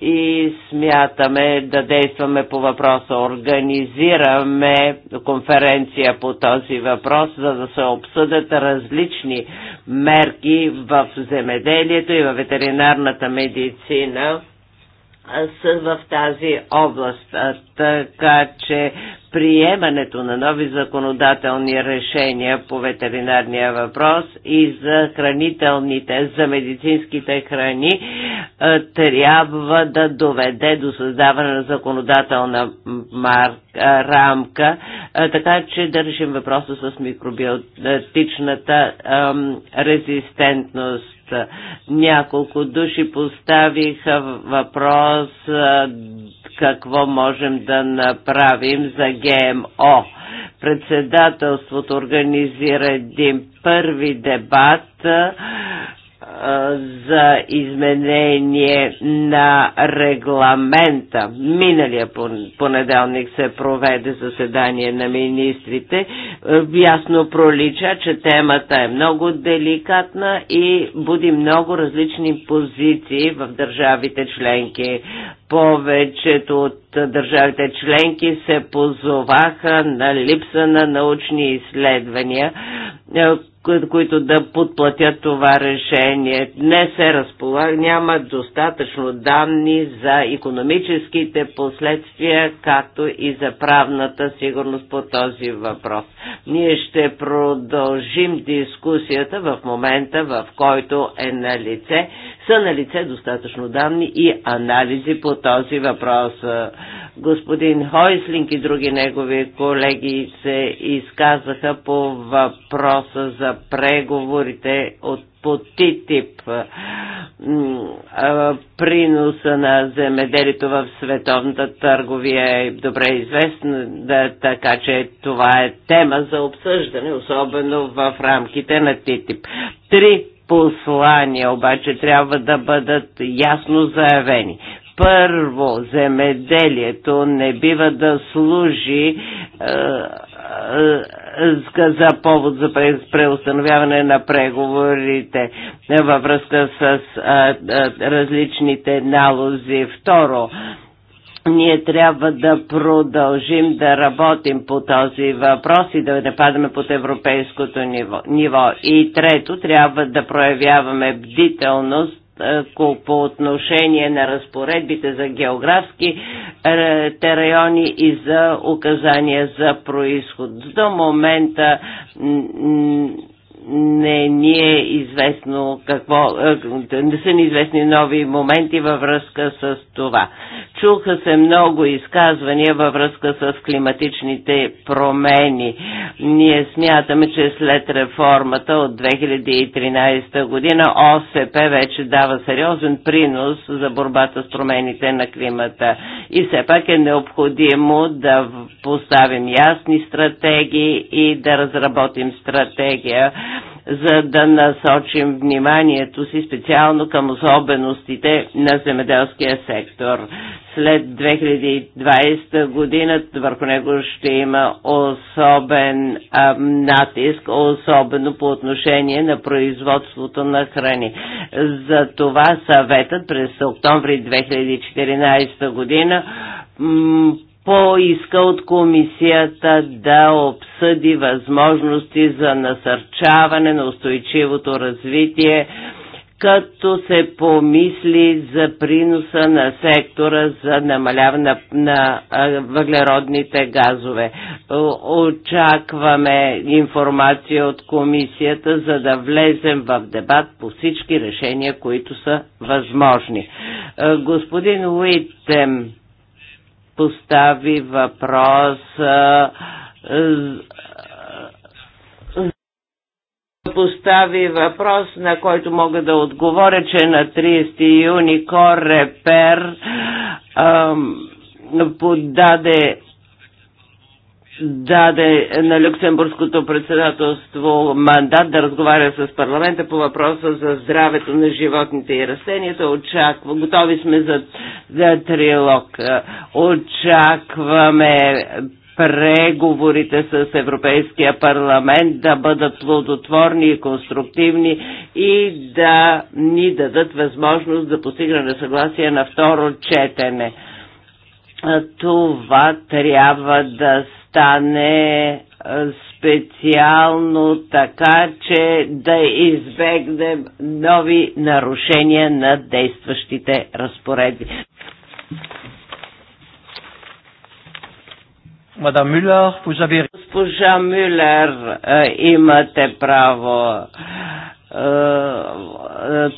и смятаме да действаме по въпроса. Организираме конференция по този въпрос, за да се обсъдят различни мерки в земеделието и в ветеринарната медицина в тази област. Така че приемането на нови законодателни решения по ветеринарния въпрос и за хранителните, за медицинските храни е, трябва да доведе до създаване на законодателна марка, е, рамка, е, така че да решим въпроса с микробиотичната резистентност няколко души поставиха въпрос какво можем да направим за ГМО. Председателството организира един първи дебат за изменение на регламента. Миналия понеделник се проведе заседание на министрите. Е, ясно пролича, че темата е много деликатна и буди много различни позиции в държавите членки. Повечето от държавите членки се позоваха на липса на научни изследвания, е, които да подплатят това решение. Не се разполага, няма достатъчно данни за економическите последствия, както и за правната сигурност по този въпрос. Ние ще продължим дискусията в момента, в който е на лице са на лице достатъчно данни и анализи по този въпрос. Господин Хойслинг и други негови колеги се изказаха по въпроса за преговорите от по ТИТИП, приноса на земеделието в световната търговия е добре известна, да, така че това е тема за обсъждане, особено в рамките на ТИТИП. Три послания обаче трябва да бъдат ясно заявени. Първо, земеделието не бива да служи е, е, е за повод за преустановяване на преговорите във връзка с е, е, различните налози. Второ, ние трябва да продължим да работим по този въпрос и да не падаме под европейското ниво. ниво. И трето, трябва да проявяваме бдителност е, по отношение на разпоредбите за географски е, райони и за указания за происход. До момента не ни е известно какво, е, не са ни известни нови моменти във връзка с това. Чуха се много изказвания във връзка с климатичните промени. Ние смятаме, че след реформата от 2013 година ОСП вече дава сериозен принос за борбата с промените на климата. И все пак е необходимо да поставим ясни стратегии и да разработим стратегия за да насочим вниманието си специално към особеностите на земеделския сектор. След 2020 година върху него ще има особен а, натиск, особено по отношение на производството на храни. За това съветът през октомври 2014 година поиска от комисията да обсъди възможности за насърчаване на устойчивото развитие, като се помисли за приноса на сектора за намаляване на, въглеродните газове. Очакваме информация от комисията, за да влезем в дебат по всички решения, които са възможни. Е, господин Уитем, постави въпрос постави въпрос, на който мога да отговоря, че на 30 юни Корепер ам, подаде даде на Люксембургското председателство мандат да разговаря с парламента по въпроса за здравето на животните и растенията. Очаква, готови сме за, за трилог. Очакваме преговорите с Европейския парламент да бъдат плодотворни и конструктивни и да ни дадат възможност да постигнем съгласие на второ четене. Това трябва да стане специално така, че да избегнем нови нарушения на действащите разпоредби. Мадам Мюллер, avez... госпожа Мюллер, имате право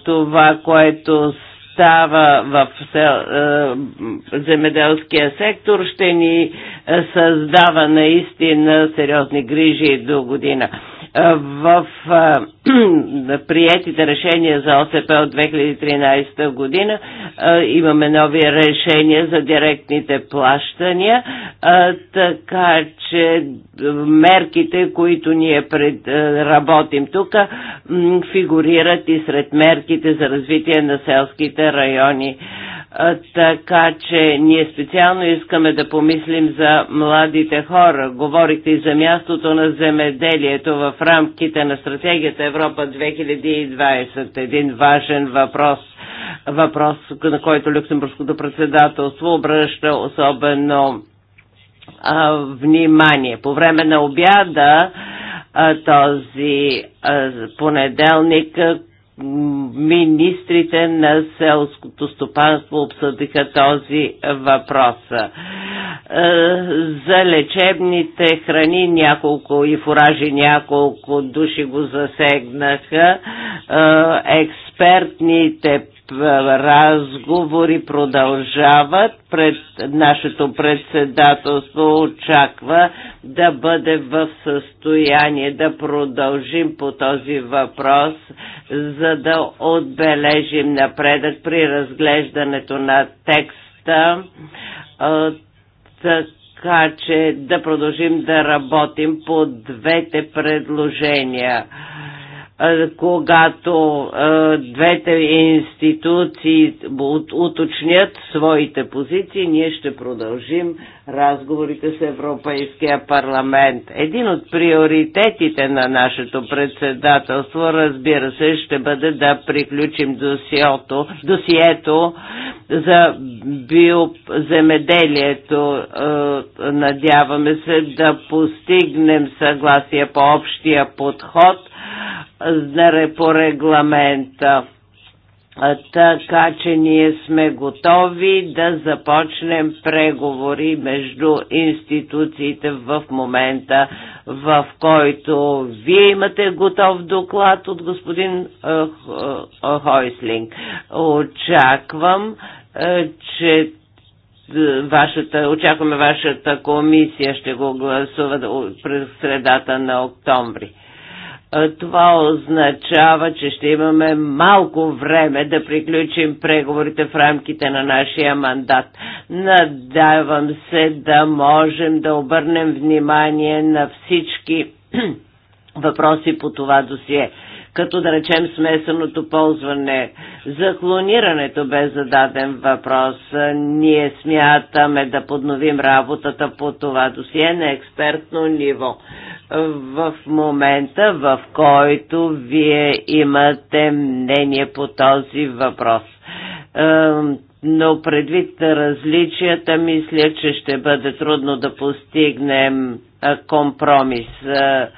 това, което става в е, земеделския сектор, ще ни е, създава наистина сериозни грижи до година. Е, в Приятите решения за ОСП от 2013 година. Имаме нови решения за директните плащания, така че мерките, които ние пред, работим тук, фигурират и сред мерките за развитие на селските райони така че ние специално искаме да помислим за младите хора. Говорихте и за мястото на земеделието в рамките на стратегията Европа 2020. Един важен въпрос, въпрос на който Люксембургското председателство обръща особено а, внимание. По време на обяда а, този а, понеделник министрите на селското стопанство обсъдиха този въпрос. Е, за лечебните храни няколко и фуражи няколко души го засегнаха. Е, експертните разговори продължават. Пред нашето председателство очаква да бъде в състояние да продължим по този въпрос, за да отбележим напредък при разглеждането на текста. Така че да продължим да работим по двете предложения когато двете институции уточнят своите позиции, ние ще продължим разговорите с Европейския парламент. Един от приоритетите на нашето председателство, разбира се, ще бъде да приключим досието, досието за биоземеделието. Надяваме се да постигнем съгласие по общия подход по регламента. Така че ние сме готови да започнем преговори между институциите в момента, в който вие имате готов доклад от господин Хойслинг. Очаквам, че вашата, очакваме вашата комисия ще го гласува през средата на октомври. Това означава, че ще имаме малко време да приключим преговорите в рамките на нашия мандат. Надявам се да можем да обърнем внимание на всички въпроси по това досие като да речем смесеното ползване. За клонирането бе зададен въпрос. Ние смятаме да подновим работата по това досие на експертно ниво. В момента, в който вие имате мнение по този въпрос но предвид различията, мисля, че ще бъде трудно да постигнем е, компромис. Е,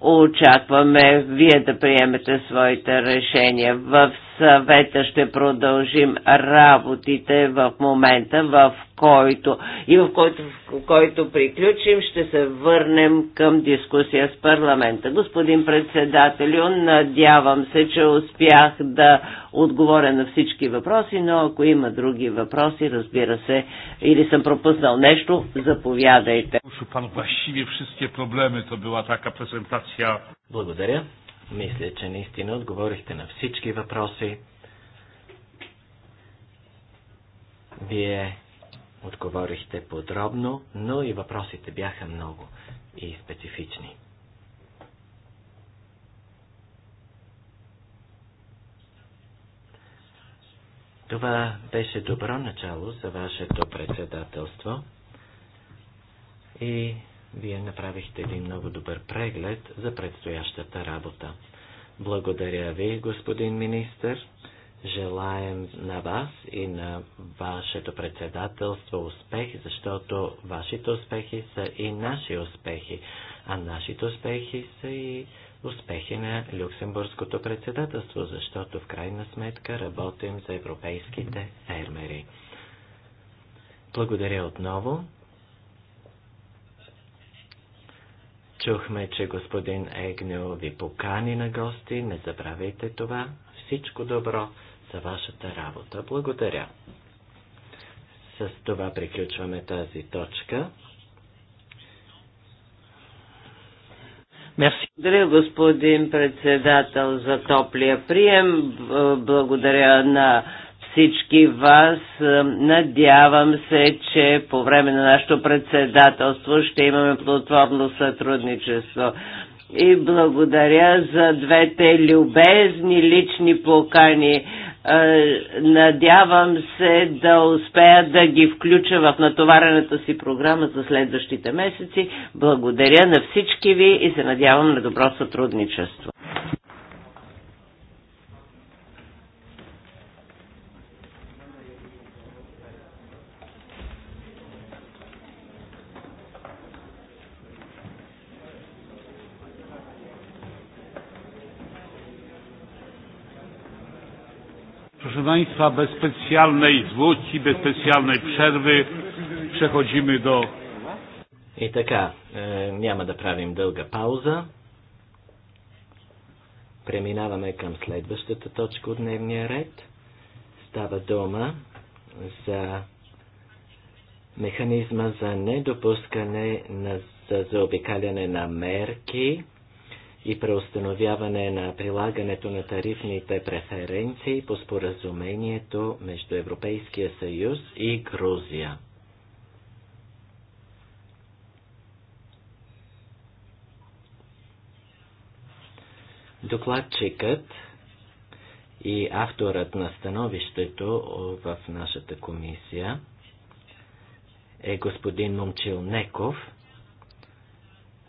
очакваме вие да приемете своите решения. В съвета ще продължим работите в момента, в който и в който, в който приключим, ще се върнем към дискусия с парламента. Господин председателю, надявам се, че успях да отговоря на всички въпроси, но ако има други въпроси, разбира се, или съм пропуснал нещо, заповядайте. Благодаря. Мисля, че наистина отговорихте на всички въпроси. Вие отговорихте подробно, но и въпросите бяха много и специфични. Това беше добро начало за вашето председателство и вие направихте един много добър преглед за предстоящата работа. Благодаря ви, господин министр. Желаем на вас и на вашето председателство успехи, защото вашите успехи са и наши успехи, а нашите успехи са и успехи на Люксембургското председателство, защото в крайна сметка работим за европейските фермери. Благодаря отново. Чухме, че господин Егнил ви покани на гости. Не забравяйте това. Всичко добро за вашата работа. Благодаря. С това приключваме тази точка. Мерси. Благодаря, господин председател, за топлия прием. Благодаря на всички вас. Надявам се, че по време на нашето председателство ще имаме плодотворно сътрудничество и благодаря за двете любезни лични покани. Е, надявам се да успея да ги включа в натоварената си програма за следващите месеци. Благодаря на всички ви и се надявам на добро сътрудничество. Proszę Państwa, bez specjalnej zwłoki, bez specjalnej przerwy przechodzimy do... I така, е, няма да правим дълга пауза. Преминаваме към следващата точка от дневния ред. Става дума за механизма за недопускане на, за заобикаляне на мерки и преустановяване на прилагането на тарифните преференции по споразумението между Европейския съюз и Грузия. Докладчикът и авторът на становището в нашата комисия е господин Момчил Неков,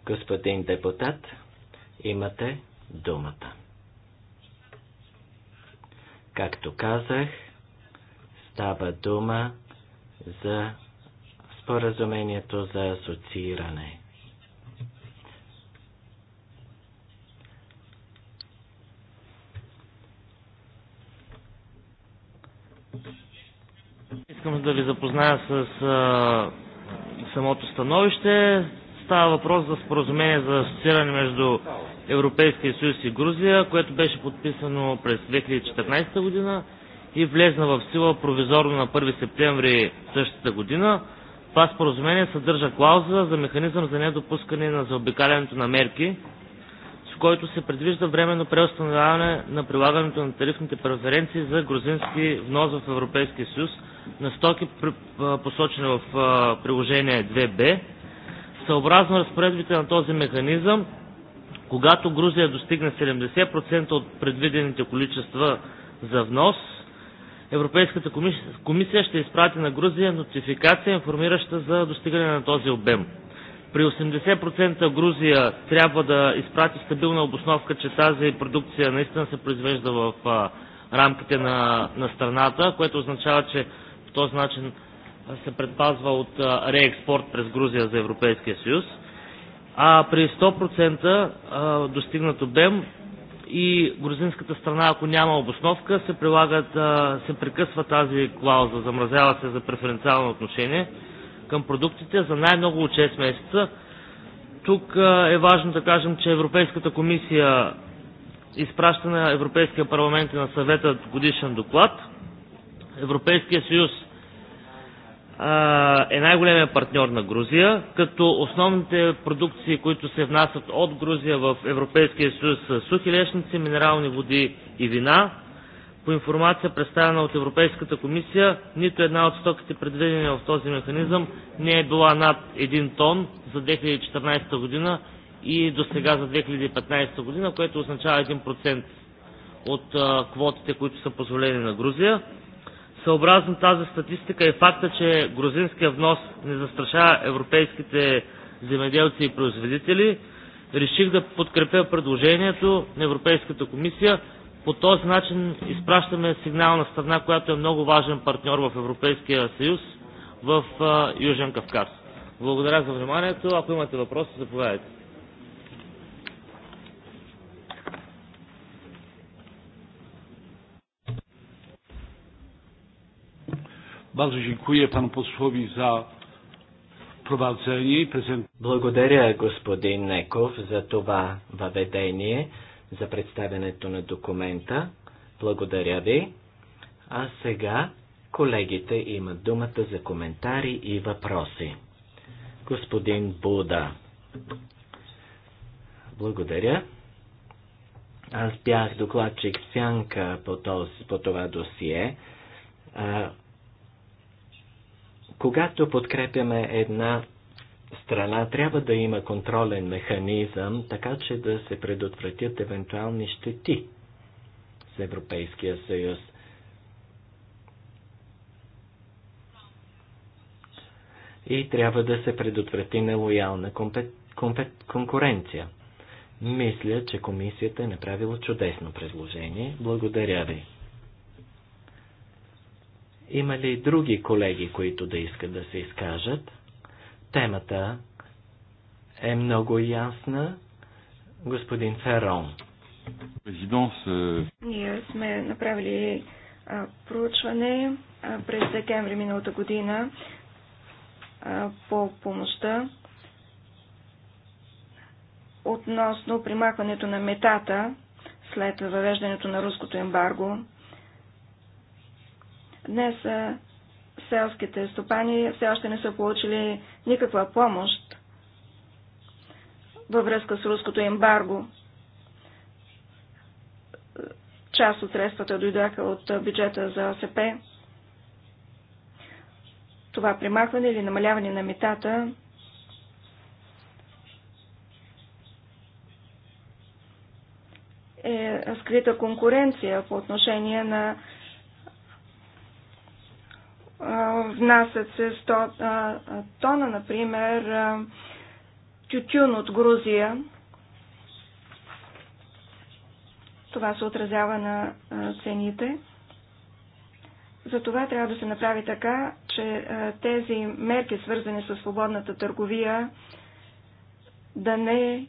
господин депутат, Имате думата. Както казах, става дума за споразумението за асоцииране. Искам да ви запозная с а, самото становище. Става въпрос за споразумение за асоцииране между Европейския съюз и Грузия, което беше подписано през 2014 година и влезна в сила провизорно на 1 септември същата година. Това споразумение съдържа клауза за механизъм за недопускане на заобикалянето на мерки, с който се предвижда временно преустановяване на прилагането на тарифните преференции за грузински внос в Европейския съюз на стоки, посочени в приложение 2b Съобразно разпоредбите на този механизъм, когато Грузия достигне 70% от предвидените количества за внос, Европейската комисия ще изпрати на Грузия нотификация, информираща за достигане на този обем. При 80% Грузия трябва да изпрати стабилна обосновка, че тази продукция наистина се произвежда в рамките на, на страната, което означава, че по този начин се предпазва от реекспорт през Грузия за Европейския съюз, а при 100% достигнат обем и грузинската страна, ако няма обосновка, се, прилагат, се прекъсва тази клауза, замразява се за преференциално отношение към продуктите за най-много от 6 месеца. Тук е важно да кажем, че Европейската комисия изпраща на Европейския парламент и на съвета годишен доклад. Европейския съюз е най-големият партньор на Грузия, като основните продукции, които се внасят от Грузия в Европейския съюз са сухи лешници, минерални води и вина. По информация, представена от Европейската комисия, нито една от стоките, предвидени в този механизъм, не е била над 1 тон за 2014 година и до сега за 2015 година, което означава 1% от квотите, които са позволени на Грузия. Съобразно тази статистика е факта, че Грузинския внос не застрашава европейските земеделци и производители. Реших да подкрепя предложението на Европейската комисия. По този начин изпращаме сигнал на страна, която е много важен партньор в Европейския съюз, в Южен Кавказ. Благодаря за вниманието. Ако имате въпроси, заповядайте. Bardzo dziękuję panu posłowi za prowadzenie i prezentację. Благодаря господин Неков за това въведение, за представянето на документа. Благодаря ви. А сега колегите имат думата за коментари и въпроси. Господин Буда. Благодаря. Аз бях докладчик сянка по, този, по това досие. Когато подкрепяме една страна, трябва да има контролен механизъм, така че да се предотвратят евентуални щети с Европейския съюз. И трябва да се предотврати нелоялна компет... Компет... конкуренция. Мисля, че комисията е направила чудесно предложение. Благодаря ви. Има ли и други колеги, които да искат да се изкажат? Темата е много ясна. Господин Ферон. Е, Ние сме направили а, проучване а, през декември миналата година а, по помощта относно примахването на метата след въвеждането на руското ембарго Днес селските стопани все още не са получили никаква помощ във връзка с руското ембарго. Част от средствата дойдаха от бюджета за ОСП. Това примахване или намаляване на метата е скрита конкуренция по отношение на внасят се 100 тона, например, тютюн от Грузия. Това се отразява на цените. Затова трябва да се направи така, че тези мерки, свързани с свободната търговия, да не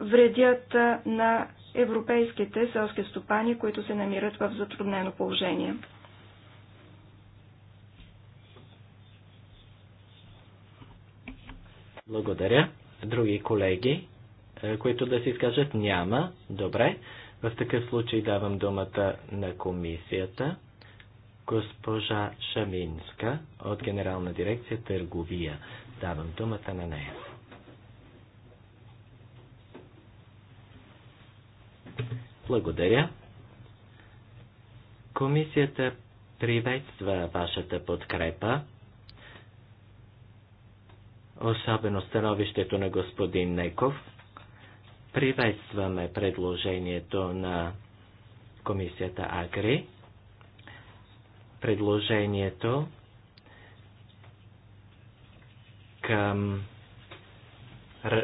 вредят на европейските селски стопани, които се намират в затруднено положение. Благодаря. Други колеги, е, които да се изкажат, няма. Добре. В такъв случай давам думата на комисията. Госпожа Шаминска от Генерална дирекция Търговия. Давам думата на нея. Благодаря. Комисията приветства вашата подкрепа особено становището на господин Неков. Приветстваме предложението на комисията Агри. Предложението към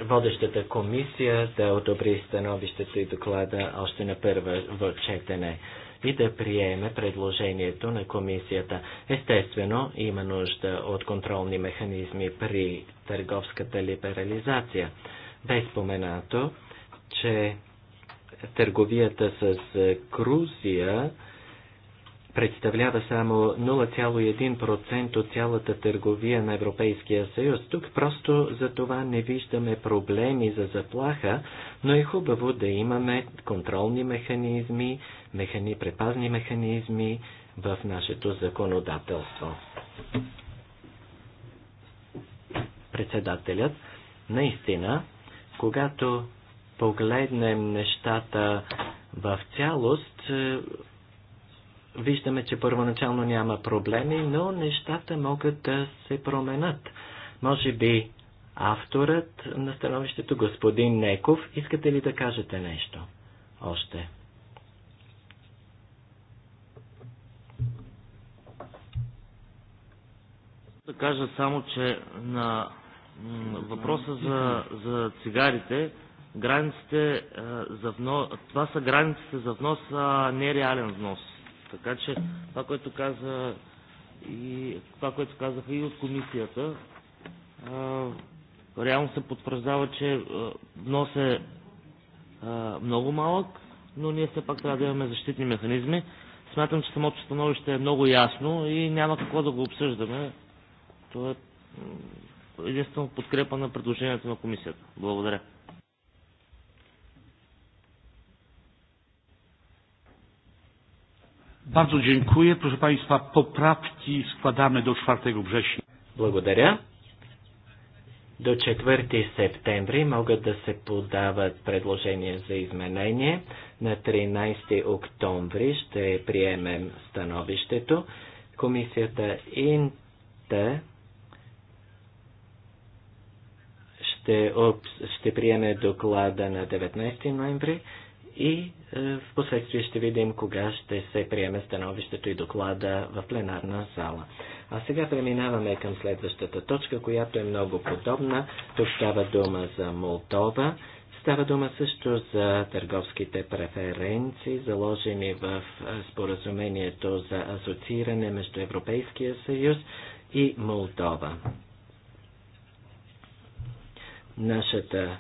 водещата комисия да одобри становището и доклада още на първо четене и да приеме предложението на комисията. Естествено, има нужда от контролни механизми при търговската либерализация. Без споменато, че търговията с Грузия представлява само 0,1% от цялата търговия на Европейския съюз. Тук просто за това не виждаме проблеми за заплаха, но е хубаво да имаме контролни механизми, механи, предпазни механизми в нашето законодателство. Председателят, наистина, когато погледнем нещата в цялост, Виждаме, че първоначално няма проблеми, но нещата могат да се променят. Може би авторът на становището, господин Неков, искате ли да кажете нещо още? Да кажа само, че на въпроса за, за цигарите, границите е, за внос, това са границите за внос, а не реален внос. Така че това, което каза и това, което казаха и от комисията, а, реално се потвърждава, че внос е а, много малък, но ние все пак трябва да имаме защитни механизми. Смятам, че самото становище е много ясно и няма какво да го обсъждаме. Това е единствено подкрепа на предложението на комисията. Благодаря. Bardzo dziękuję. Proszę Państwa, poprawki składamy do 4 września. Благодаря. До 4 септември могат да се подават предложения за изменение. На 13 октомври ще приемем становището. Комисията Инта ще, об... ще приеме доклада на 19 ноември и е, в последствие ще видим кога ще се приеме становището и доклада в пленарна зала. А сега преминаваме към следващата точка, която е много подобна. Тук става дума за Молдова. Става дума също за търговските преференции, заложени в е, споразумението за асоцииране между Европейския съюз и Молдова. Нашата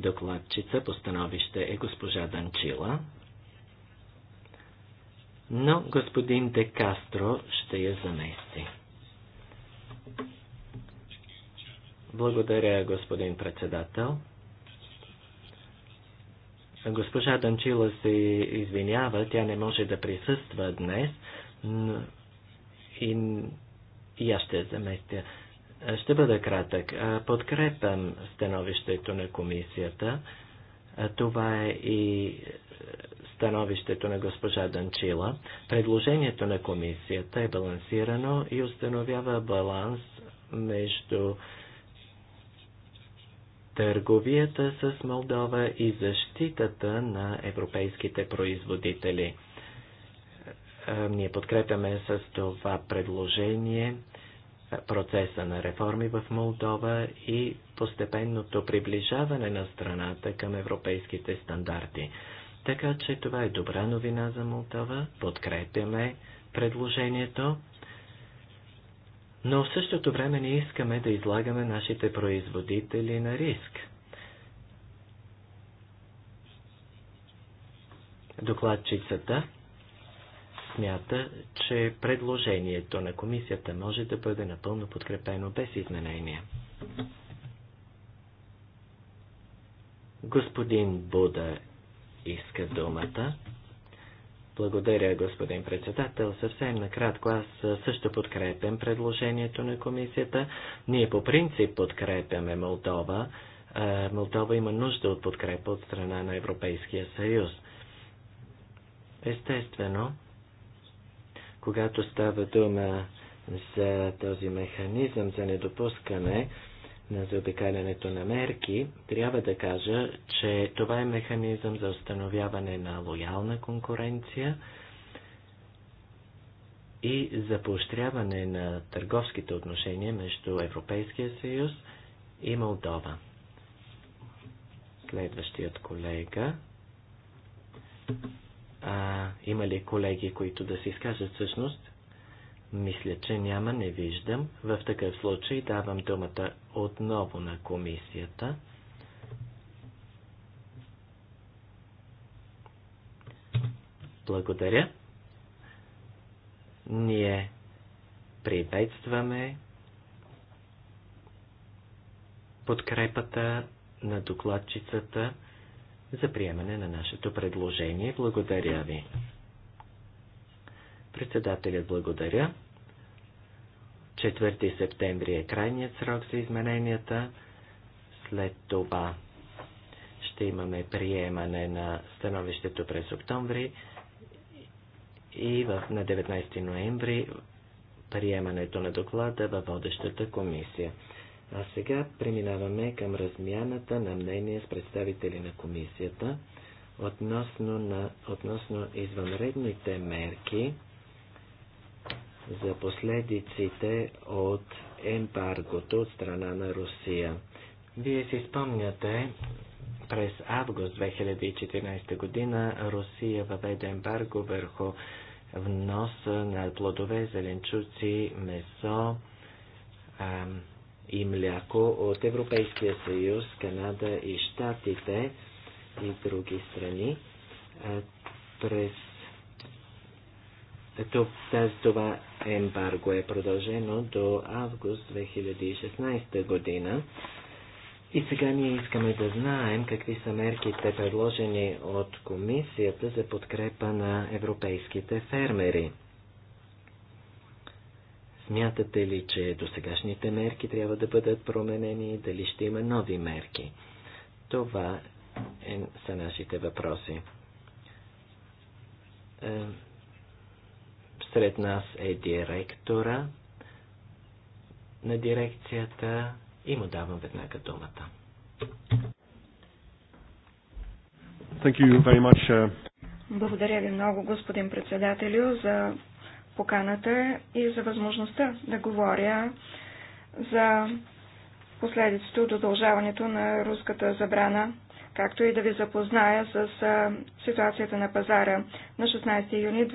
Докладчица по становище е госпожа Данчила, но господин Де Кастро ще я замести. Благодаря, господин председател. Госпожа Данчила се извинява, тя не може да присъства днес и, и аз ще я заместя. Ще бъда кратък. Подкрепям становището на комисията. Това е и е, становището на госпожа Данчила. Предложението на комисията е балансирано и установява баланс между търговията с Молдова и защитата на европейските производители. Е, е, ние подкрепяме с това предложение процеса на реформи в Молдова и постепенното приближаване на страната към европейските стандарти. Така че това е добра новина за Молдова. Подкрепяме предложението. Но в същото време не искаме да излагаме нашите производители на риск. Докладчицата смята, че предложението на комисията може да бъде напълно подкрепено без изменения. Господин Буда иска думата. Благодаря, господин председател. Съвсем накратко, аз също подкрепям предложението на комисията. Ние по принцип подкрепяме Молдова. Молдова има нужда от подкрепа от страна на Европейския съюз. Естествено, когато става дума за този механизъм за недопускане на заобикалянето на мерки, трябва да кажа, че това е механизъм за установяване на лоялна конкуренция и за поощряване на търговските отношения между Европейския съюз и Молдова. Следващият колега. А, има ли колеги, които да се изкажат всъщност? Мисля, че няма, не виждам. В такъв случай давам думата отново на комисията. Благодаря. Ние приветстваме подкрепата на докладчицата за приемане на нашето предложение. Благодаря ви. Председателят благодаря. 4 септември е крайният срок за измененията. След това ще имаме приемане на становището през октомври и в, на 19 ноември приемането на доклада във водещата комисия. А сега преминаваме към размяната на мнение с представители на комисията относно, на, относно извънредните мерки за последиците от ембаргото от страна на Русия. Вие си спомняте, през август 2014 година Русия въведе ембарго върху вноса на плодове, зеленчуци, месо, ам, и мляко от Европейския съюз, Канада и Штатите и други страни. През това ембарго е продължено до август 2016 година. И сега ние искаме да знаем какви са мерките предложени от комисията за подкрепа на европейските фермери. Смятате ли, че досегашните мерки трябва да бъдат променени дали ще има нови мерки? Това е, са нашите въпроси. Е, сред нас е директора на дирекцията и му давам веднага думата. Thank you very much. Uh, Благодаря ви много, господин председателю, за поканата и за възможността да говоря за последиците от удължаването на руската забрана, както и да ви запозная с ситуацията на пазара. На 16 юни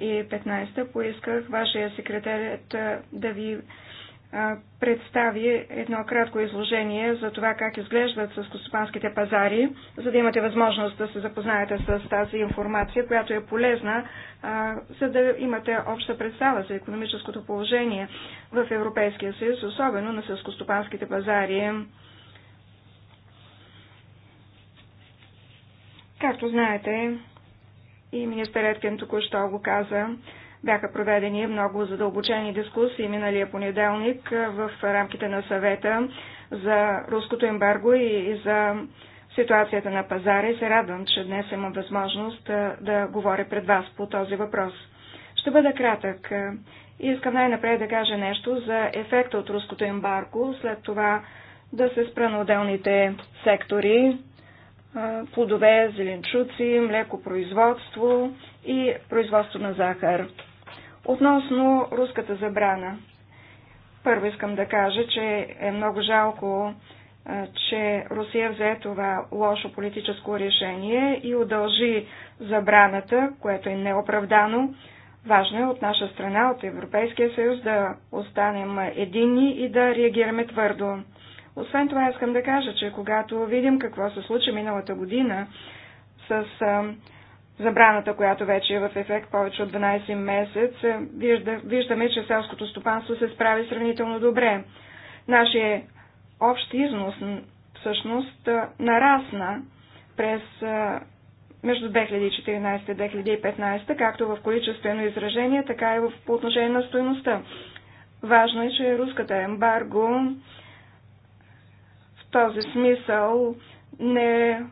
2015 поисках вашия секретарят да ви представи едно кратко изложение за това как изглеждат с пазари, за да имате възможност да се запознаете с тази информация, която е полезна, за да имате обща представа за економическото положение в Европейския съюз, особено на сълскостопанските пазари. Както знаете, и министър Еткин току-що го каза, бяха проведени много задълбочени дискусии миналия понеделник в рамките на съвета за руското ембарго и за ситуацията на пазара и се радвам, че днес имам възможност да, говоря пред вас по този въпрос. Ще бъда кратък. Искам най-напред да кажа нещо за ефекта от руското ембарго, след това да се спра на отделните сектори, плодове, зеленчуци, млекопроизводство и производство на захар. Относно руската забрана. Първо искам да кажа, че е много жалко, че Русия взе това лошо политическо решение и удължи забраната, което е неоправдано. Важно е от наша страна, от Европейския съюз, да останем единни и да реагираме твърдо. Освен това, искам да кажа, че когато видим какво се случи миналата година с забраната, която вече е в ефект повече от 12 месец, е, вижда, виждаме, че селското стопанство се справи сравнително добре. Нашия общ износ всъщност е, нарасна през е, между 2014 и 2015, както в количествено изражение, така и в, по отношение на стоеността. Важно е, че руската ембарго в този смисъл не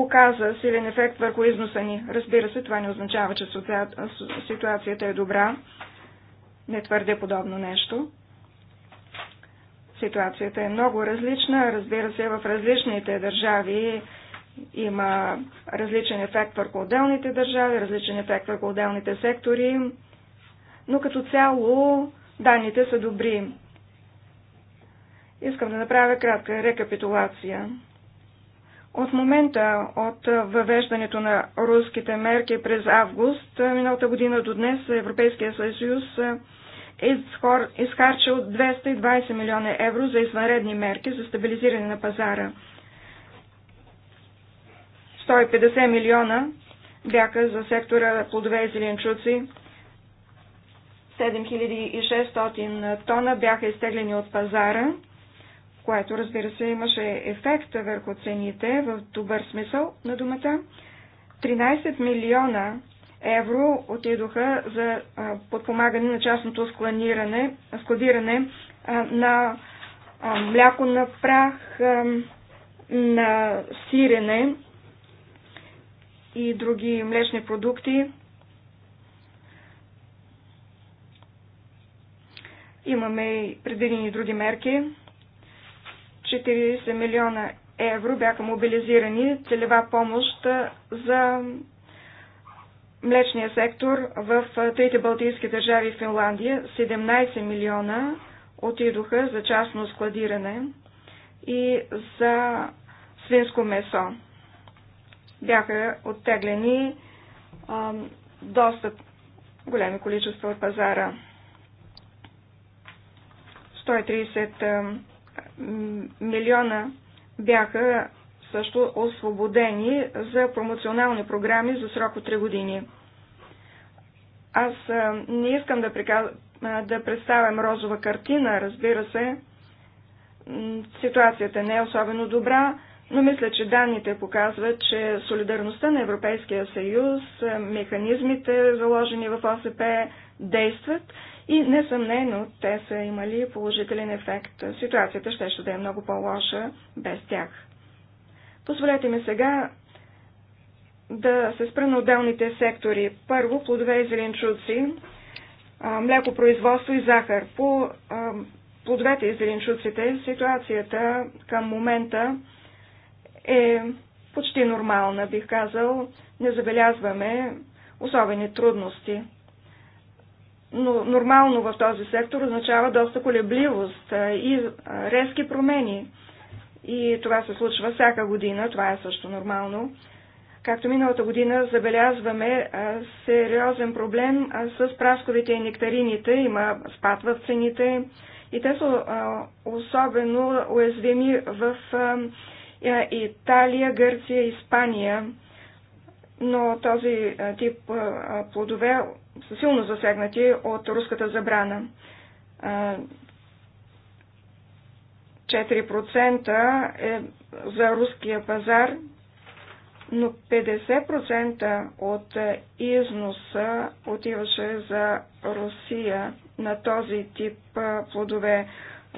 оказа силен ефект върху износа ни. Разбира се, това не означава, че ситуацията е добра. Не твърде подобно нещо. Ситуацията е много различна. Разбира се, в различните държави има различен ефект върху отделните държави, различен ефект върху отделните сектори, но като цяло данните са добри. Искам да направя кратка рекапитулация. От момента от въвеждането на руските мерки през август миналата година до днес Европейския съюз е изхарчил 220 милиона евро за извънредни мерки за стабилизиране на пазара. 150 милиона бяха за сектора плодове и зеленчуци. 7600 тона бяха изтеглени от пазара което разбира се имаше ефекта върху цените в добър смисъл на думата. 13 милиона евро отидоха за подпомагане на частното складиране, складиране на мляко на прах, на сирене и други млечни продукти. Имаме предвидени други мерки. 40 милиона евро бяха мобилизирани целева помощ за млечния сектор в трите балтийски държави в Финландия. 17 милиона отидоха за частно складиране и за свинско месо. Бяха оттеглени а, доста големи количества от пазара. 130 милиона бяха също освободени за промоционални програми за срок от 3 години. Аз не искам да, приказ... да представям розова картина, разбира се. Ситуацията не е особено добра, но мисля, че данните показват, че солидарността на Европейския съюз, механизмите заложени в ОСП действат и несъмнено те са имали положителен ефект. Ситуацията ще, ще да е много по-лоша без тях. Позволете ми сега да се спра на отделните сектори. Първо, плодове и зеленчуци, млекопроизводство и захар. По плодовете и зеленчуците ситуацията към момента е почти нормална, бих казал. Не забелязваме особени трудности но нормално в този сектор означава доста колебливост и резки промени. И това се случва всяка година, това е също нормално. Както миналата година забелязваме сериозен проблем с прасковите и нектарините, има спад в цените и те са особено уязвими в е, Италия, Гърция, Испания. Но този тип плодове са силно засегнати от руската забрана. 4% е за руския пазар, но 50% от износа отиваше за Русия на този тип плодове,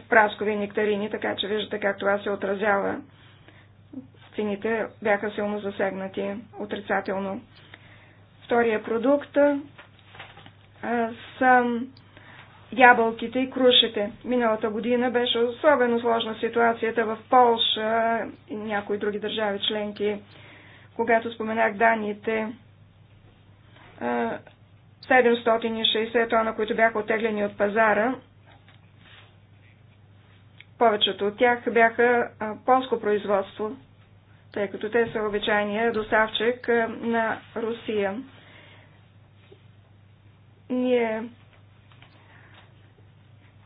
праскови нектарини, така че виждате как това се отразява. Цените бяха силно засегнати отрицателно. Втория продукт с ябълките и крушите. Миналата година беше особено сложна ситуацията в Полша и някои други държави членки. Когато споменах данните, 760 тона, които бяха отеглени от пазара, повечето от тях бяха полско производство, тъй като те са обичайния доставчик на Русия. Ние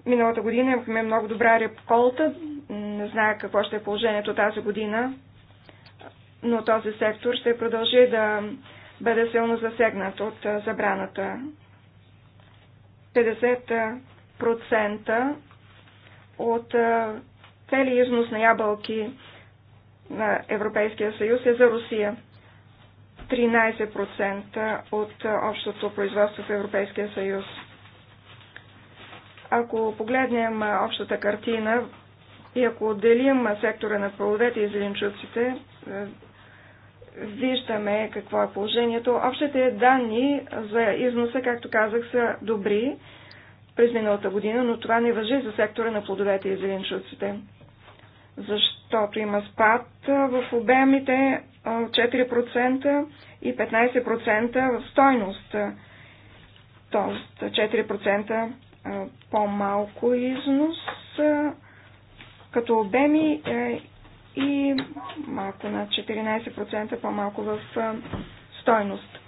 миналата година имахме много добра реколта. Не знае какво ще е положението тази година, но този сектор ще продължи да бъде силно засегнат от забраната. 50% от цели износ на ябълки на Европейския съюз е за Русия. 13% от общото производство в Европейския съюз. Ако погледнем общата картина и ако отделим сектора на плодовете и зеленчуците, виждаме какво е положението. Общите данни за износа, както казах, са добри през миналата година, но това не въжи за сектора на плодовете и зеленчуците, защото има спад в обемите 4% и 15% в стойност, т.е. 4% по-малко износ като обеми е, и малко над 14% по-малко в стойност.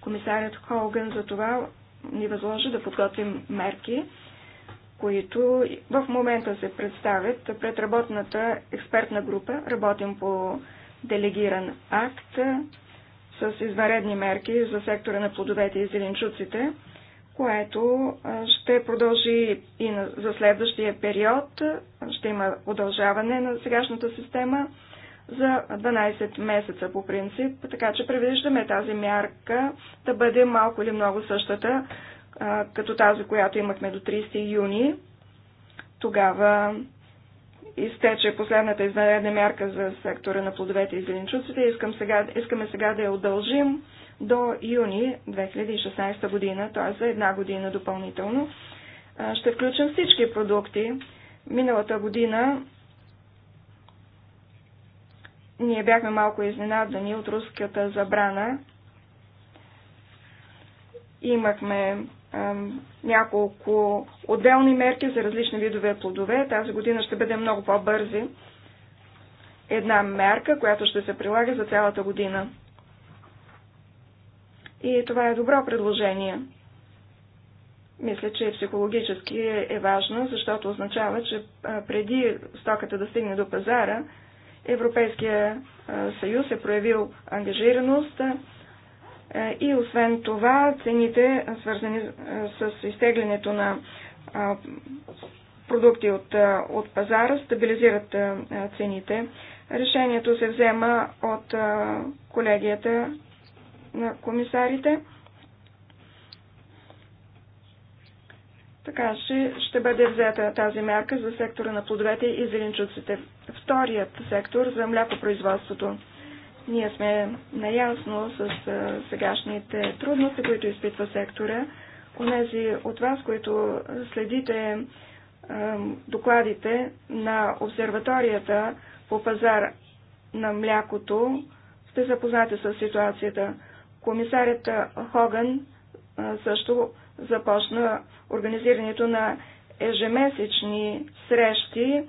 Комисарят Холган за това ни възложи да подготвим мерки, които в момента се представят пред работната експертна група. Работим по делегиран акт с изваредни мерки за сектора на плодовете и зеленчуците, което ще продължи и за следващия период. Ще има удължаване на сегашната система за 12 месеца по принцип, така че предвиждаме тази мярка да бъде малко или много същата, като тази, която имахме до 30 юни. Тогава изтече последната изнаредна мярка за сектора на плодовете и зеленчуците. Искам сега, искаме сега да я удължим до юни 2016 година, т.е. за една година допълнително. Ще включим всички продукти. Миналата година ние бяхме малко изненадани от руската забрана. Имахме няколко отделни мерки за различни видове плодове. Тази година ще бъде много по-бързи. Една мерка, която ще се прилага за цялата година. И това е добро предложение. Мисля, че психологически е важно, защото означава, че преди стоката да стигне до пазара, Европейския съюз е проявил ангажираност е, и освен това, цените, свързани е, с изтеглянето на е, продукти от, от пазара, стабилизират цените. Решението се взема от колегията на комисарите. Така че ще бъде взета тази мерка за сектора на плодовете и зеленчуците. Вторият сектор за млякопроизводството. Ние сме наясно с сегашните трудности, които изпитва сектора. Онези от вас, които следите докладите на обсерваторията по пазар на млякото, сте запознати с ситуацията. Комисарят Хоган също започна организирането на ежемесечни срещи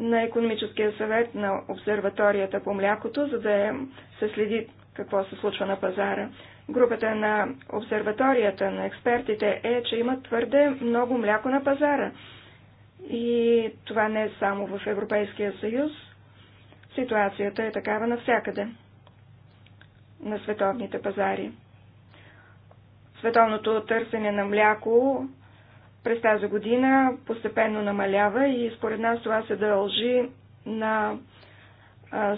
на економическия съвет на обсерваторията по млякото, за да се следи какво се случва на пазара. Групата на обсерваторията на експертите е, че има твърде много мляко на пазара. И това не е само в Европейския съюз. Ситуацията е такава навсякъде на световните пазари. Световното търсене на мляко през тази година постепенно намалява и според нас това се дължи на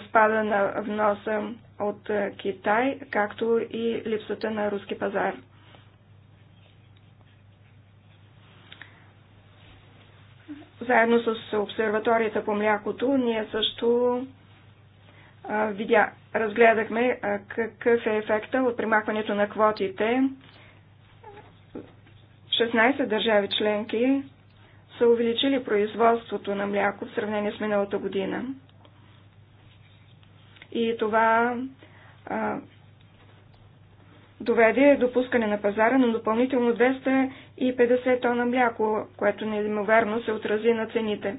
спада на вноса от Китай, както и липсата на руски пазар. Заедно с обсерваторията по млякото, ние също видя, разгледахме какъв е ефекта от примахването на квотите 16 държави членки са увеличили производството на мляко в сравнение с миналата година. И това а, доведе до пускане на пазара на допълнително 250 тона мляко, което неимоверно се отрази на цените.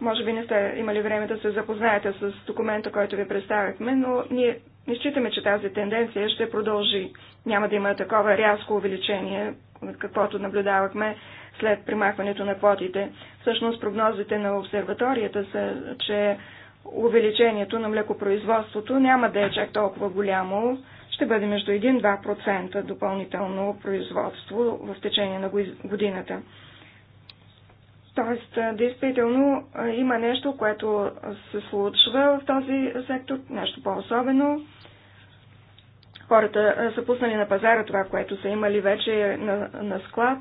Може би не сте имали време да се запознаете с документа, който ви представихме, но ние не считаме, че тази тенденция ще продължи няма да има такова рязко увеличение, каквото наблюдавахме след примахването на квотите. Всъщност прогнозите на обсерваторията са, че увеличението на млекопроизводството няма да е чак толкова голямо, ще бъде между 1-2% допълнително производство в течение на годината. Тоест, действително има нещо, което се случва в този сектор, нещо по-особено. Хората са пуснали на пазара това, което са имали вече на, на склад.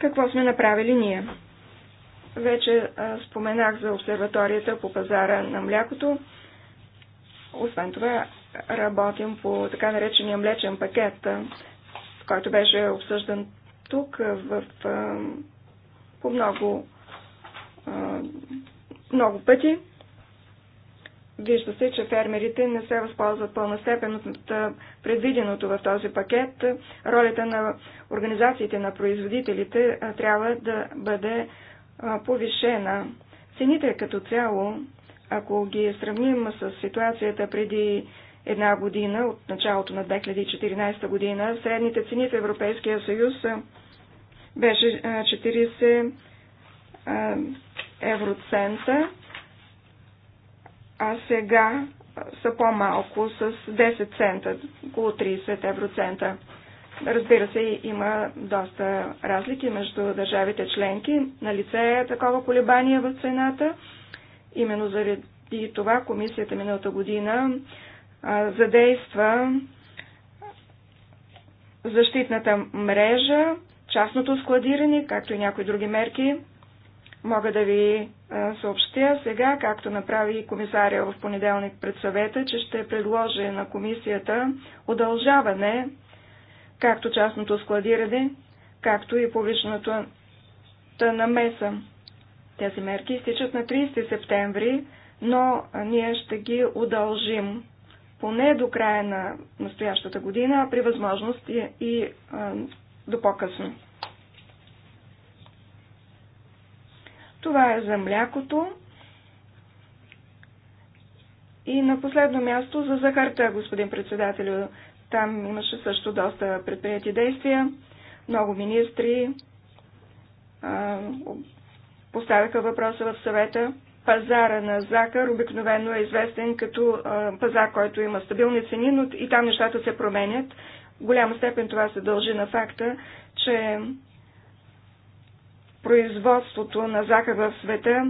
Какво сме направили ние? Вече споменах за обсерваторията по пазара на млякото. Освен това, работим по така наречения млечен пакет, който беше обсъждан тук в, по много, много пъти. Вижда се, че фермерите не се възползват пълна степен от предвиденото в този пакет. Ролята на организациите на производителите трябва да бъде повишена. Цените като цяло, ако ги сравним с ситуацията преди една година, от началото на 2014 година, средните цени в Европейския съюз беше 40 евроцента а сега са по-малко с 10 цента, около 30 евроцента. Разбира се, има доста разлики между държавите членки. На лице е такова колебание в цената. Именно заради това комисията миналата година а, задейства защитната мрежа, частното складиране, както и някои други мерки. Мога да ви съобщя сега, както направи и комисаря в понеделник пред съвета, че ще предложи на комисията удължаване, както частното складиране, както и публичната намеса. Тези мерки изтичат на 30 септември, но ние ще ги удължим поне до края на настоящата година, а при възможност и, и а, до по-късно. Това е за млякото. И на последно място за захарта, господин председателю. Там имаше също доста предприяти действия. Много министри а, поставяха въпроса в съвета. Пазара на захар обикновено е известен като а, пазар, който има стабилни цени, но и там нещата се променят. В голяма степен това се дължи на факта, че производството на захар в света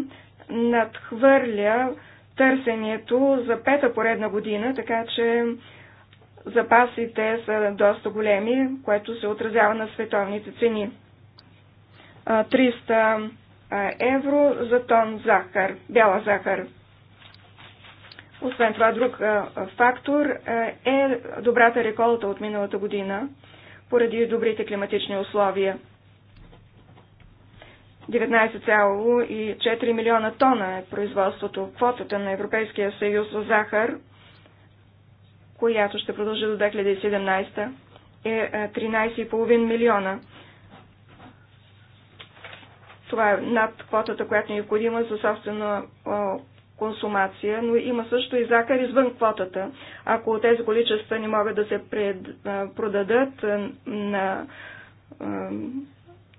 надхвърля търсенето за пета поредна година, така че запасите са доста големи, което се отразява на световните цени. 300 евро за тон захар, бяла захар. Освен това, друг фактор е добрата реколта от миналата година, поради добрите климатични условия. 19,4 милиона тона е производството, квотата на Европейския съюз за захар, която ще продължи до 2017, е 13,5 е, милиона. Това е над квотата, която е необходима за собствена консумация, но има също и захар извън квотата. Ако тези количества не могат да се пред, продадат на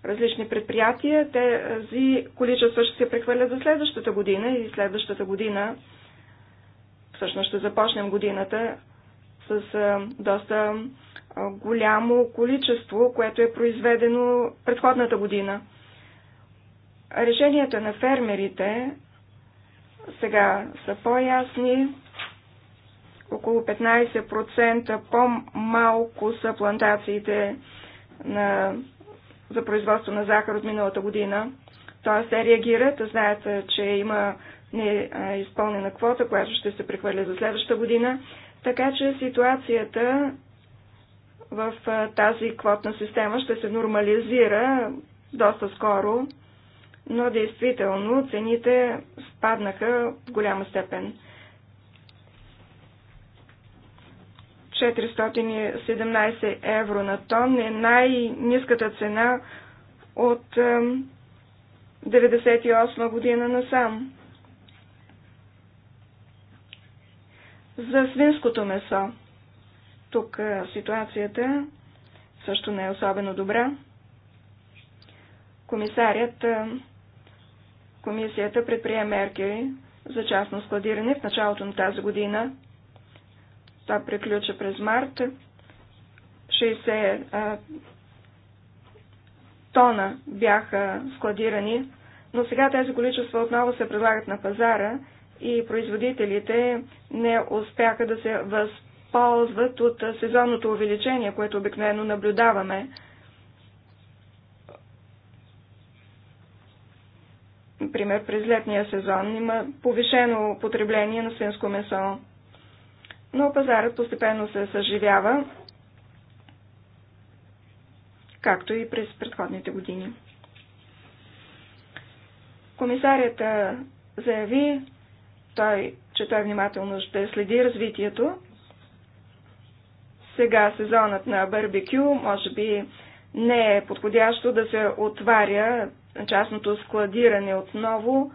различни предприятия, тези количества ще се прехвърлят за следващата година и следващата година, всъщност ще започнем годината с доста голямо количество, което е произведено предходната година. Решенията на фермерите сега са по-ясни. Около 15% по-малко са плантациите на за производство на захар от миналата година. Тоест те реагират, знаят, е, че има неизпълнена е, квота, която ще се прехвърля за следващата година. Така че ситуацията в е, тази квотна система ще се нормализира доста скоро, но действително цените спаднаха в голяма степен. 417 евро на тон е най-низката цена от 1998 година насам. За свинското месо. Тук е, ситуацията също не е особено добра. Комисарят, е, комисията предприе мерки за частно складиране в началото на тази година това приключи през март. 60 а, тона бяха складирани, но сега тези количества отново се предлагат на пазара и производителите не успяха да се възползват от сезонното увеличение, което обикновено наблюдаваме. Например, през летния сезон има повишено потребление на свинско месо но пазарът постепенно се съживява, както и през предходните години. Комисарията заяви, той, че той внимателно ще следи развитието. Сега сезонът на барбекю може би не е подходящо да се отваря частното складиране отново,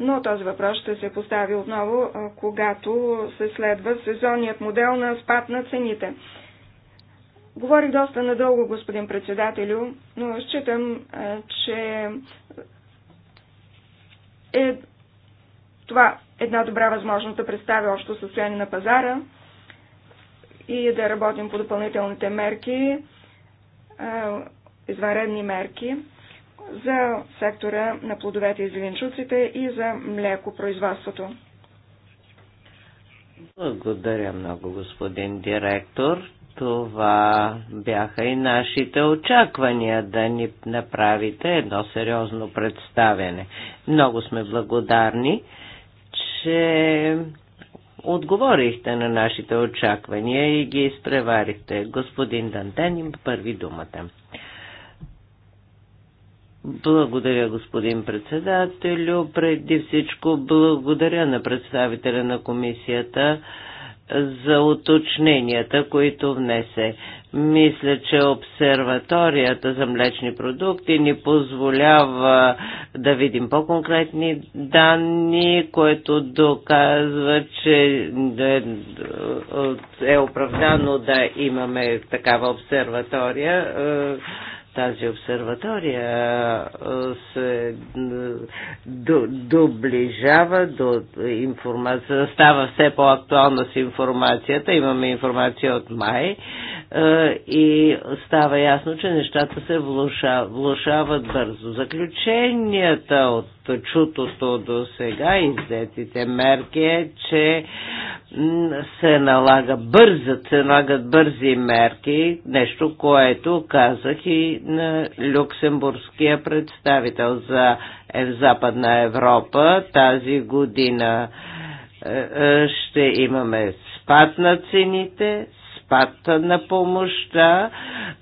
но този въпрос ще се постави отново, когато се следва сезонният модел на спад на цените. Говорих доста надълго, господин председателю, но считам, че е това една добра възможност да представя общо състояние на пазара и да работим по допълнителните мерки, извънредни мерки за сектора на плодовете и зеленчуците и за млекопроизводството. Благодаря много, господин директор. Това бяха и нашите очаквания да ни направите едно сериозно представяне. Много сме благодарни, че отговорихте на нашите очаквания и ги изпреварихте. Господин Дантен им първи думата. Благодаря, господин председателю. Преди всичко благодаря на представителя на комисията за уточненията, които внесе. Мисля, че обсерваторията за млечни продукти ни позволява да видим по-конкретни данни, което доказва, че е, е, е оправдано да имаме такава обсерватория е, тази обсерватория се доближава до информация, става все по-актуална с информацията. Имаме информация от май и става ясно, че нещата се влушават бързо. Заключенията от чутото до сега и взетите мерки е, че се налага бързат, се налагат бързи мерки, нещо, което казах и на люксембургския представител за е, Западна Европа тази година е, е, ще имаме спад на цените, спад на помощта,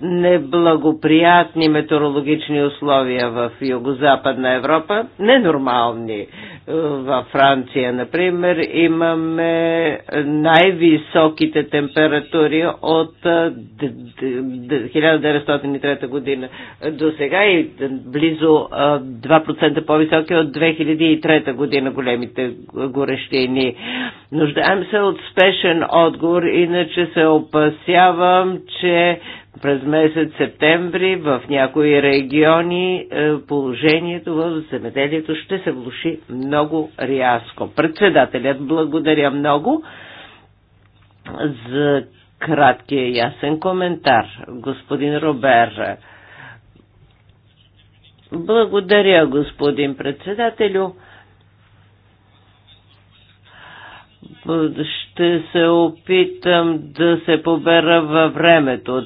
неблагоприятни метеорологични условия в Югозападна Европа, ненормални. Е, във Франция, например, имаме най-високите температури от 1903 е, година до сега и близо 2% е, по-високи от 2003 година големите горещини. Нуждаем се от спешен отговор, иначе се опасяваме опасявам, че през месец септември в някои региони е, положението в земеделието ще се влуши много рязко. Председателят благодаря много за краткия ясен коментар, господин Робер. Благодаря, господин председателю. Ще се опитам да се побера във времето.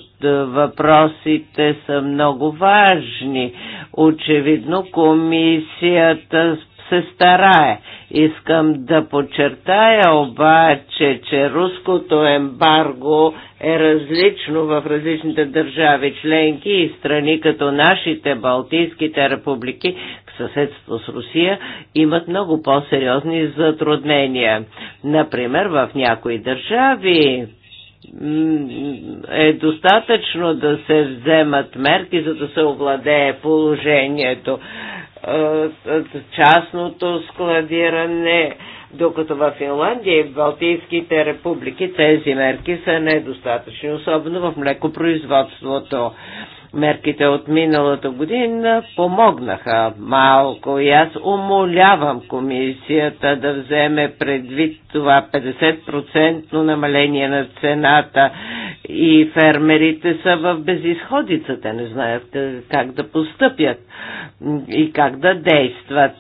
Въпросите са много важни. Очевидно комисията се старае. Искам да подчертая обаче, че руското ембарго е различно в различните държави членки и страни като нашите Балтийските републики, съседство с Русия, имат много по-сериозни затруднения. Например, в някои държави е достатъчно да се вземат мерки, за да се овладее положението. Е, е, частното складиране, докато в Финландия и в Балтийските републики тези мерки са недостатъчни, особено в млекопроизводството. Мерките от миналата година помогнаха малко и аз умолявам комисията да вземе предвид това 50% намаление на цената и фермерите са в безисходица. Те не знаят е, как да постъпят и как да действат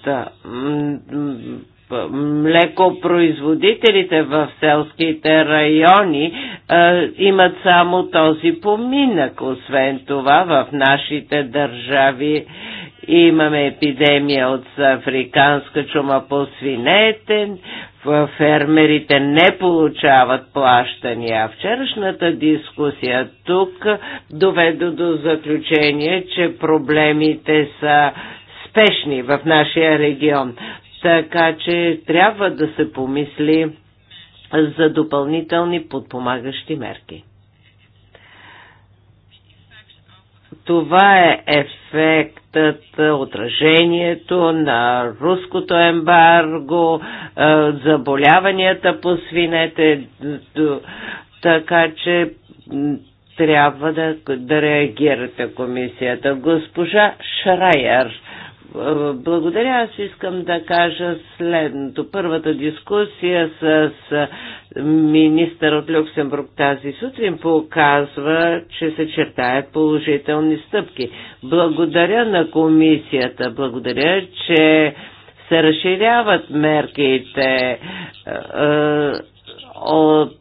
млекопроизводителите в селските райони а, е, имат само този поминък. Освен това, в нашите държави имаме епидемия от африканска чума по свинете, фермерите не получават плащания. Вчерашната дискусия тук доведе до заключение, че проблемите са спешни в нашия регион. Така че трябва да се помисли за допълнителни подпомагащи мерки. Това е ефектът, отражението на руското ембарго, е, заболяванията по свинете, така че трябва да, да реагирате комисията. Госпожа Шрайер благодаря, аз искам да кажа следното. Първата дискусия с министър от Люксембург тази сутрин показва, че се чертаят положителни стъпки. Благодаря на комисията, благодаря, че се разширяват мерките е, е, от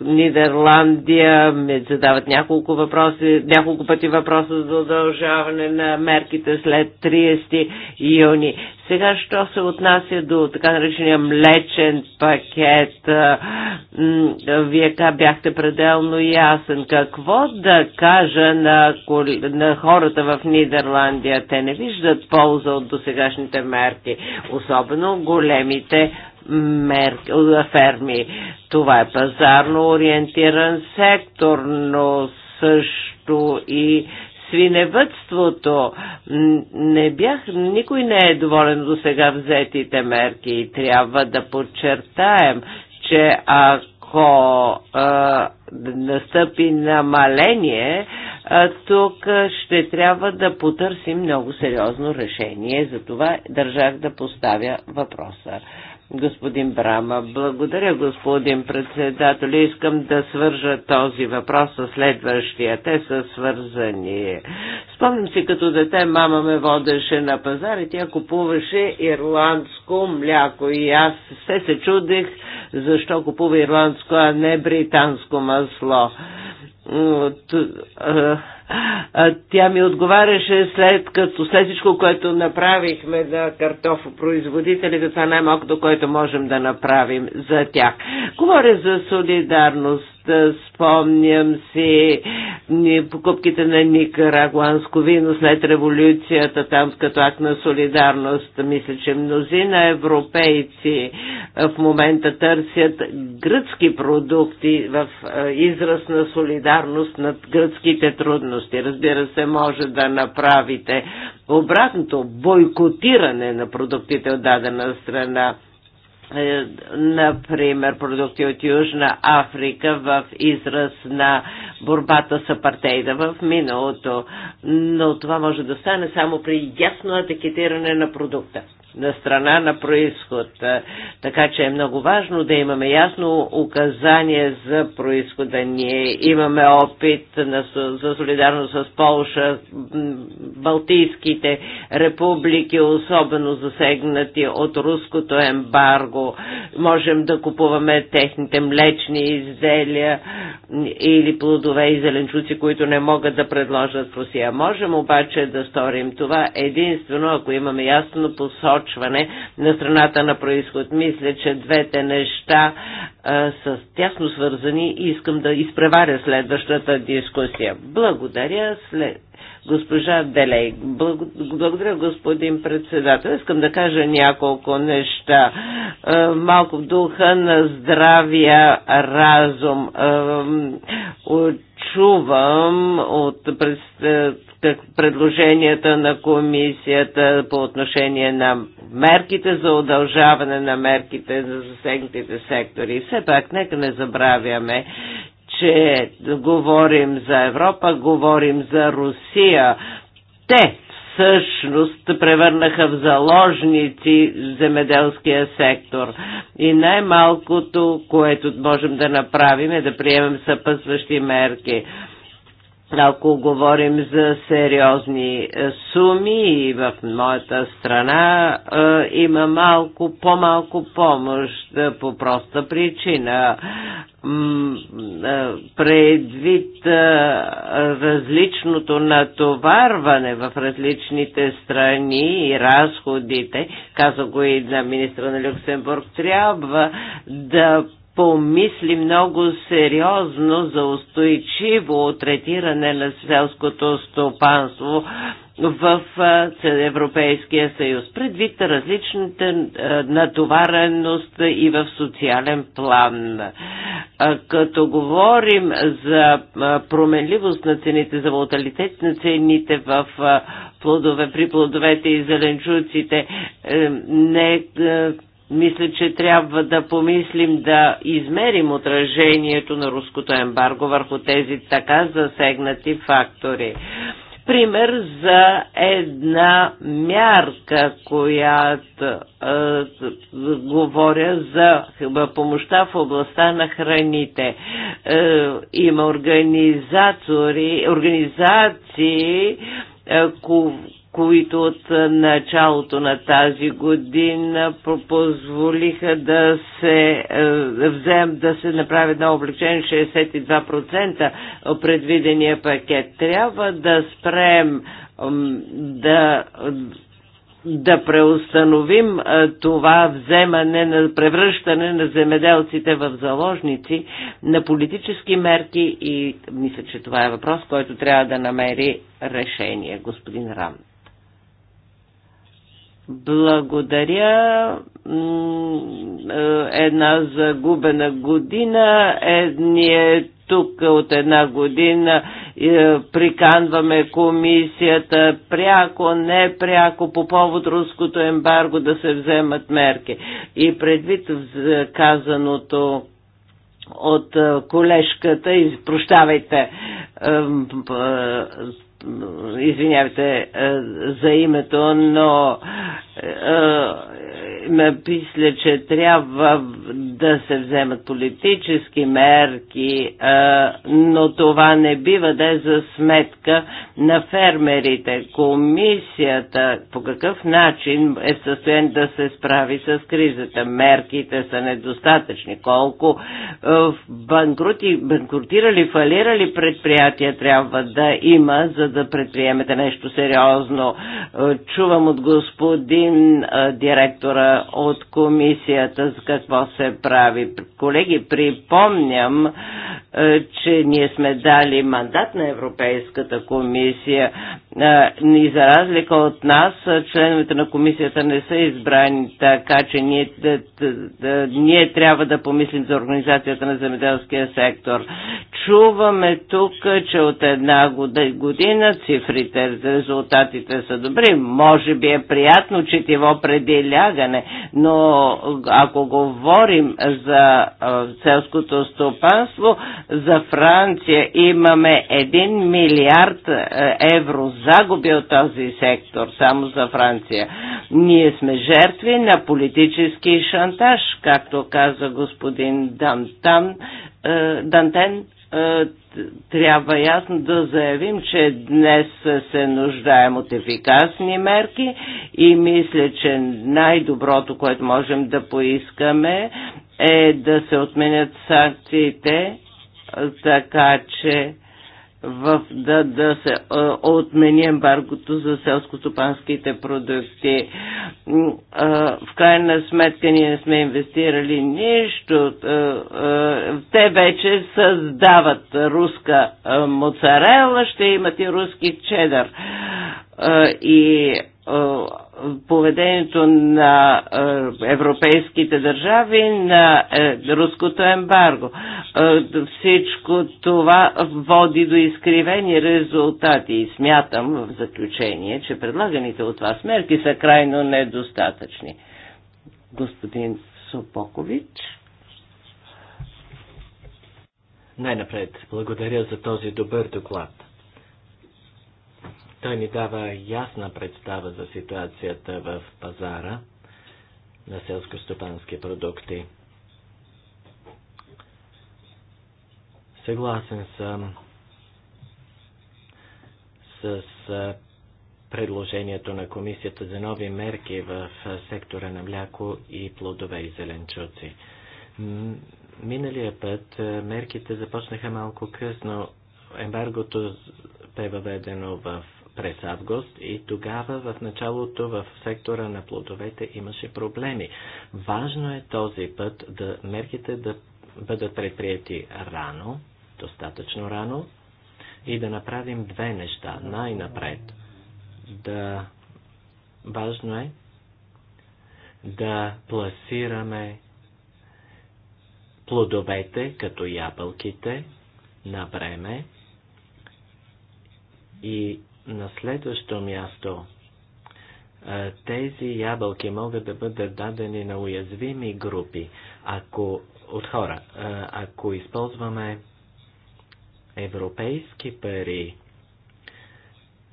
Нидерландия ми задават няколко въпроси, няколко пъти въпроса за удължаване на мерките след 30 юни. Сега, що се отнася до така наречения млечен пакет, вие бяхте пределно ясен. Какво да кажа на, на хората в Нидерландия? Те не виждат полза от досегашните мерки, особено големите мер... ферми. Това е пазарно ориентиран сектор, но също и свиневътството. Не бях, никой не е доволен до сега взетите мерки и трябва да подчертаем, че ако а, настъпи намаление, а, тук ще трябва да потърсим много сериозно решение. Затова държах да поставя въпроса. Господин Брама, благодаря господин председател. Искам да свържа този въпрос с следващия. Те са свързани. Спомням си като дете, мама ме водеше на пазар и тя купуваше ирландско мляко. И аз се се чудех защо купува ирландско, а не британско масло тя ми отговаряше след като след всичко, което направихме за картофопроизводителите, това най-малкото, което можем да направим за тях. Говоря за солидарност спомням си покупките на никарагуанско вино след революцията, там като акт на солидарност. Мисля, че мнозина европейци в момента търсят гръцки продукти в израз на солидарност над гръцките трудности. Разбира се, може да направите обратното бойкотиране на продуктите от дадена страна. Е, например, продукти от Южна Африка в израз на борбата с апартейда в миналото. Но това може да стане само при ясно етикетиране на продукта на страна на происход. Е, така че е много важно да имаме ясно указание за происхода. Ние имаме опит на, за солидарност с Полша, Балтийските републики, особено засегнати от руското ембарго много. Можем да купуваме техните млечни изделия или плодове и зеленчуци, които не могат да предложат в Русия. Можем обаче да сторим това единствено, ако имаме ясно посочване на страната на происход. Мисля, че двете неща а, са тясно свързани и искам да изпреваря следващата дискусия. Благодаря. След Госпожа Делей, благодаря господин председател. Искам да кажа няколко неща. Е, малко в духа на здравия разум. Е, чувам от предложенията на комисията по отношение на мерките за удължаване на мерките за засегнатите сектори. Все пак, нека не забравяме, че говорим за Европа, говорим за Русия. Те всъщност превърнаха в заложници земеделския сектор. И най-малкото, което можем да направим е да приемем съпъсващи мерки. Ако говорим за сериозни е, суми и в моята страна е, има малко, по-малко помощ е, по проста причина. М, е, предвид е, различното натоварване в различните страни и разходите, каза го и на министра на Люксембург, трябва да помисли много сериозно за устойчиво третиране на селското стопанство в Европейския съюз, предвид различната натовареност и в социален план. Като говорим за променливост на цените, за волатилитет на цените в плодове, при плодовете и зеленчуците, е, не е, мисля, че трябва да помислим да измерим отражението на руското ембарго върху тези така засегнати фактори пример за една мярка, която е, говоря за помощта в областта на храните. Е, има организатори, организации, е, които от началото на тази година позволиха да се е, взем, да се направи едно облегчение 62% предвидения пакет. Трябва да спрем да да преустановим е, това вземане на превръщане на земеделците в заложници на политически мерки и мисля, че това е въпрос, който трябва да намери решение, господин Рам. Благодаря. Е, една загубена година. Е, ние тук от една година е, приканваме комисията пряко, не, пряко, по повод руското ембарго да се вземат мерки. И предвид казаното от е, колежката, прощавайте, извинявайте е, за името, но е, е, ме мисля, че трябва да се вземат политически мерки, но това не бива да е за сметка на фермерите. Комисията по какъв начин е в състояние да се справи с кризата? Мерките са недостатъчни. Колко банкрути, банкрутирали, фалирали предприятия трябва да има, за да предприемете нещо сериозно. Е, чувам от господин е, директора от комисията за какво се прави. Колеги, припомням, е, че ние сме дали мандат на Европейската комисия и за разлика от нас, членовете на комисията не са избрани, така че ние, ние трябва да помислим за организацията на земеделския сектор. Чуваме тук, че от една година на цифрите, резултатите са добри. Може би е приятно четиво преди лягане, но ако говорим за селското стопанство, за Франция имаме 1 милиард е, евро загуби от този сектор, само за Франция. Ние сме жертви на политически шантаж, както каза господин Дантан, е, Дантен е, трябва ясно да заявим, че днес се нуждаем от ефикасни мерки и мисля, че най-доброто, което можем да поискаме е да се отменят санкциите, така че в, да, да се а, отмени ембаргото за селско-стопанските продукти. А, в крайна сметка ние не сме инвестирали нищо. А, а, те вече създават руска а, моцарела, ще имат и руски чедър. А, и поведението на европейските държави на е, руското ембарго. Всичко това води до изкривени резултати и смятам в заключение, че предлаганите от вас мерки са крайно недостатъчни. Господин Сопокович. Най-напред, благодаря за този добър доклад. Той ни дава ясна представа за ситуацията в пазара на селско-стопански продукти. Съгласен съм с предложението на комисията за нови мерки в сектора на мляко и плодове и зеленчуци. Миналия път мерките започнаха малко късно. Ембаргото бе въведено в през август и тогава в началото в сектора на плодовете имаше проблеми. Важно е този път да мерките да бъдат предприяти рано, достатъчно рано и да направим две неща най-напред. Да важно е да пласираме плодовете, като ябълките, на време и на следващо място, тези ябълки могат да бъдат дадени на уязвими групи ако, от хора. Ако използваме европейски пари,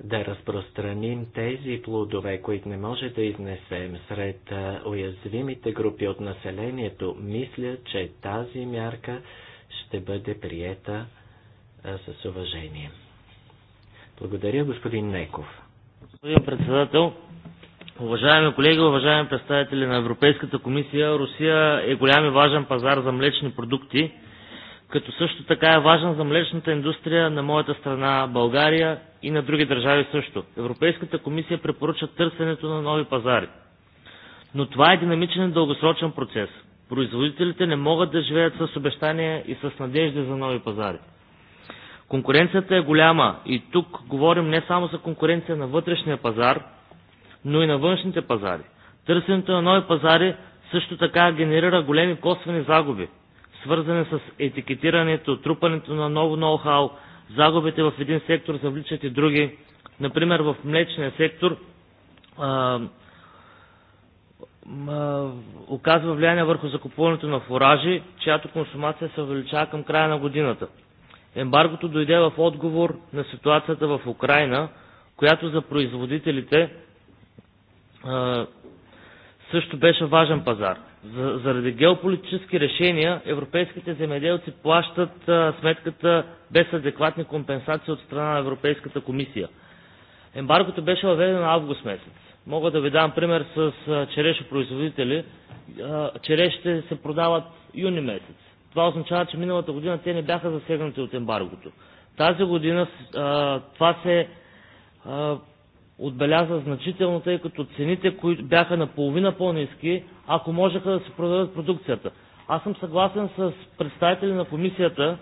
да разпространим тези плодове, които не може да изнесем сред уязвимите групи от населението, мисля, че тази мярка ще бъде приета с уважение. Благодаря, господин Неков. Господин председател, уважаеми колеги, уважаеми представители на Европейската комисия, Русия е голям и важен пазар за млечни продукти, като също така е важен за млечната индустрия на моята страна България и на други държави също. Европейската комисия препоръча търсенето на нови пазари. Но това е динамичен и дългосрочен процес. Производителите не могат да живеят с обещания и с надежда за нови пазари. Конкуренцията е голяма и тук говорим не само за конкуренция на вътрешния пазар, но и на външните пазари. Търсенето на нови пазари също така генерира големи косвени загуби, свързани с етикетирането, трупането на ново ноу-хау, загубите в един сектор завличат и други. Например, в млечния сектор а, а, оказва влияние върху закупуването на фуражи, чиято консумация се увеличава към края на годината. Ембаргото дойде в отговор на ситуацията в Украина, която за производителите а, също беше важен пазар. За, заради геополитически решения европейските земеделци плащат а, сметката без адекватни компенсации от страна на Европейската комисия. Ембаргото беше въведено август месец. Мога да ви дам пример с черешопроизводители. Черешите се продават юни месец това означава, че миналата година те не бяха засегнати от ембаргото. Тази година а, това се а, отбеляза значително, тъй като цените, които бяха наполовина по-низки, ако можеха да се продадат продукцията. Аз съм съгласен с представители на комисията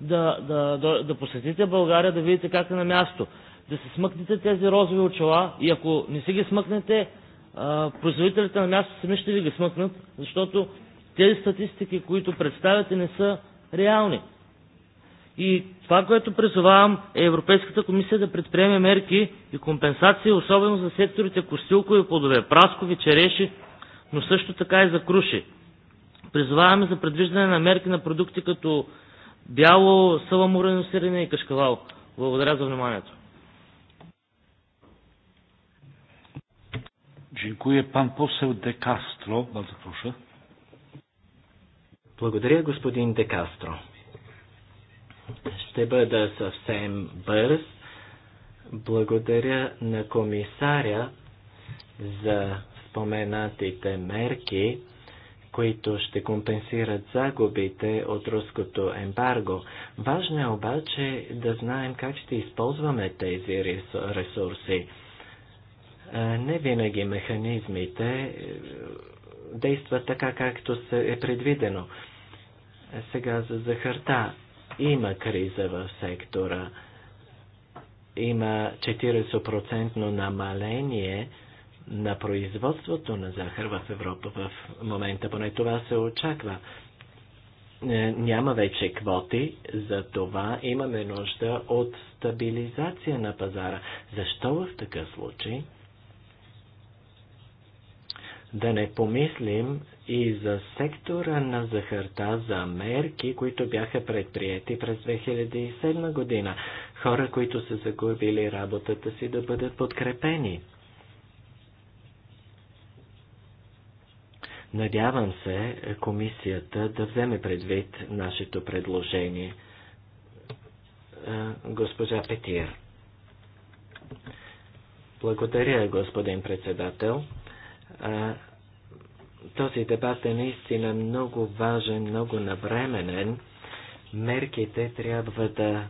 да, да, да, да посетите България, да видите как е на място. Да се смъкнете тези розови очила и ако не си ги смъкнете, а, производителите на място сами ще ви ги смъкнат, защото тези статистики, които представяте, не са реални. И това, което призовавам е Европейската комисия да предприеме мерки и компенсации, особено за секторите костилкови плодове, праскови, череши, но също така и за круши. Призоваваме за предвиждане на мерки на продукти като бяло, съламурено сирене и кашкавал. Благодаря за вниманието. Dziękuję. Pan poseł De Castro, bardzo proszę. Благодаря, господин Декастро. Ще бъда съвсем бърз. Благодаря на комисаря за споменатите мерки, които ще компенсират загубите от руското ембарго. Важно е обаче да знаем как ще използваме тези ресурси. Е, не винаги механизмите е, действа така, както се е предвидено. Сега за захарта има криза в сектора. Има 40% намаление на производството на захар в Европа в момента, поне това се очаква. Е, няма вече квоти, за това имаме нужда от стабилизация на пазара. Защо в такъв случай да не помислим и за сектора на захарта, за мерки, които бяха предприяти през 2007 година. Хора, които са загубили работата си, да бъдат подкрепени. Надявам се комисията да вземе предвид нашето предложение. Госпожа Петир. Благодаря, господин председател. Този дебат е наистина много важен, много навременен. Мерките трябва да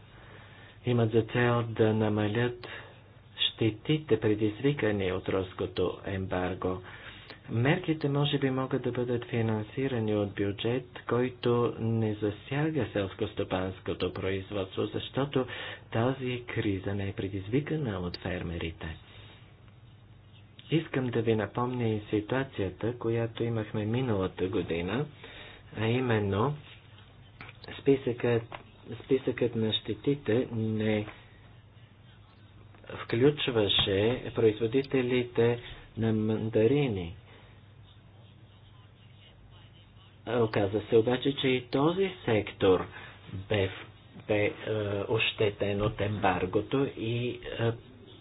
имат за цел да намалят щетите, предизвикани от руското ембарго. Мерките може би могат да бъдат финансирани от бюджет, който не засяга селско-стопанското производство, защото тази криза не е предизвикана от фермерите. Искам да ви напомня и ситуацията, която имахме миналата година, а именно списъкът, списъкът на щетите не включваше производителите на мандарини. Оказа се обаче, че и този сектор бе, бе е, ощетен от ембаргото и е,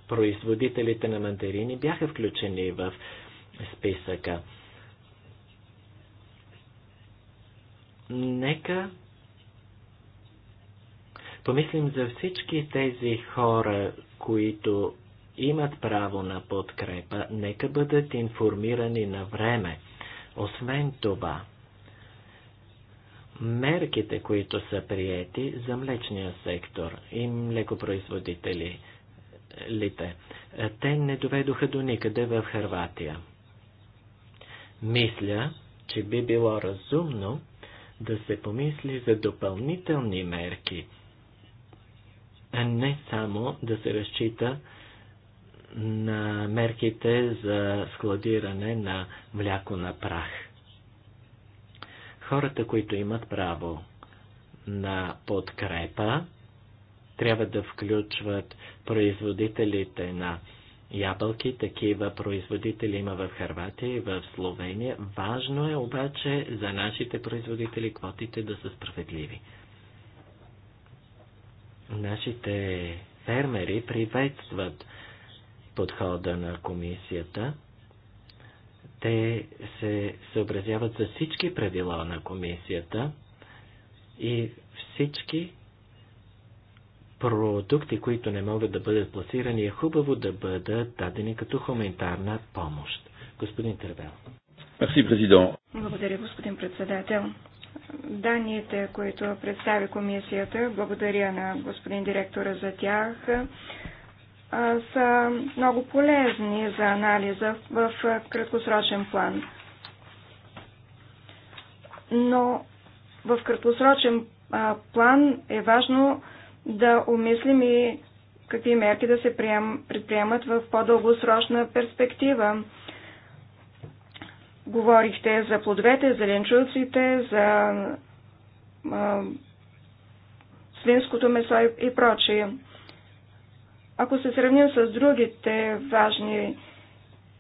производителите на мандарини бяха включени в списъка. Нека помислим за всички тези хора, които имат право на подкрепа, нека бъдат информирани на време. Освен това, мерките, които са приети за млечния сектор и млекопроизводители – лите. Е, те не доведоха до никъде в Харватия. Мисля, че би било разумно да се помисли за допълнителни мерки, а не само да се разчита на мерките за складиране на мляко на прах. Хората, които имат право на подкрепа, трябва да включват производителите на ябълки. Такива производители има в Харватия и в Словения. Важно е обаче за нашите производители квотите да са справедливи. Нашите фермери приветстват подхода на комисията. Те се съобразяват за всички правила на комисията и всички продукти, които не могат да бъдат пласирани, е хубаво да бъдат дадени като хуманитарна помощ. Господин Тервел. Благодаря, господин председател. Данните, които представи комисията, благодаря на господин директора за тях, са много полезни за анализа в краткосрочен план. Но в краткосрочен план е важно да умислим и какви мерки да се прием, предприемат в по-дългосрочна перспектива. Говорихте за плодовете, за ленчуците, за а, свинското месо и, и прочие. Ако се сравним с другите важни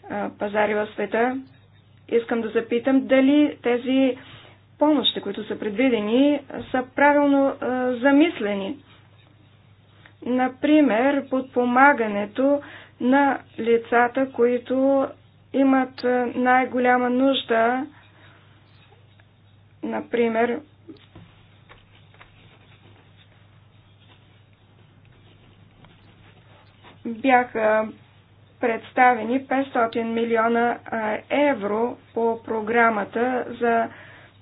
а, пазари в света, искам да запитам дали тези помощи, които са предвидени, са правилно а, замислени Например, подпомагането на лицата, които имат най-голяма нужда, например, бяха представени 500 милиона евро по програмата за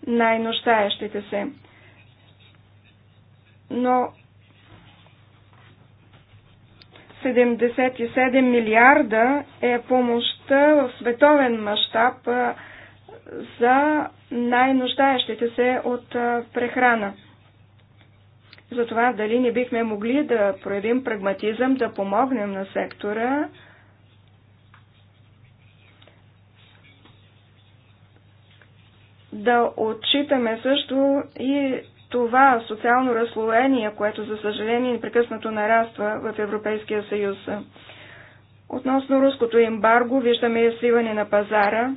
най нощаящите се. Но 77 милиарда е помощта в световен мащаб за най-нуждаещите се от прехрана. Затова дали не бихме могли да проявим прагматизъм, да помогнем на сектора, да отчитаме също и това социално разслоение, което за съжаление непрекъснато нараства в Европейския съюз. Относно руското ембарго, виждаме свиване на пазара.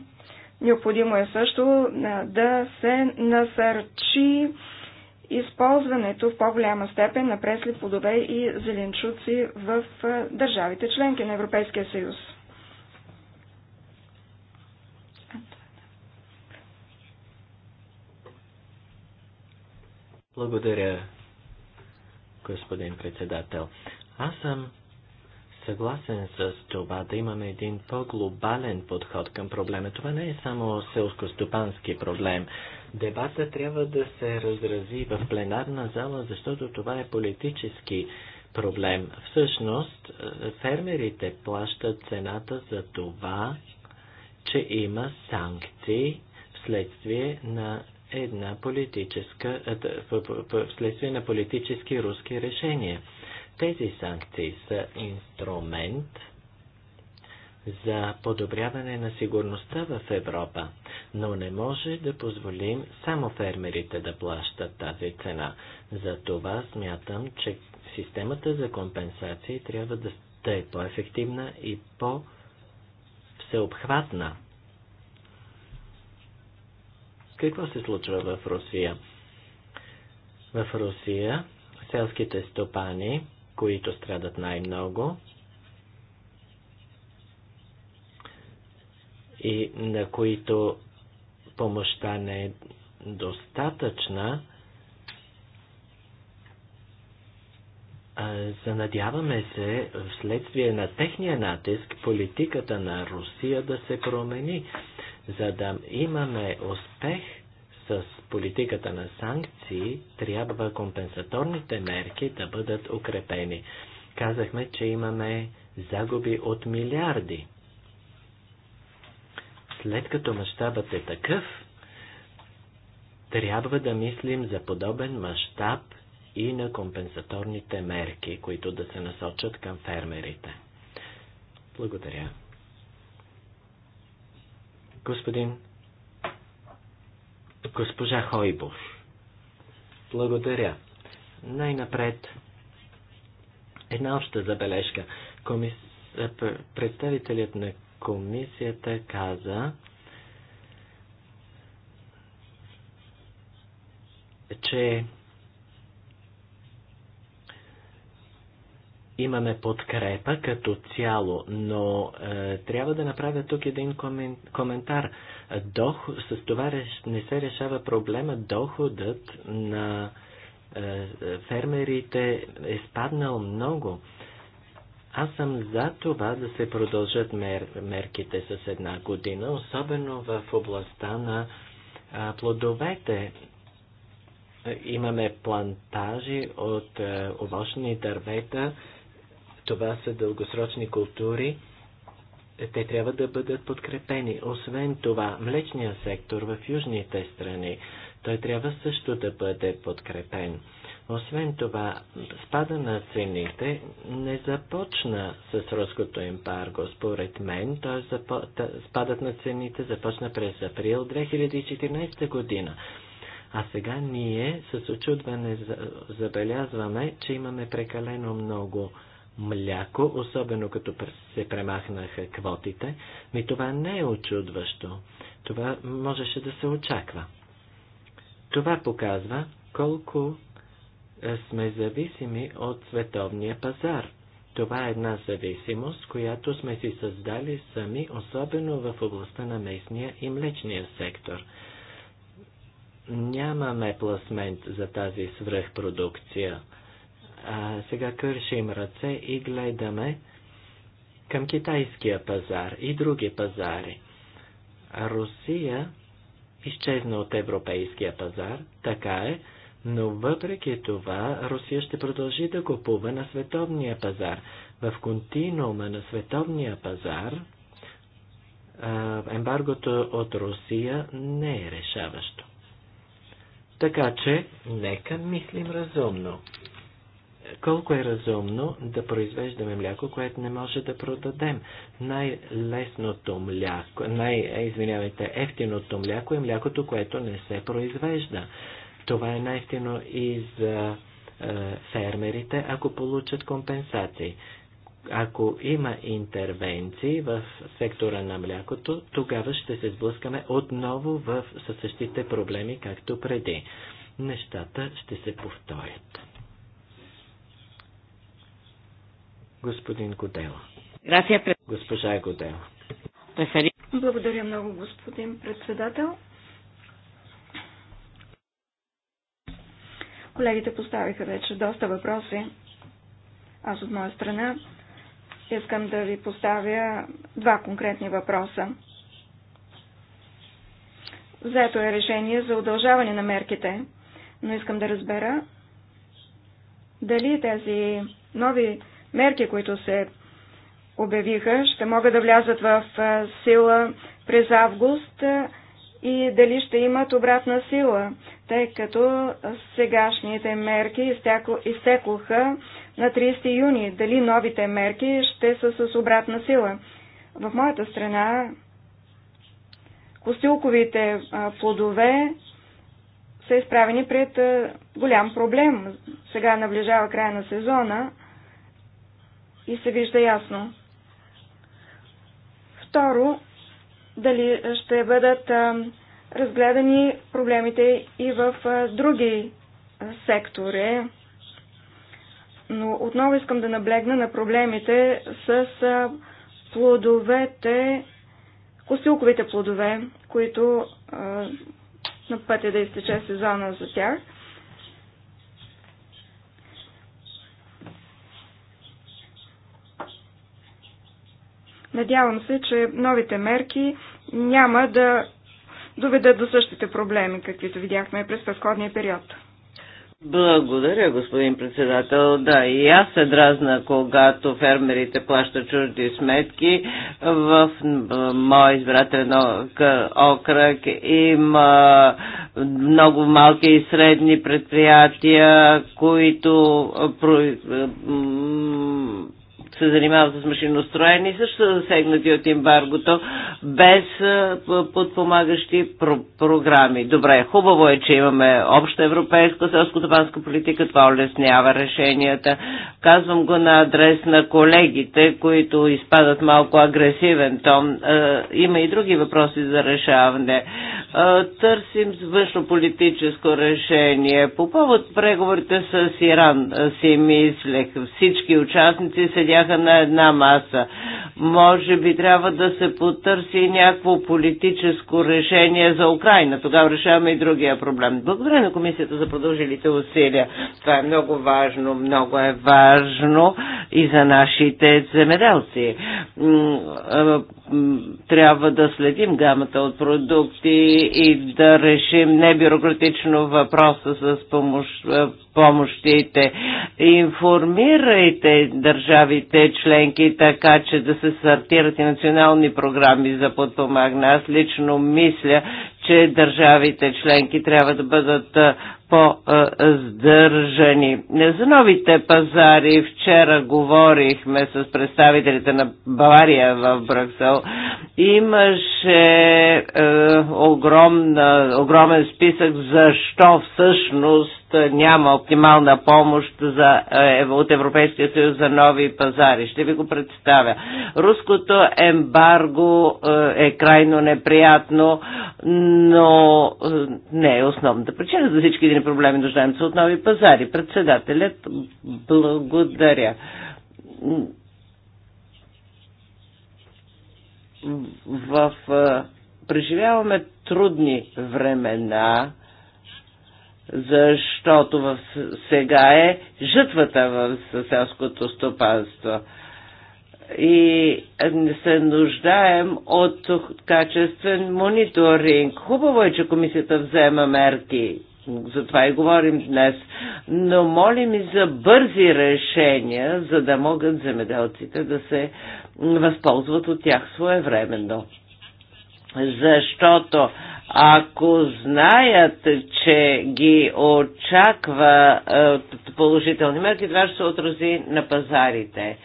Необходимо е също да се насърчи използването в по-голяма степен на пресли плодове и зеленчуци в държавите членки на Европейския съюз. Благодаря, господин председател. Аз съм съгласен с това да имаме един по-глобален подход към проблема. Това не е само селско-стопански проблем. Дебата трябва да се разрази в пленарна зала, защото това е политически проблем. Всъщност, фермерите плащат цената за това, че има санкции вследствие на една политическа, е, вследствие на политически руски решения. Тези санкции са инструмент за подобряване на сигурността в Европа, но не може да позволим само фермерите да плащат тази цена. За това смятам, че системата за компенсации трябва да, да е по-ефективна и по-всеобхватна. Какво се случва в Русия? В Русия селските стопани, които страдат най-много, и на които помощта не е достатъчна, Занадяваме се вследствие на техния натиск политиката на Русия да се промени. За да имаме успех с политиката на санкции, трябва компенсаторните мерки да бъдат укрепени. Казахме, че имаме загуби от милиарди. След като мащабът е такъв, трябва да мислим за подобен мащаб и на компенсаторните мерки, които да се насочат към фермерите. Благодаря. Господин, госпожа Хойбуш, благодаря. Най-напред една обща забележка. Комис... Е, представителят на комисията каза, че имаме подкрепа като цяло, но е, трябва да направя тук един комен, коментар. Дох, с това реш, не се решава проблема. Доходът на е, е, фермерите е спаднал много. Аз съм за това да се продължат мер, мерките с една година, особено в областта на а, плодовете имаме плантажи от е, овощни дървета това са дългосрочни култури. Те трябва да бъдат подкрепени. Освен това, млечния сектор в южните страни, той трябва също да бъде подкрепен. Освен това, спада на цените не започна с руското ембарго, според мен, т.е. спадът на цените започна през април 2014 година. А сега ние с очудване забелязваме, че имаме прекалено много мляко, особено като се премахнаха квотите, ми това не е очудващо. Това можеше да се очаква. Това показва колко е, сме зависими от световния пазар. Това е една зависимост, която сме си създали сами, особено в областта на местния и млечния сектор. Нямаме пласмент за тази свръхпродукция а, сега кършим ръце и гледаме към китайския пазар и други пазари. А Русия изчезна от европейския пазар, така е, но въпреки това Русия ще продължи да купува на световния пазар. В континуума на световния пазар ембаргото от Русия не е решаващо. Така че, нека мислим разумно. Колко е разумно да произвеждаме мляко, което не може да продадем? Най-лесното мляко, най, е, извинявайте, ефтиното мляко е млякото, което не се произвежда. Това е най-ефтино и за е, фермерите, ако получат компенсации. Ако има интервенции в сектора на млякото, тогава ще се сблъскаме отново в същите проблеми, както преди нещата ще се повторят. господин Годела. Госпожа Годела. Благодаря много, господин председател. Колегите поставиха вече доста въпроси. Аз от моя страна искам да ви поставя два конкретни въпроса. Заето е решение за удължаване на мерките, но искам да разбера дали тези нови мерки, които се обявиха, ще могат да влязат в сила през август и дали ще имат обратна сила, тъй като сегашните мерки изтекоха на 30 юни. Дали новите мерки ще са с обратна сила? В моята страна костилковите плодове са изправени пред голям проблем. Сега наближава края на сезона – и се вижда ясно. Второ, дали ще бъдат разгледани проблемите и в други сектори. Но отново искам да наблегна на проблемите с плодовете, косилковите плодове, които на пътя да изтече сезона за тях – Надявам се, че новите мерки няма да доведат до същите проблеми, каквито видяхме през предходния период. Благодаря, господин председател. Да, и аз се дразна, когато фермерите плащат чужди сметки. В моя избирателен окръг има много малки и средни предприятия, които се занимават с машиностроени, също са засегнати от ембаргото, без подпомагащи про- програми. Добре, хубаво е, че имаме обща европейска селско-стопанска политика, това улеснява решенията. Казвам го на адрес на колегите, които изпадат малко агресивен тон. Има и други въпроси за решаване. Търсим външно-политическо решение. По повод преговорите с Иран си мислех, всички участници седяха бяха на една маса. Може би трябва да се потърси някакво политическо решение за Украина. Тогава решаваме и другия проблем. Благодаря на комисията за продължилите усилия. Това е много важно. Много е важно и за нашите земеделци. Трябва да следим гамата от продукти и да решим небюрократично въпроса с помощ помощите. Информирайте държавите членки така, че да се сортират и национални програми за подпомагане. Аз лично мисля, че държавите членки трябва да бъдат по-здържани. За новите пазари вчера говорихме с представителите на Бавария в Брюксел. Имаше е, огромна, огромен списък защо всъщност няма оптимална помощ за, е, от Европейския съюз за нови пазари. Ще ви го представя. Руското ембарго е, крайно неприятно, но е, не е основната причина за всички един проблеми. Нуждаем се от нови пазари. Председателят, благодаря в, в, е, преживяваме трудни времена, защото в, сега е жътвата в селското стопанство и се нуждаем от качествен мониторинг. Хубаво е, че комисията взема мерки, за това и говорим днес, но молим и за бързи решения, за да могат земеделците да се възползват от тях своевременно. Защото ако знаят, че ги очаква е, положителни мерки, това ще се отрази на пазарите.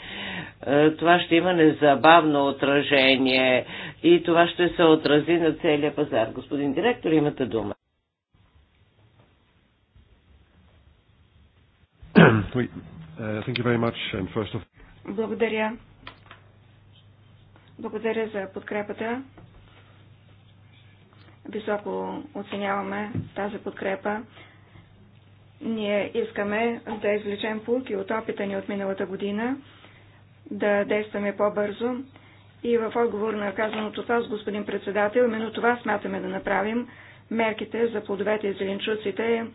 Е, това ще има незабавно отражение и това ще се отрази на целия пазар. Господин директор, имате дума. Uh, Благодаря. Благодаря за подкрепата. Високо оценяваме тази подкрепа. Ние искаме да извлечем пулки от опита ни от миналата година да действаме по-бързо. И в отговор на казаното това с господин председател, именно това смятаме да направим. Мерките за плодовете и зеленчуците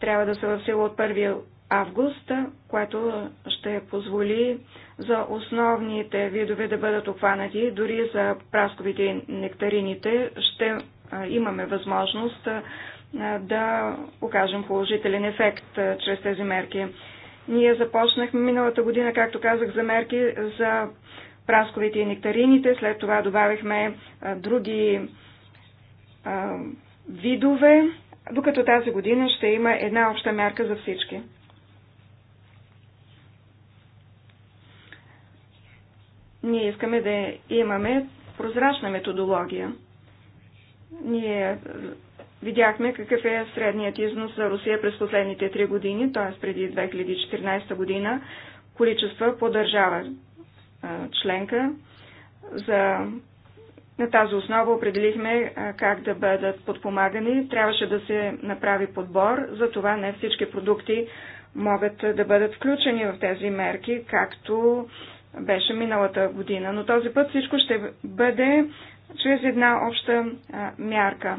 трябва да са в сила от 1 август, което ще позволи за основните видове да бъдат обхванати, дори за прасковите и нектарините ще имаме възможност да окажем положителен ефект чрез тези мерки. Ние започнахме миналата година, както казах, за мерки за прасковите и нектарините, след това добавихме а, други а, видове, докато тази година ще има една обща мерка за всички. Ние искаме да имаме прозрачна методология. Ние Видяхме какъв е средният износ за Русия през последните три години, т.е. преди 2014 година, количества по държава членка. За... На тази основа определихме как да бъдат подпомагани. Трябваше да се направи подбор, затова не всички продукти могат да бъдат включени в тези мерки, както беше миналата година. Но този път всичко ще бъде чрез една обща мярка.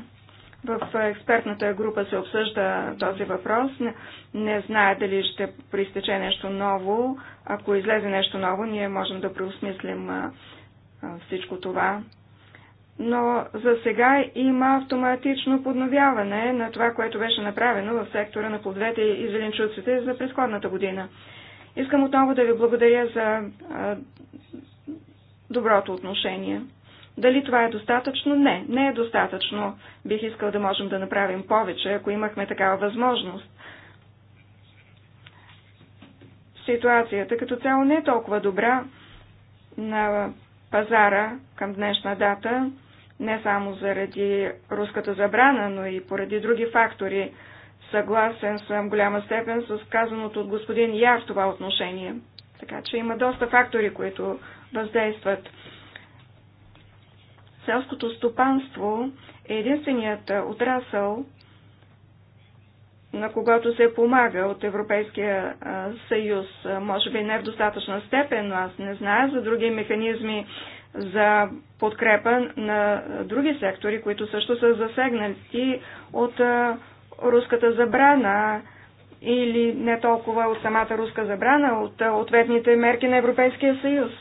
В експертната група се обсъжда този въпрос. Не, не знае дали ще проистече нещо ново. Ако излезе нещо ново, ние можем да преосмислим а, а, всичко това. Но за сега има автоматично подновяване на това, което беше направено в сектора на плодовете и зеленчуците за предходната година. Искам отново да ви благодаря за а, доброто отношение. Дали това е достатъчно? Не, не е достатъчно. Бих искал да можем да направим повече, ако имахме такава възможност. Ситуацията като цяло не е толкова добра на пазара към днешна дата, не само заради руската забрана, но и поради други фактори. Съгласен съм голяма степен с казаното от господин Яр в това отношение. Така че има доста фактори, които въздействат. Селското стопанство е единственият отрасъл, на когато се помага от Европейския съюз. Може би не в достатъчна степен, но аз не знае за други механизми за подкрепа на други сектори, които също са засегнати от руската забрана или не толкова от самата руска забрана, от ответните мерки на Европейския съюз.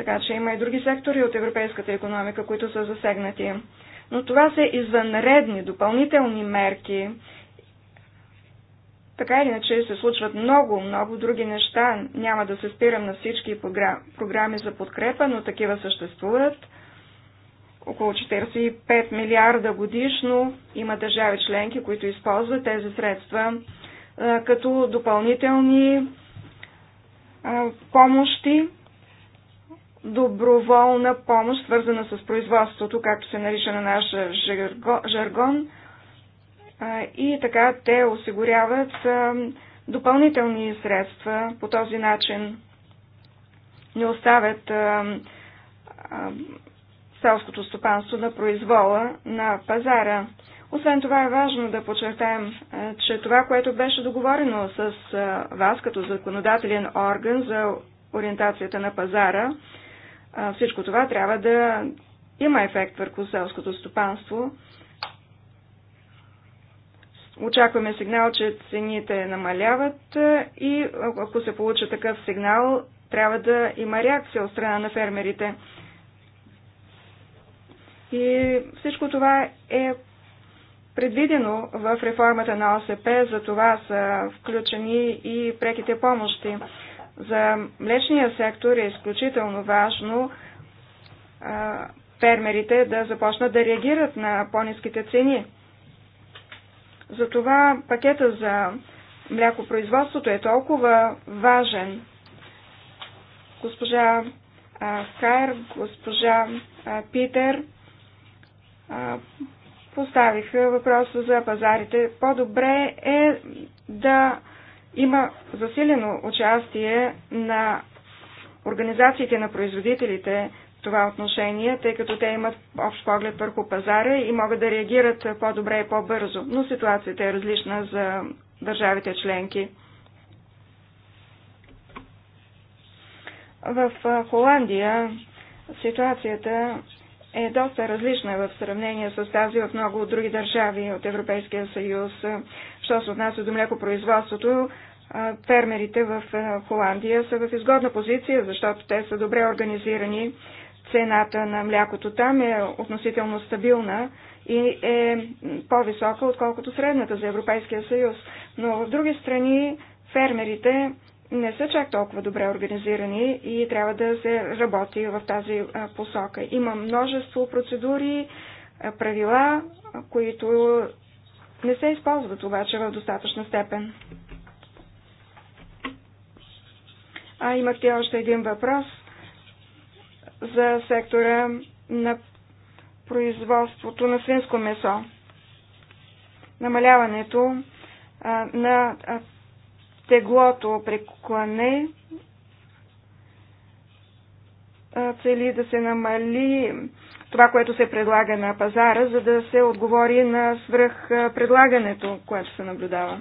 Така че има и други сектори от европейската економика, които са засегнати. Но това са извънредни, допълнителни мерки. Така или иначе се случват много, много други неща. Няма да се спирам на всички програми за подкрепа, но такива съществуват. Около 45 милиарда годишно има държави членки, които използват тези средства като допълнителни помощи доброволна помощ, свързана с производството, както се нарича на наш жаргон. И така те осигуряват допълнителни средства по този начин. Не оставят селското стопанство на произвола на пазара. Освен това е важно да подчертаем, че това, което беше договорено с вас като законодателен орган за ориентацията на пазара, всичко това трябва да има ефект върху селското стопанство. Очакваме сигнал, че цените намаляват и ако се получи такъв сигнал, трябва да има реакция от страна на фермерите. И всичко това е предвидено в реформата на ОСП, за това са включени и преките помощи. За млечния сектор е изключително важно фермерите да започнат да реагират на по-низките цени. Затова пакета за млякопроизводството е толкова важен. Госпожа Хайер, госпожа Питер поставиха въпроса за пазарите. По-добре е да има засилено участие на организациите на производителите в това отношение, тъй като те имат общ поглед върху пазара и могат да реагират по-добре и по-бързо. Но ситуацията е различна за държавите членки. В Холандия ситуацията е доста различна в сравнение с тази от много от други държави от Европейския съюз. Що се отнася до млекопроизводството, фермерите в Холандия са в изгодна позиция, защото те са добре организирани. Цената на млякото там е относително стабилна и е по-висока, отколкото средната за Европейския съюз. Но в други страни фермерите не са чак толкова добре организирани и трябва да се работи в тази посока. Има множество процедури, правила, които не се използват обаче в достатъчна степен. А имахте още един въпрос за сектора на производството на свинско месо. Намаляването на теглото преклане цели да се намали това, което се предлага на пазара, за да се отговори на свръх предлагането, което се наблюдава.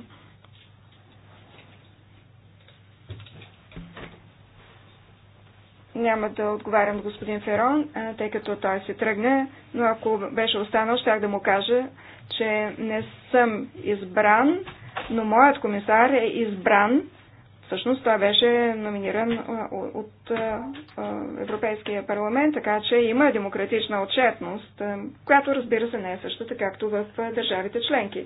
Няма да отговарям господин Ферон, тъй като той се тръгне, но ако беше останал, щях да му кажа, че не съм избран но моят комисар е избран, всъщност той беше номиниран от Европейския парламент, така че има демократична отчетност, която разбира се не е същата, както в държавите членки.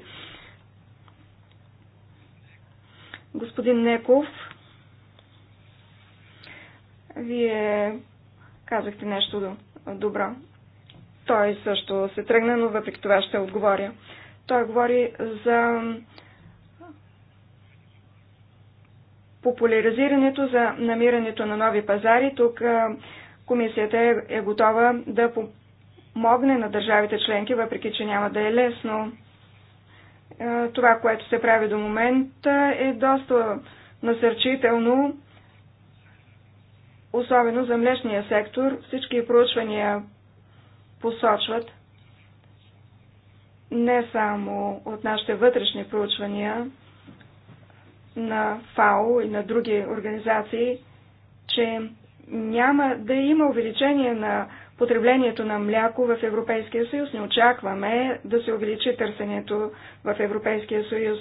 Господин Неков, вие казахте нещо добро. Той също се тръгна, но въпреки това ще отговоря. Той говори за популяризирането за намирането на нови пазари. Тук комисията е, е готова да помогне на държавите членки, въпреки че няма да е лесно. Това, което се прави до момента е доста насърчително, особено за млечния сектор. Всички проучвания посочват, не само от нашите вътрешни проучвания, на ФАО и на други организации, че няма да има увеличение на потреблението на мляко в Европейския съюз. Не очакваме да се увеличи търсенето в Европейския съюз.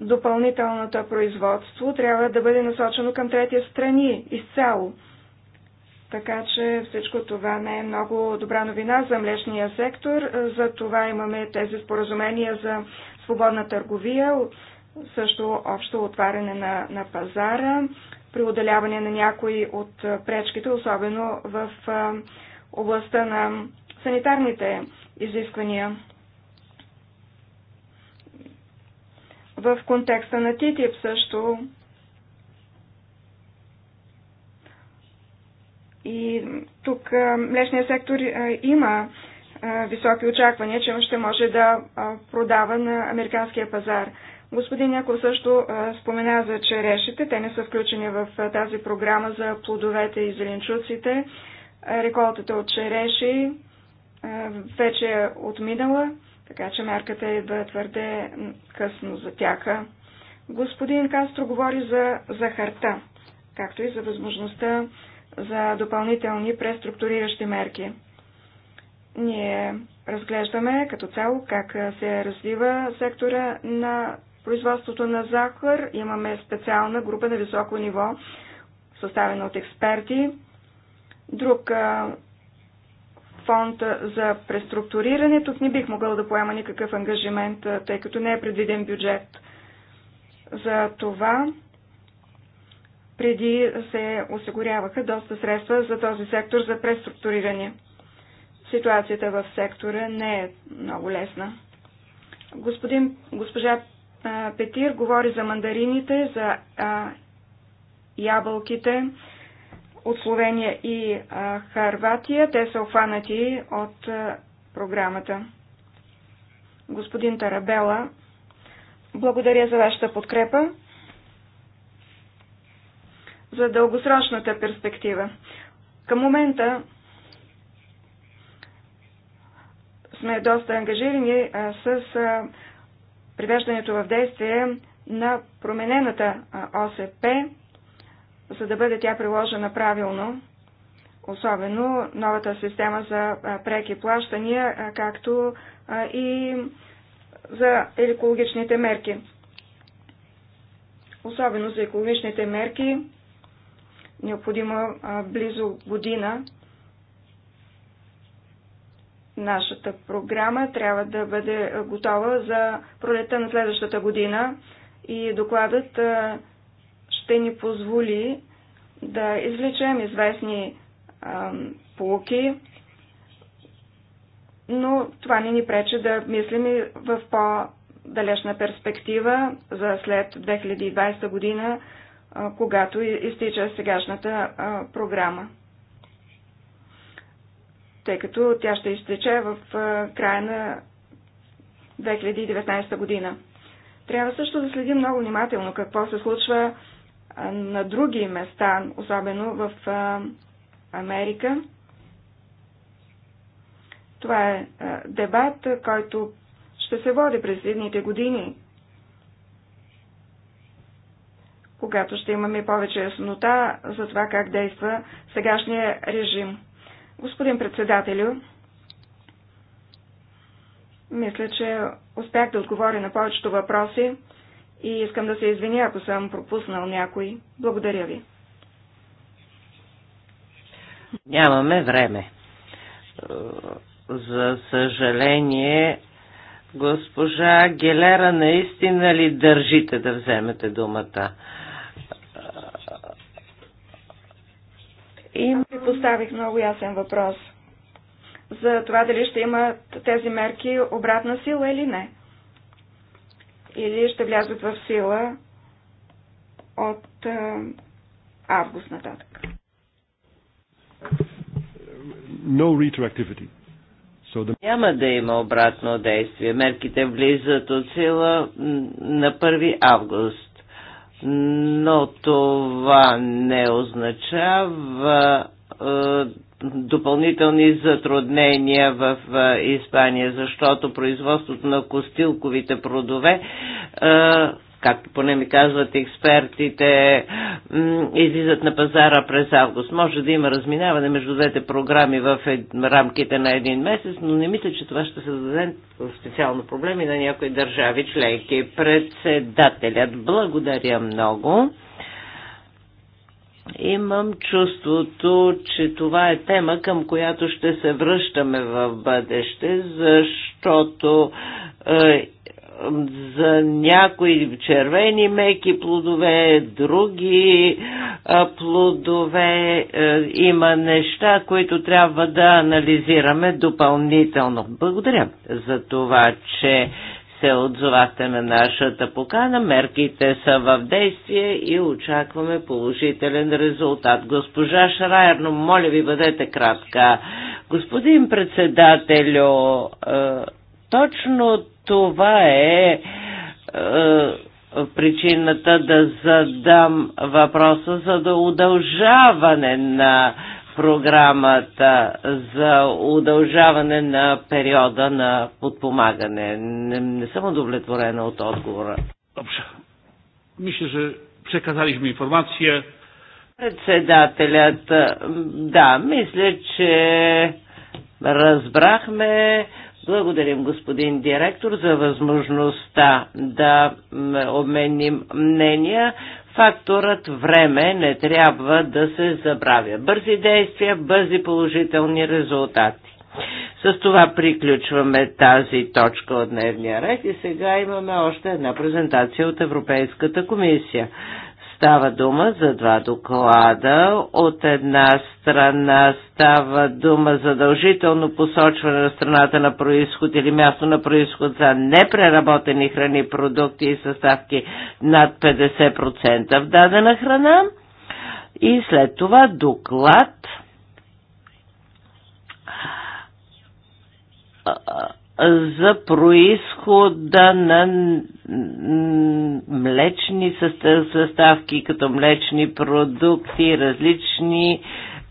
Допълнителното производство трябва да бъде насочено към третия страни изцяло. Така че всичко това не е много добра новина за млечния сектор. За това имаме тези споразумения за свободна търговия, също общо отваряне на, на пазара, преодоляване на някои от пречките, особено в областта на санитарните изисквания. В контекста на ТТИП също и тук млечния сектор има високи очаквания, че ще може да продава на американския пазар. Господин Яков също спомена за черешите. Те не са включени в тази програма за плодовете и зеленчуците. Реколтата от череши вече е отминала, така че мярката да твърде късно за тяха. Господин Кастро говори за захарта, както и за възможността за допълнителни преструктуриращи мерки. Ние разглеждаме като цяло как се развива сектора на производството на захар. Имаме специална група на високо ниво, съставена от експерти. Друг фонд за преструктуриране. Тук не бих могъл да поема никакъв ангажимент, тъй като не е предвиден бюджет. За това преди се осигуряваха доста средства за този сектор за преструктуриране. Ситуацията в сектора не е много лесна. Господин, госпожа Петир говори за мандарините, за а, ябълките от Словения и а, Харватия. Те са офанати от а, програмата. Господин Тарабела, благодаря за вашата подкрепа за дългосрочната перспектива. Към момента сме доста ангажирани а, с а, привеждането в действие на променената ОСП, за да бъде тя приложена правилно, особено новата система за преки плащания, както и за екологичните мерки. Особено за екологичните мерки, необходимо близо година Нашата програма трябва да бъде готова за пролета на следващата година и докладът ще ни позволи да извлечем известни полуки, но това не ни пречи да мислим и в по-далечна перспектива за след 2020 година, когато изтича сегашната програма тъй като тя ще изтече в края на 2019 година. Трябва също да следим много внимателно какво се случва на други места, особено в Америка. Това е дебат, който ще се води през следните години, когато ще имаме повече яснота за това как действа сегашния режим. Господин председателю, мисля, че успях да отговоря на повечето въпроси и искам да се извиня, ако съм пропуснал някой. Благодаря ви. Нямаме време. За съжаление, госпожа Гелера, наистина ли държите да вземете думата? Им поставих много ясен въпрос за това дали ще имат тези мерки обратна сила или не. Или ще влязат в сила от август нататък. No retroactivity. So the... Няма да има обратно действие. Мерките влизат от сила на 1 август. Но това не означава е, допълнителни затруднения в е, Испания, защото производството на костилковите продове е, както поне ми казват експертите, излизат на пазара през август. Може да има разминаване между двете програми в рамките на един месец, но не мисля, че това ще създаде специално проблеми на някои държави членки. Председателят, благодаря много. Имам чувството, че това е тема, към която ще се връщаме в бъдеще, защото е, за някои червени меки плодове, други е, плодове. Е, има неща, които трябва да анализираме допълнително. Благодаря за това, че се отзовахте на нашата покана. Мерките са в действие и очакваме положителен резултат. Госпожа Шраерно, моля ви, бъдете кратка. Господин председателю, е, точно това е, е причината да задам въпроса за да удължаване на програмата за удължаване на периода на подпомагане. Не, не съм удовлетворена от отговора. Добре. Мисля, че przekazaliśmy информация. Председателят, да, мисля, че разбрахме. Благодарим, господин директор, за възможността да обменим мнения. Факторът време не трябва да се забравя. Бързи действия, бързи положителни резултати. С това приключваме тази точка от дневния ред и сега имаме още една презентация от Европейската комисия. Става дума за два доклада. От една страна става дума задължително посочване на страната на происход или място на происход за непреработени храни, продукти и съставки над 50% в дадена храна. И след това доклад за происхода на млечни съставки, като млечни продукти, различни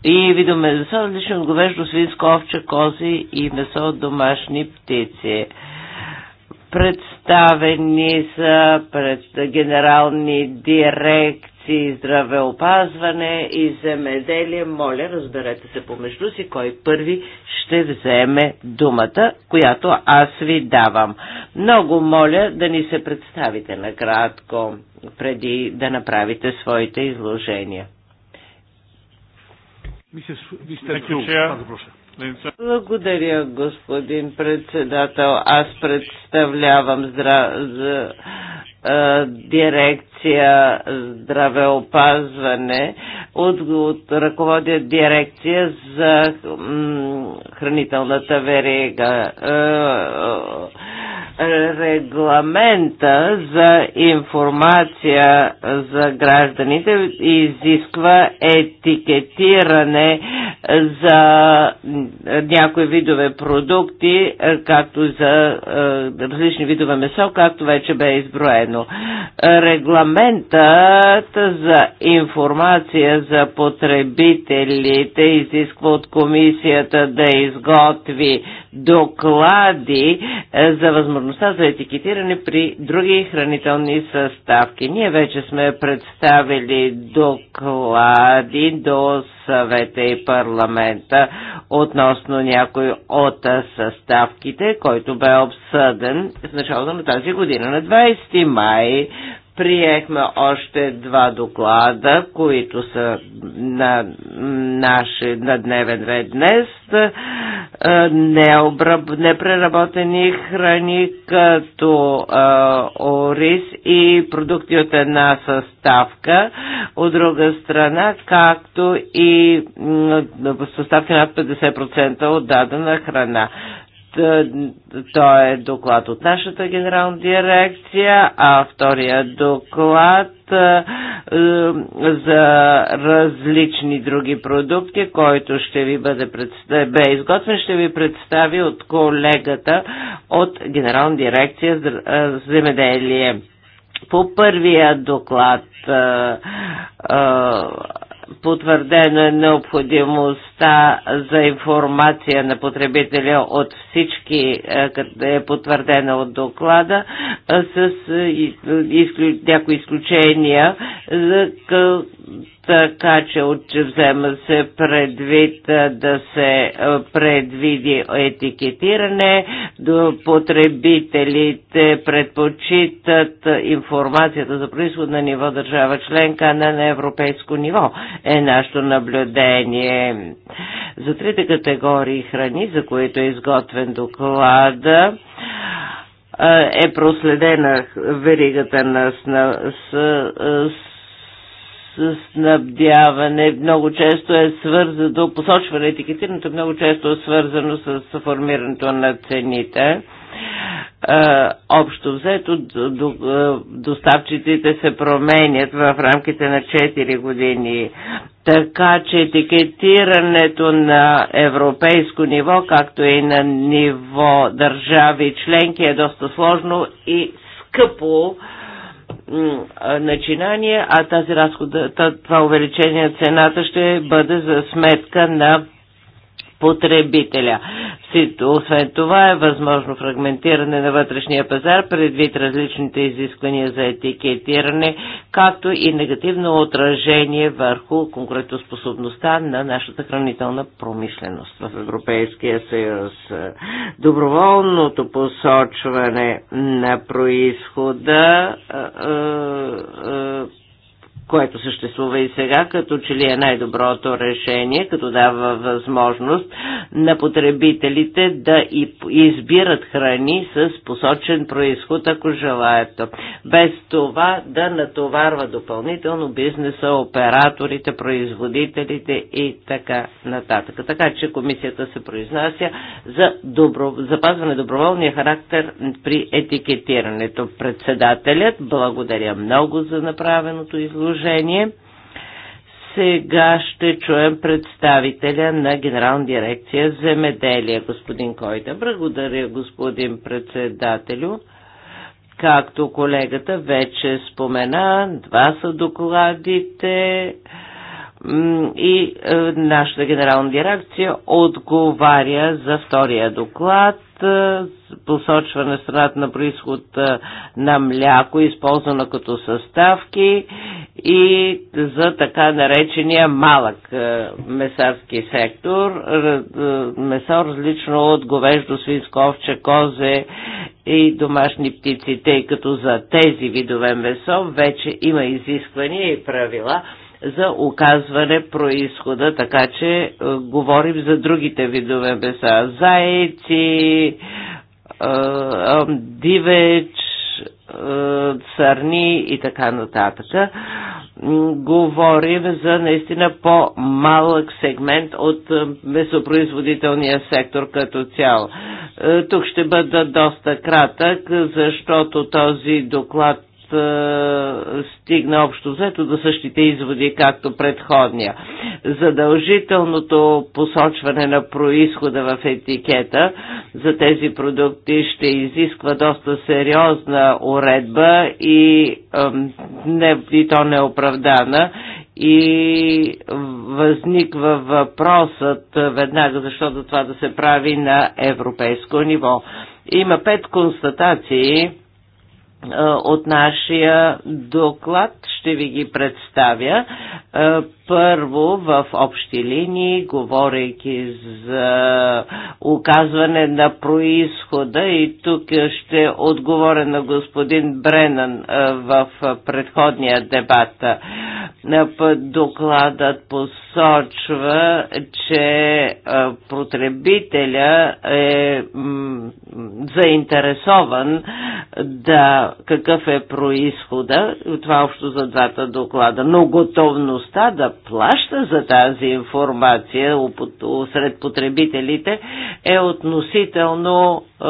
и видове месо, различни от говеждо, свинско, овче, кози и месо от домашни птици. Представени са пред генерални директ дирекции здравеопазване и земеделие. Моля, разберете се помежду си кой първи ще вземе думата, която аз ви давам. Много моля да ни се представите накратко, преди да направите своите изложения. Мисля, ви сте благодаря, господин председател. Аз представлявам здра... за, а, дирекция здравеопазване от, от ръководя дирекция за хранителната верига. А, регламента за информация за гражданите изисква етикетиране за някои видове продукти, както за е, различни видове месо, както вече бе изброено. Регламентът за информация за потребителите изисква от комисията да изготви доклади е, за възможността за етикетиране при други хранителни съставки. Ние вече сме представили доклади до съвета и парламента относно някой от съставките, който бе обсъден в началото на тази година, на 20 май приехме още два доклада, които са на, наши, на дневен ред днес. Е, необраб... Непреработени храни като а, е, ориз и продукти от една съставка, от друга страна, както и съставки над 50% от дадена храна. Той е доклад от нашата генерална дирекция, а втория доклад е, е, за различни други продукти, който ще ви бъде представ... бе изготвен, ще ви представи от колегата от Генерална дирекция е, земеделие. По първия доклад а, а, потвърдена необходимостта за информация на потребителя от всички, е, е потвърдена от доклада, с е, някои изключения за така че взема се предвид да се предвиди етикетиране. Потребителите предпочитат информацията за происход на ниво държава членка, а не на европейско ниво е нашето наблюдение. За трите категории храни, за които е изготвен доклада, е проследена веригата на с, с, с снабдяване много често е свързано, посочване етикетирането много често е свързано с формирането на цените. Общо взето доставчиците се променят в рамките на 4 години. Така че етикетирането на европейско ниво, както и на ниво държави членки е доста сложно и скъпо начинание, а тази разхода, това увеличение на цената ще бъде за сметка на потребителя. Освен това е възможно фрагментиране на вътрешния пазар предвид различните изисквания за етикетиране, както и негативно отражение върху конкурентоспособността на нашата хранителна промишленост в Европейския съюз. Доброволното посочване на происхода което съществува и сега, като че ли е най-доброто решение, като дава възможност на потребителите да и избират храни с посочен происход, ако желаят. Без това да натоварва допълнително бизнеса, операторите, производителите и така нататък. Така че комисията се произнася за добро, запазване доброволния характер при етикетирането. Председателят, благодаря много за направеното изложение изложение. Сега ще чуем представителя на Генерална дирекция Земеделие, господин Койда. Благодаря, господин председателю. Както колегата вече спомена, два са докладите и е, нашата генерална дирекция отговаря за втория доклад посочване страната на происход на мляко, използвано като съставки и за така наречения малък месарски сектор, месо различно от говеждо, свинско, овче, козе и домашни птици, тъй като за тези видове месо вече има изисквания и правила – за оказване происхода, така че е, говорим за другите видове меса. Заеци, е, е, дивеч, църни и така нататък. Говорим за наистина по-малък сегмент от е, месопроизводителния сектор като цяло. Е, тук ще бъда доста кратък, защото този доклад стигна общо взето до същите изводи, както предходния. Задължителното посочване на происхода в етикета за тези продукти ще изисква доста сериозна уредба и, не, и то неоправдана и възниква въпросът веднага, защото това да се прави на европейско ниво. Има пет констатации, е, от нашия доклад. Ще ви ги представя. Е, първо, в общи линии, говорейки за оказване на происхода и тук ще отговоря на господин Бренан в предходния дебат. Докладът посочва, че потребителя е заинтересован да какъв е происхода, това е общо за двата доклада, но готовността да плаща за тази информация сред потребителите е относително е,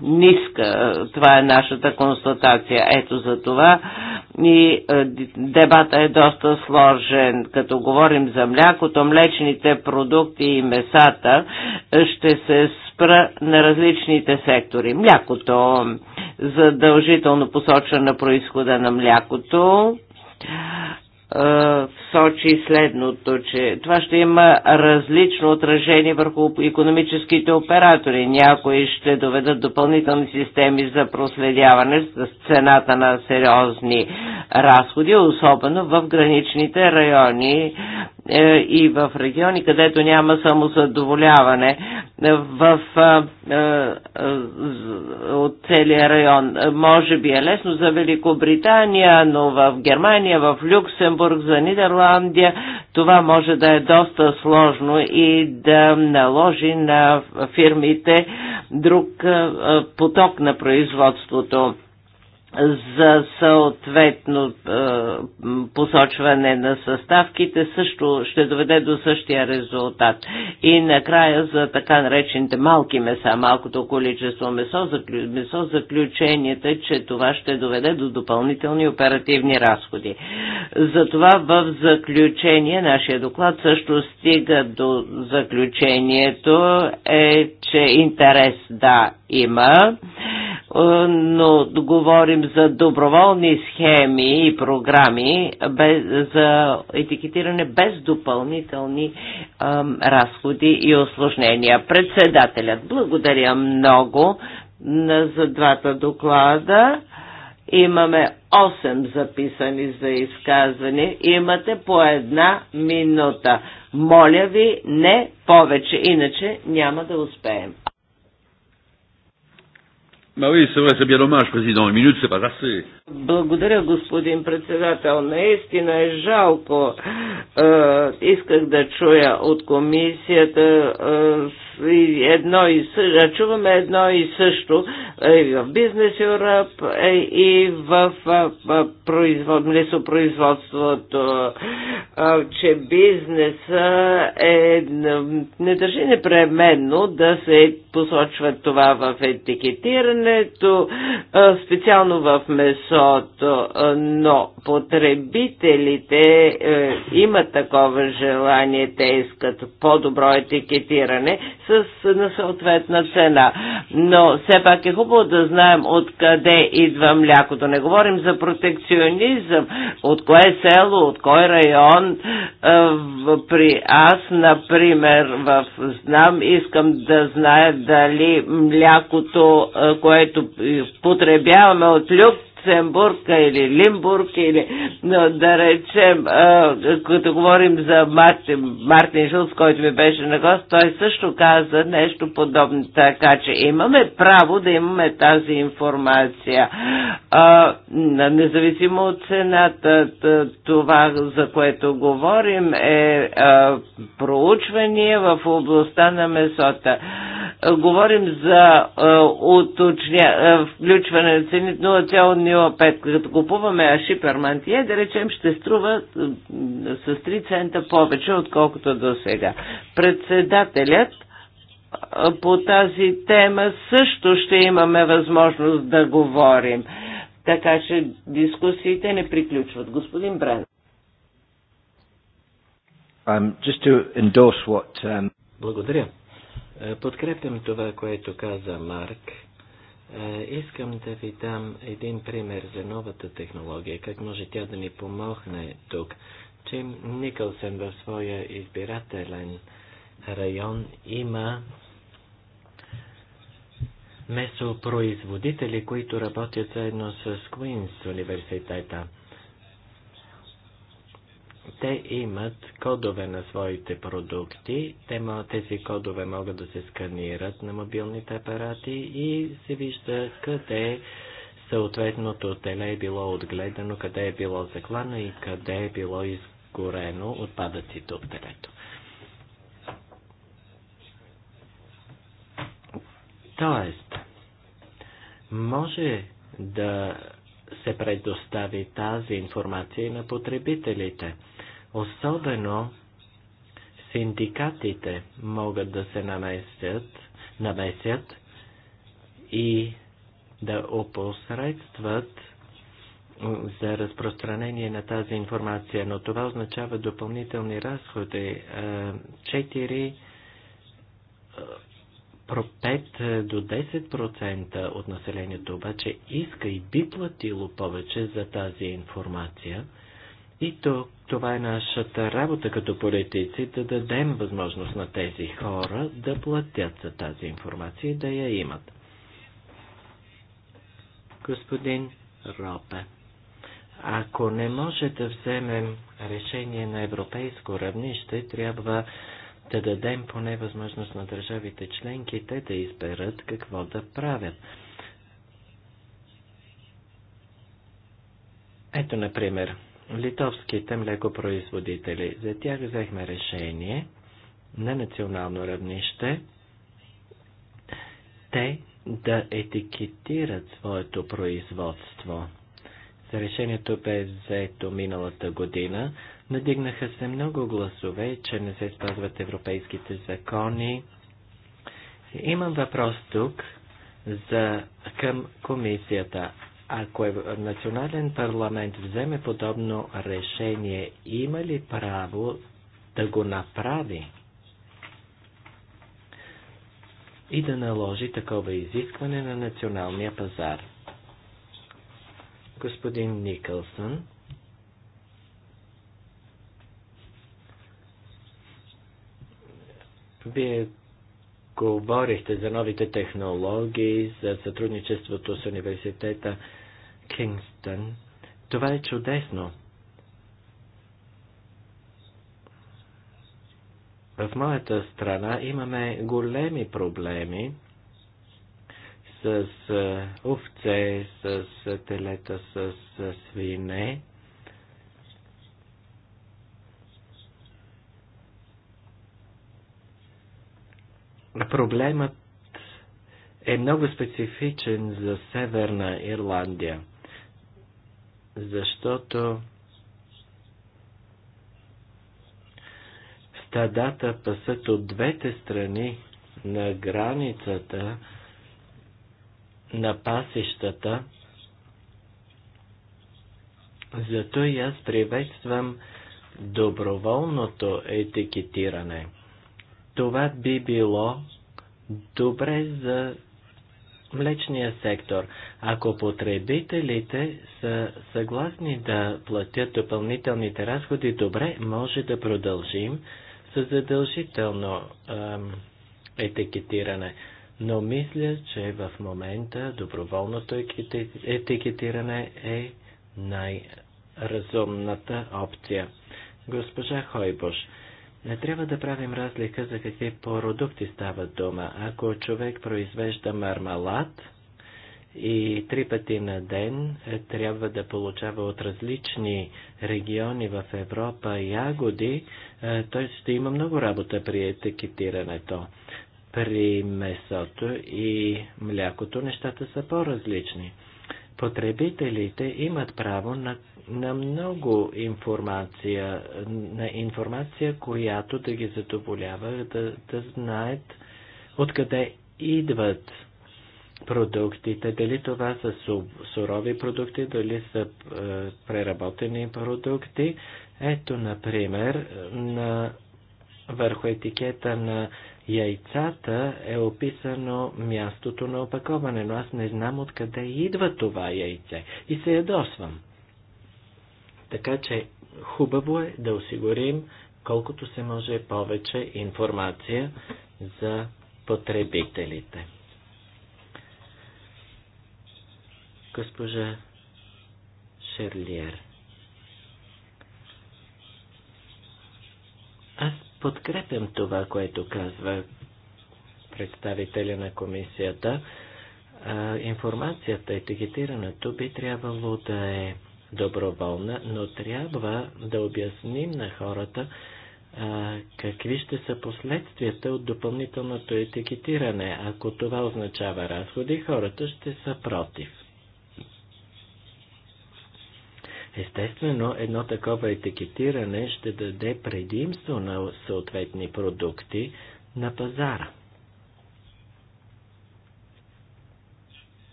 ниска. Това е нашата констатация. Ето за това и е, дебата е доста сложен. Като говорим за млякото, млечните продукти и месата, е, ще се спра на различните сектори. Млякото, задължително посочва на происхода на млякото, сочи следното, че това ще има различно отражение върху економическите оператори. Някои ще доведат допълнителни системи за проследяване с цената на сериозни разходи, особено в граничните райони. Е, и в региони, където няма самозадоволяване е, в, е, от целия район. Може би е лесно за Великобритания, но в Германия, в Люксембург, за Нидерландия това може да е доста сложно и да наложи на фирмите друг поток на производството за съответно е, посочване на съставките също ще доведе до същия резултат. И накрая за така наречените малки меса, малкото количество месо, месо заключенията, че това ще доведе до допълнителни оперативни разходи. Затова в заключение нашия доклад също стига до заключението е, че интерес да има, е, но говорим за доброволни схеми и програми без, за етикетиране без допълнителни а, разходи и осложнения. Председателят, благодаря много за двата доклада. Имаме 8 записани за изказване. Имате по една минута. Моля ви, не повече, иначе няма да успеем. Ма oui, c'est vrai, c'est bien dommage, président. Une minute, c'est pas assez. Благодаря, господин председател. Наистина е жалко. Е, исках да чуя от комисията е, едно и също, чуваме едно и също е, и в бизнес Европ и в лесопроизводството, че бизнеса е, не държи непременно да се посочва това в етикетирането, специално в месото, но потребителите е, имат такова желание, те искат по-добро етикетиране, с, на съответна цена. Но все пак е хубаво да знаем откъде идва млякото. Не говорим за протекционизъм, от кое село, от кой район. Е, при аз, например, в знам, искам да зная дали млякото, е, което потребяваме от люк, Люксембурга или Лимбург или но, да речем, като говорим за Мартин, Мартин Шулц, който ми беше на гост, той също каза нещо подобно, така че имаме право да имаме тази информация. А, независимо от цената, това, за което говорим, е а, проучване в областта на месота. Говорим за а, уточня, а, включване на цените 0,0 0,5, като купуваме аши пармантие, да речем, ще струва с 3 цента повече, отколкото до сега. Председателят по тази тема също ще имаме възможност да говорим. Така че дискусиите не приключват. Господин Брен. Um, what, um... Благодаря. Е, подкрепям това, което каза Марк е, искам да ви дам един пример за новата технология, как може тя да ни помогне тук. Чим Никълсен в своя избирателен район има месопроизводители, които работят заедно с Куинс университета те имат кодове на своите продукти, тези кодове могат да се сканират на мобилните апарати и се вижда къде съответното теле е било отгледано, къде е било заклано и къде е било изгорено отпадъците от телето. Тоест, може да се предостави тази информация на потребителите. Особено синдикатите могат да се намесят, намесят и да опосредстват за разпространение на тази информация, но това означава допълнителни разходи. Е, четири. Е, 5 е, до 10% от населението обаче иска и би платило повече за тази информация. И то, това е нашата работа като политици да дадем възможност на тези хора да платят за тази информация и да я имат. Господин Ропе, ако не може да вземем решение на европейско равнище, трябва да дадем поне възможност на държавите членките да изберат какво да правят. Ето, например, литовските млекопроизводители. За тях взехме решение на национално равнище те да етикетират своето производство. За решението бе взето миналата година. Надигнаха се много гласове, че не се спазват европейските закони. Имам въпрос тук за, към комисията. Ако е, национален парламент вземе подобно решение, има ли право да го направи и да наложи такова изискване на националния пазар? Господин Никълсън, Вие говорихте за новите технологии, за сътрудничеството с университета Кингстън. Това е чудесно. В моята страна имаме големи проблеми с е, овце, с е, телета, с е, свине. проблемът е много специфичен за Северна Ирландия, защото стадата пасат от двете страни на границата на пасищата. Зато и аз приветствам доброволното етикетиране – това би било добре за млечния сектор. Ако потребителите са съгласни да платят допълнителните разходи, добре, може да продължим с задължително ем, етикетиране. Но мисля, че в момента доброволното етикетиране е най-разумната опция. Госпожа Хойбош, не трябва да правим разлика за какви продукти става дума. Ако човек произвежда мармалад и три пъти на ден е, трябва да получава от различни региони в Европа ягоди, е, той ще има много работа при етикетирането. При месото и млякото нещата са по-различни потребителите имат право на, на много информация, на информация, която да ги задоволява, да, да знаят откъде идват продуктите, дали това са сурови продукти, дали са е, преработени продукти. Ето, например, на, върху етикета на яйцата е описано мястото на опаковане, но аз не знам откъде идва това яйце и се ядосвам. Така че хубаво е да осигурим колкото се може повече информация за потребителите. Госпожа Шерлиер. Подкрепям това, което казва представителя на комисията. Информацията, етикетирането би трябвало да е доброволна, но трябва да обясним на хората а, какви ще са последствията от допълнителното етикетиране. Ако това означава разходи, хората ще са против. Естествено, едно такова етикетиране ще даде предимство на съответни продукти на пазара.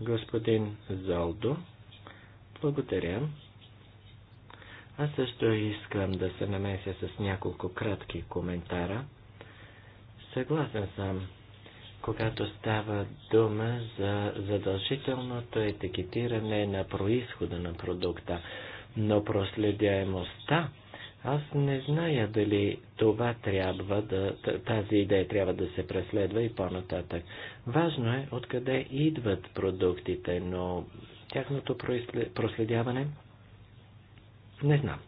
Господин Золдо, благодаря. Аз също искам да се намеся с няколко кратки коментара. Съгласен съм когато става дума за задължителното етикетиране на происхода на продукта. Но проследяемостта, аз не зная дали това трябва да, тази идея трябва да се преследва и по-нататък. Важно е откъде идват продуктите, но тяхното проследяване не знам.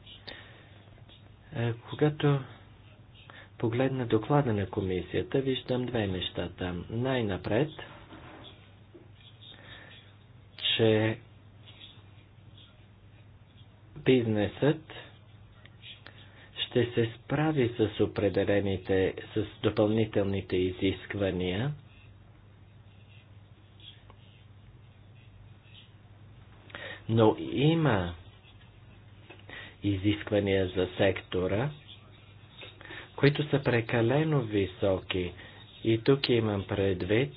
Е, когато погледна доклада на комисията, виждам две неща там. Най-напред, че бизнесът ще се справи с определените, с допълнителните изисквания, но има изисквания за сектора – които са прекалено високи. И тук имам предвид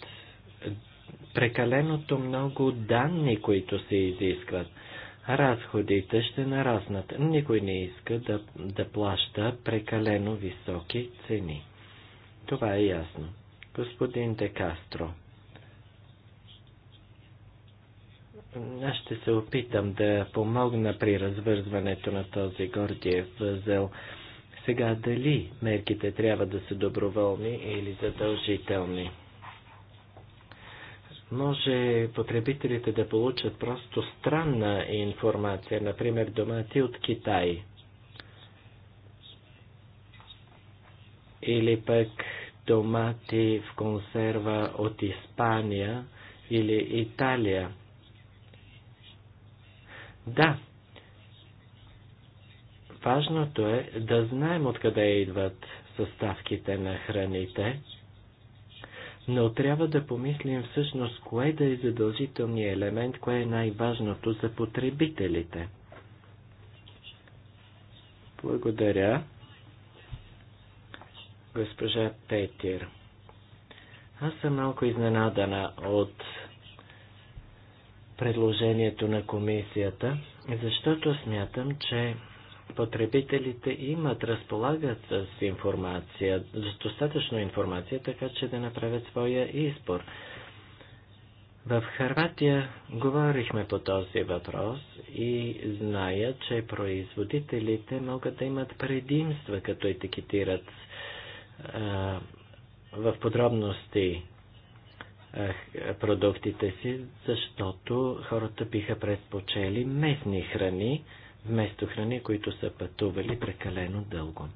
прекаленото много данни, които се изискват. Разходите ще нараснат. Никой не иска да, да плаща прекалено високи цени. Това е ясно. Господин Декастро, аз ще се опитам да помогна при развързването на този гордиев възел. Сега, дали мерките трябва да са доброволни или задължителни? Може потребителите да получат просто странна информация, например домати от Китай. Или пък домати в консерва от Испания или Италия. Да, Важното е да знаем откъде идват съставките на храните, но трябва да помислим всъщност кое да е задължителният елемент, кое е най-важното за потребителите. Благодаря, госпожа Петир. Аз съм малко изненадана от предложението на комисията, защото смятам, че потребителите имат, разполагат с информация, с достатъчно информация, така че да направят своя избор. В Харватия говорихме по този въпрос и зная, че производителите могат да имат предимства, като етикетират в подробности продуктите си, защото хората биха предпочели местни храни, вместо храни, които са пътували прекалено дълго.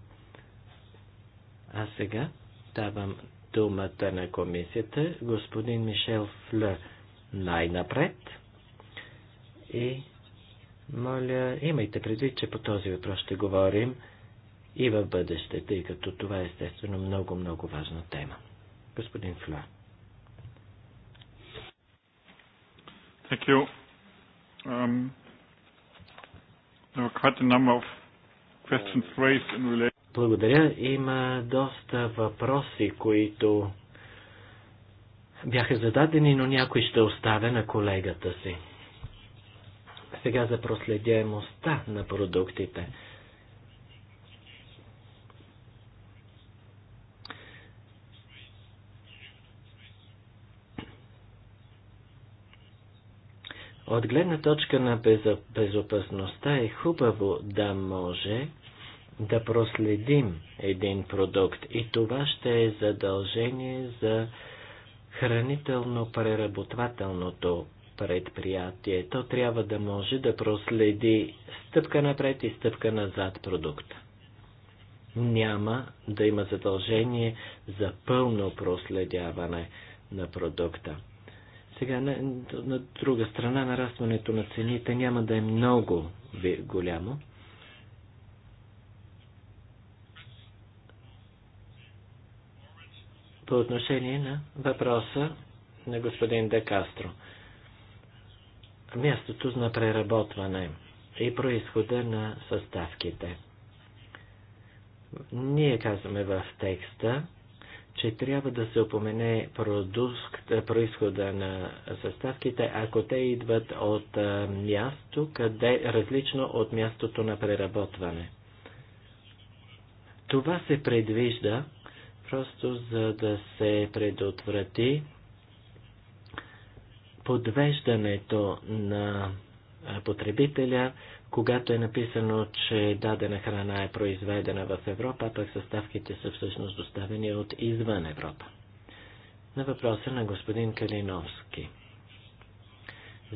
А сега давам думата на комисията господин Мишел Фле най-напред и моля, имайте предвид, че по този въпрос ще говорим и в бъдеще, тъй като това е естествено много-много важна тема. Господин Фла. Thank you. Um благодаря. Има доста въпроси, които бяха зададени, но някой ще оставя на колегата си. Сега за проследяемостта на продуктите. От гледна точка на безопасността е хубаво да може да проследим един продукт и това ще е задължение за хранително-преработвателното предприятие. То трябва да може да проследи стъпка напред и стъпка назад продукта. Няма да има задължение за пълно проследяване на продукта. Сега на, на друга страна нарастването на цените няма да е много голямо. По отношение на въпроса на господин Де Кастро. Мястото на преработване и происхода на съставките. Ние казваме в текста, че трябва да се упомене продукт, е, происхода на съставките, ако те идват от е, място, къде различно от мястото на преработване. Това се предвижда просто за да се предотврати подвеждането на е, потребителя когато е написано, че дадена храна е произведена в Европа, пък съставките са всъщност доставени от извън Европа. На въпроса на господин Калиновски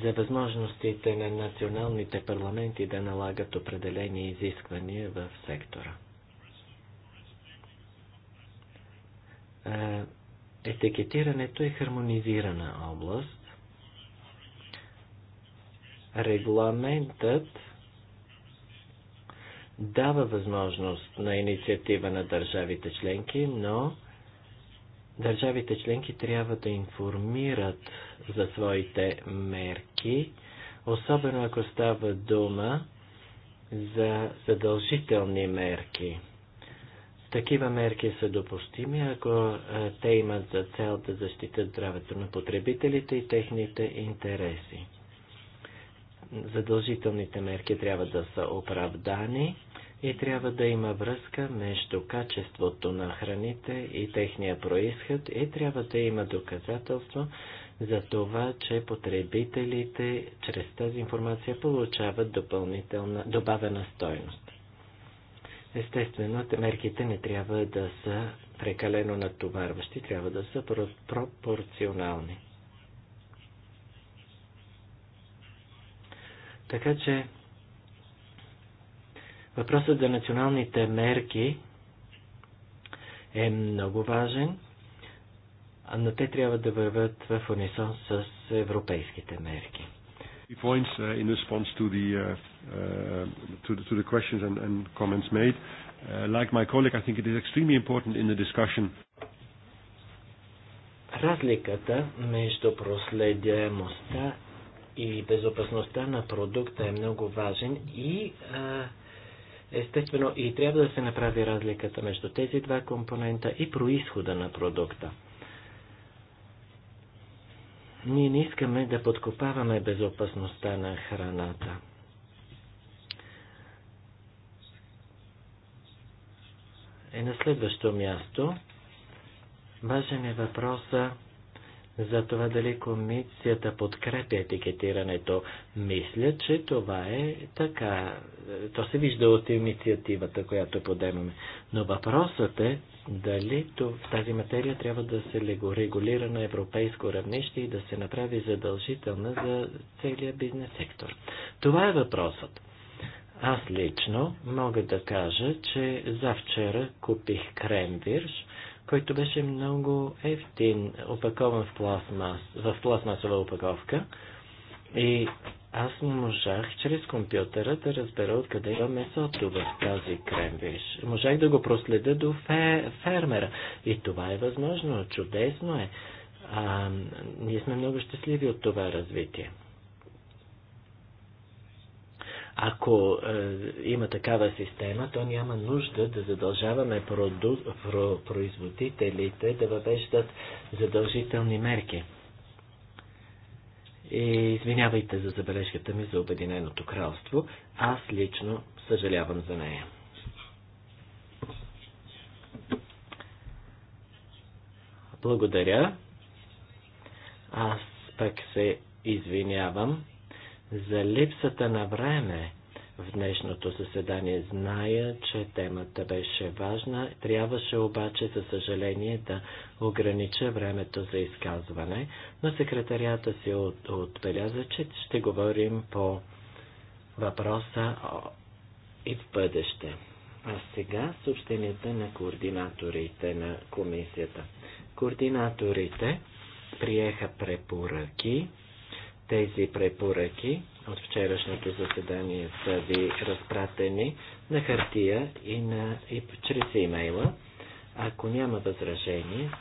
за възможностите на националните парламенти да налагат определени изисквания в сектора. Етикетирането е хармонизирана област. Регламентът дава възможност на инициатива на държавите членки, но държавите членки трябва да информират за своите мерки, особено ако става дума за задължителни мерки. Такива мерки са допустими, ако те имат за цел да защитят здравето на потребителите и техните интереси. Задължителните мерки трябва да са оправдани и трябва да има връзка между качеството на храните и техния происход и трябва да има доказателство за това, че потребителите чрез тази информация получават допълнителна добавена стойност. Естествено, мерките не трябва да са прекалено натоварващи, трябва да са пропорционални. Така че Въпросът за националните мерки е много важен, но те трябва да върват в унисон с европейските мерки. Points uh, in response to the, uh, uh, to the, to the questions and, and comments made. Uh, like my colleague, I think it is extremely important in the discussion. Разликата между проследяемостта и безопасността на продукта е много важен и uh, Естествено и трябва да се направи разликата между тези два компонента и происхода на продукта. Ние не искаме да подкопаваме безопасността на храната. Е на следващо място важен е въпроса за това дали комисията подкрепя етикетирането. Мисля, че това е така. То се вижда от инициативата, която подемаме. Но въпросът е дали в тази материя трябва да се регулира на европейско равнище и да се направи задължителна за целия бизнес сектор. Това е въпросът. Аз лично мога да кажа, че завчера купих кремвирш, който беше много ефтин, опакован в, пластмас, в пластмасова опаковка. И аз не можах чрез компютъра да разбера откъде има месото в тази кремвиш. Можах да го проследя до фе, фермера. И това е възможно, чудесно е. А, ние сме много щастливи от това развитие. Ако е, има такава система, то няма нужда да задължаваме проду... про... производителите да въвеждат задължителни мерки. И извинявайте за забележката ми за Обединеното кралство. Аз лично съжалявам за нея. Благодаря. Аз пък се извинявам за липсата на време в днешното съседание. Зная, че темата беше важна, трябваше обаче, за съжаление, да огранича времето за изказване, но секретарията си от, отбеляза, че ще говорим по въпроса и в бъдеще. А сега съобщенията на координаторите на комисията. Координаторите приеха препоръки тези препоръки от вчерашното заседание са ви разпратени на хартия и, на, и чрез имейла. Ако няма възражение,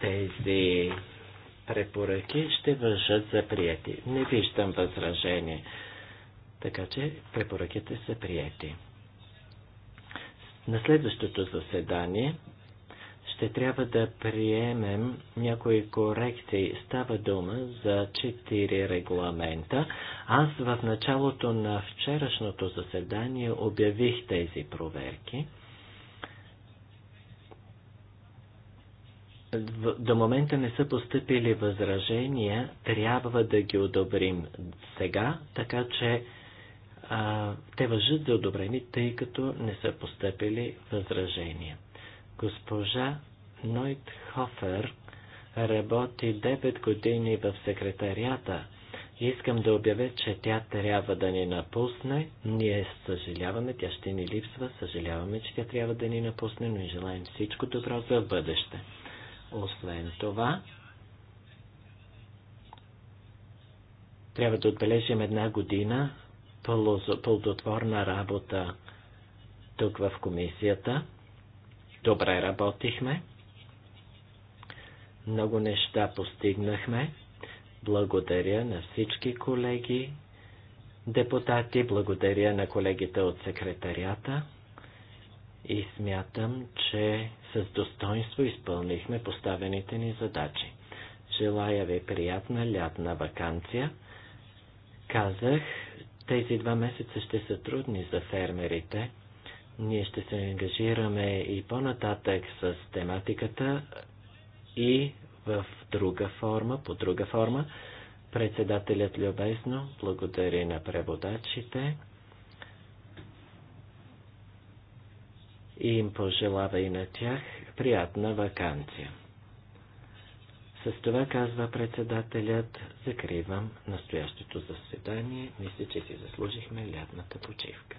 тези препоръки ще въжат за прияти. Не виждам възражение. Така че препоръките са прияти. На следващото заседание ще трябва да приемем някои корекции. Става дума за 4 регламента. Аз в началото на вчерашното заседание обявих тези проверки. до момента не са поступили възражения, трябва да ги одобрим сега, така че а, те въжат за одобрени, тъй като не са поступили възражения. Госпожа Нойт Хофер работи 9 години в секретарията. Искам да обявя, че тя трябва да ни напусне. Ние съжаляваме, тя ще ни липсва, съжаляваме, че тя трябва да ни напусне, но и желаем всичко добро за бъдеще. Освен това, трябва да отбележим една година плодотворна работа тук в комисията. Добре работихме. Много неща постигнахме. Благодаря на всички колеги, депутати, благодаря на колегите от секретарията и смятам, че с достоинство изпълнихме поставените ни задачи. Желая ви приятна лятна вакансия. Казах, тези два месеца ще са трудни за фермерите. Ние ще се ангажираме и по-нататък с тематиката и в друга форма, по друга форма. Председателят любезно благодари на преводачите и им пожелава и на тях приятна вакансия. С това казва председателят, закривам настоящото заседание. Мисля, че си заслужихме лятната почивка.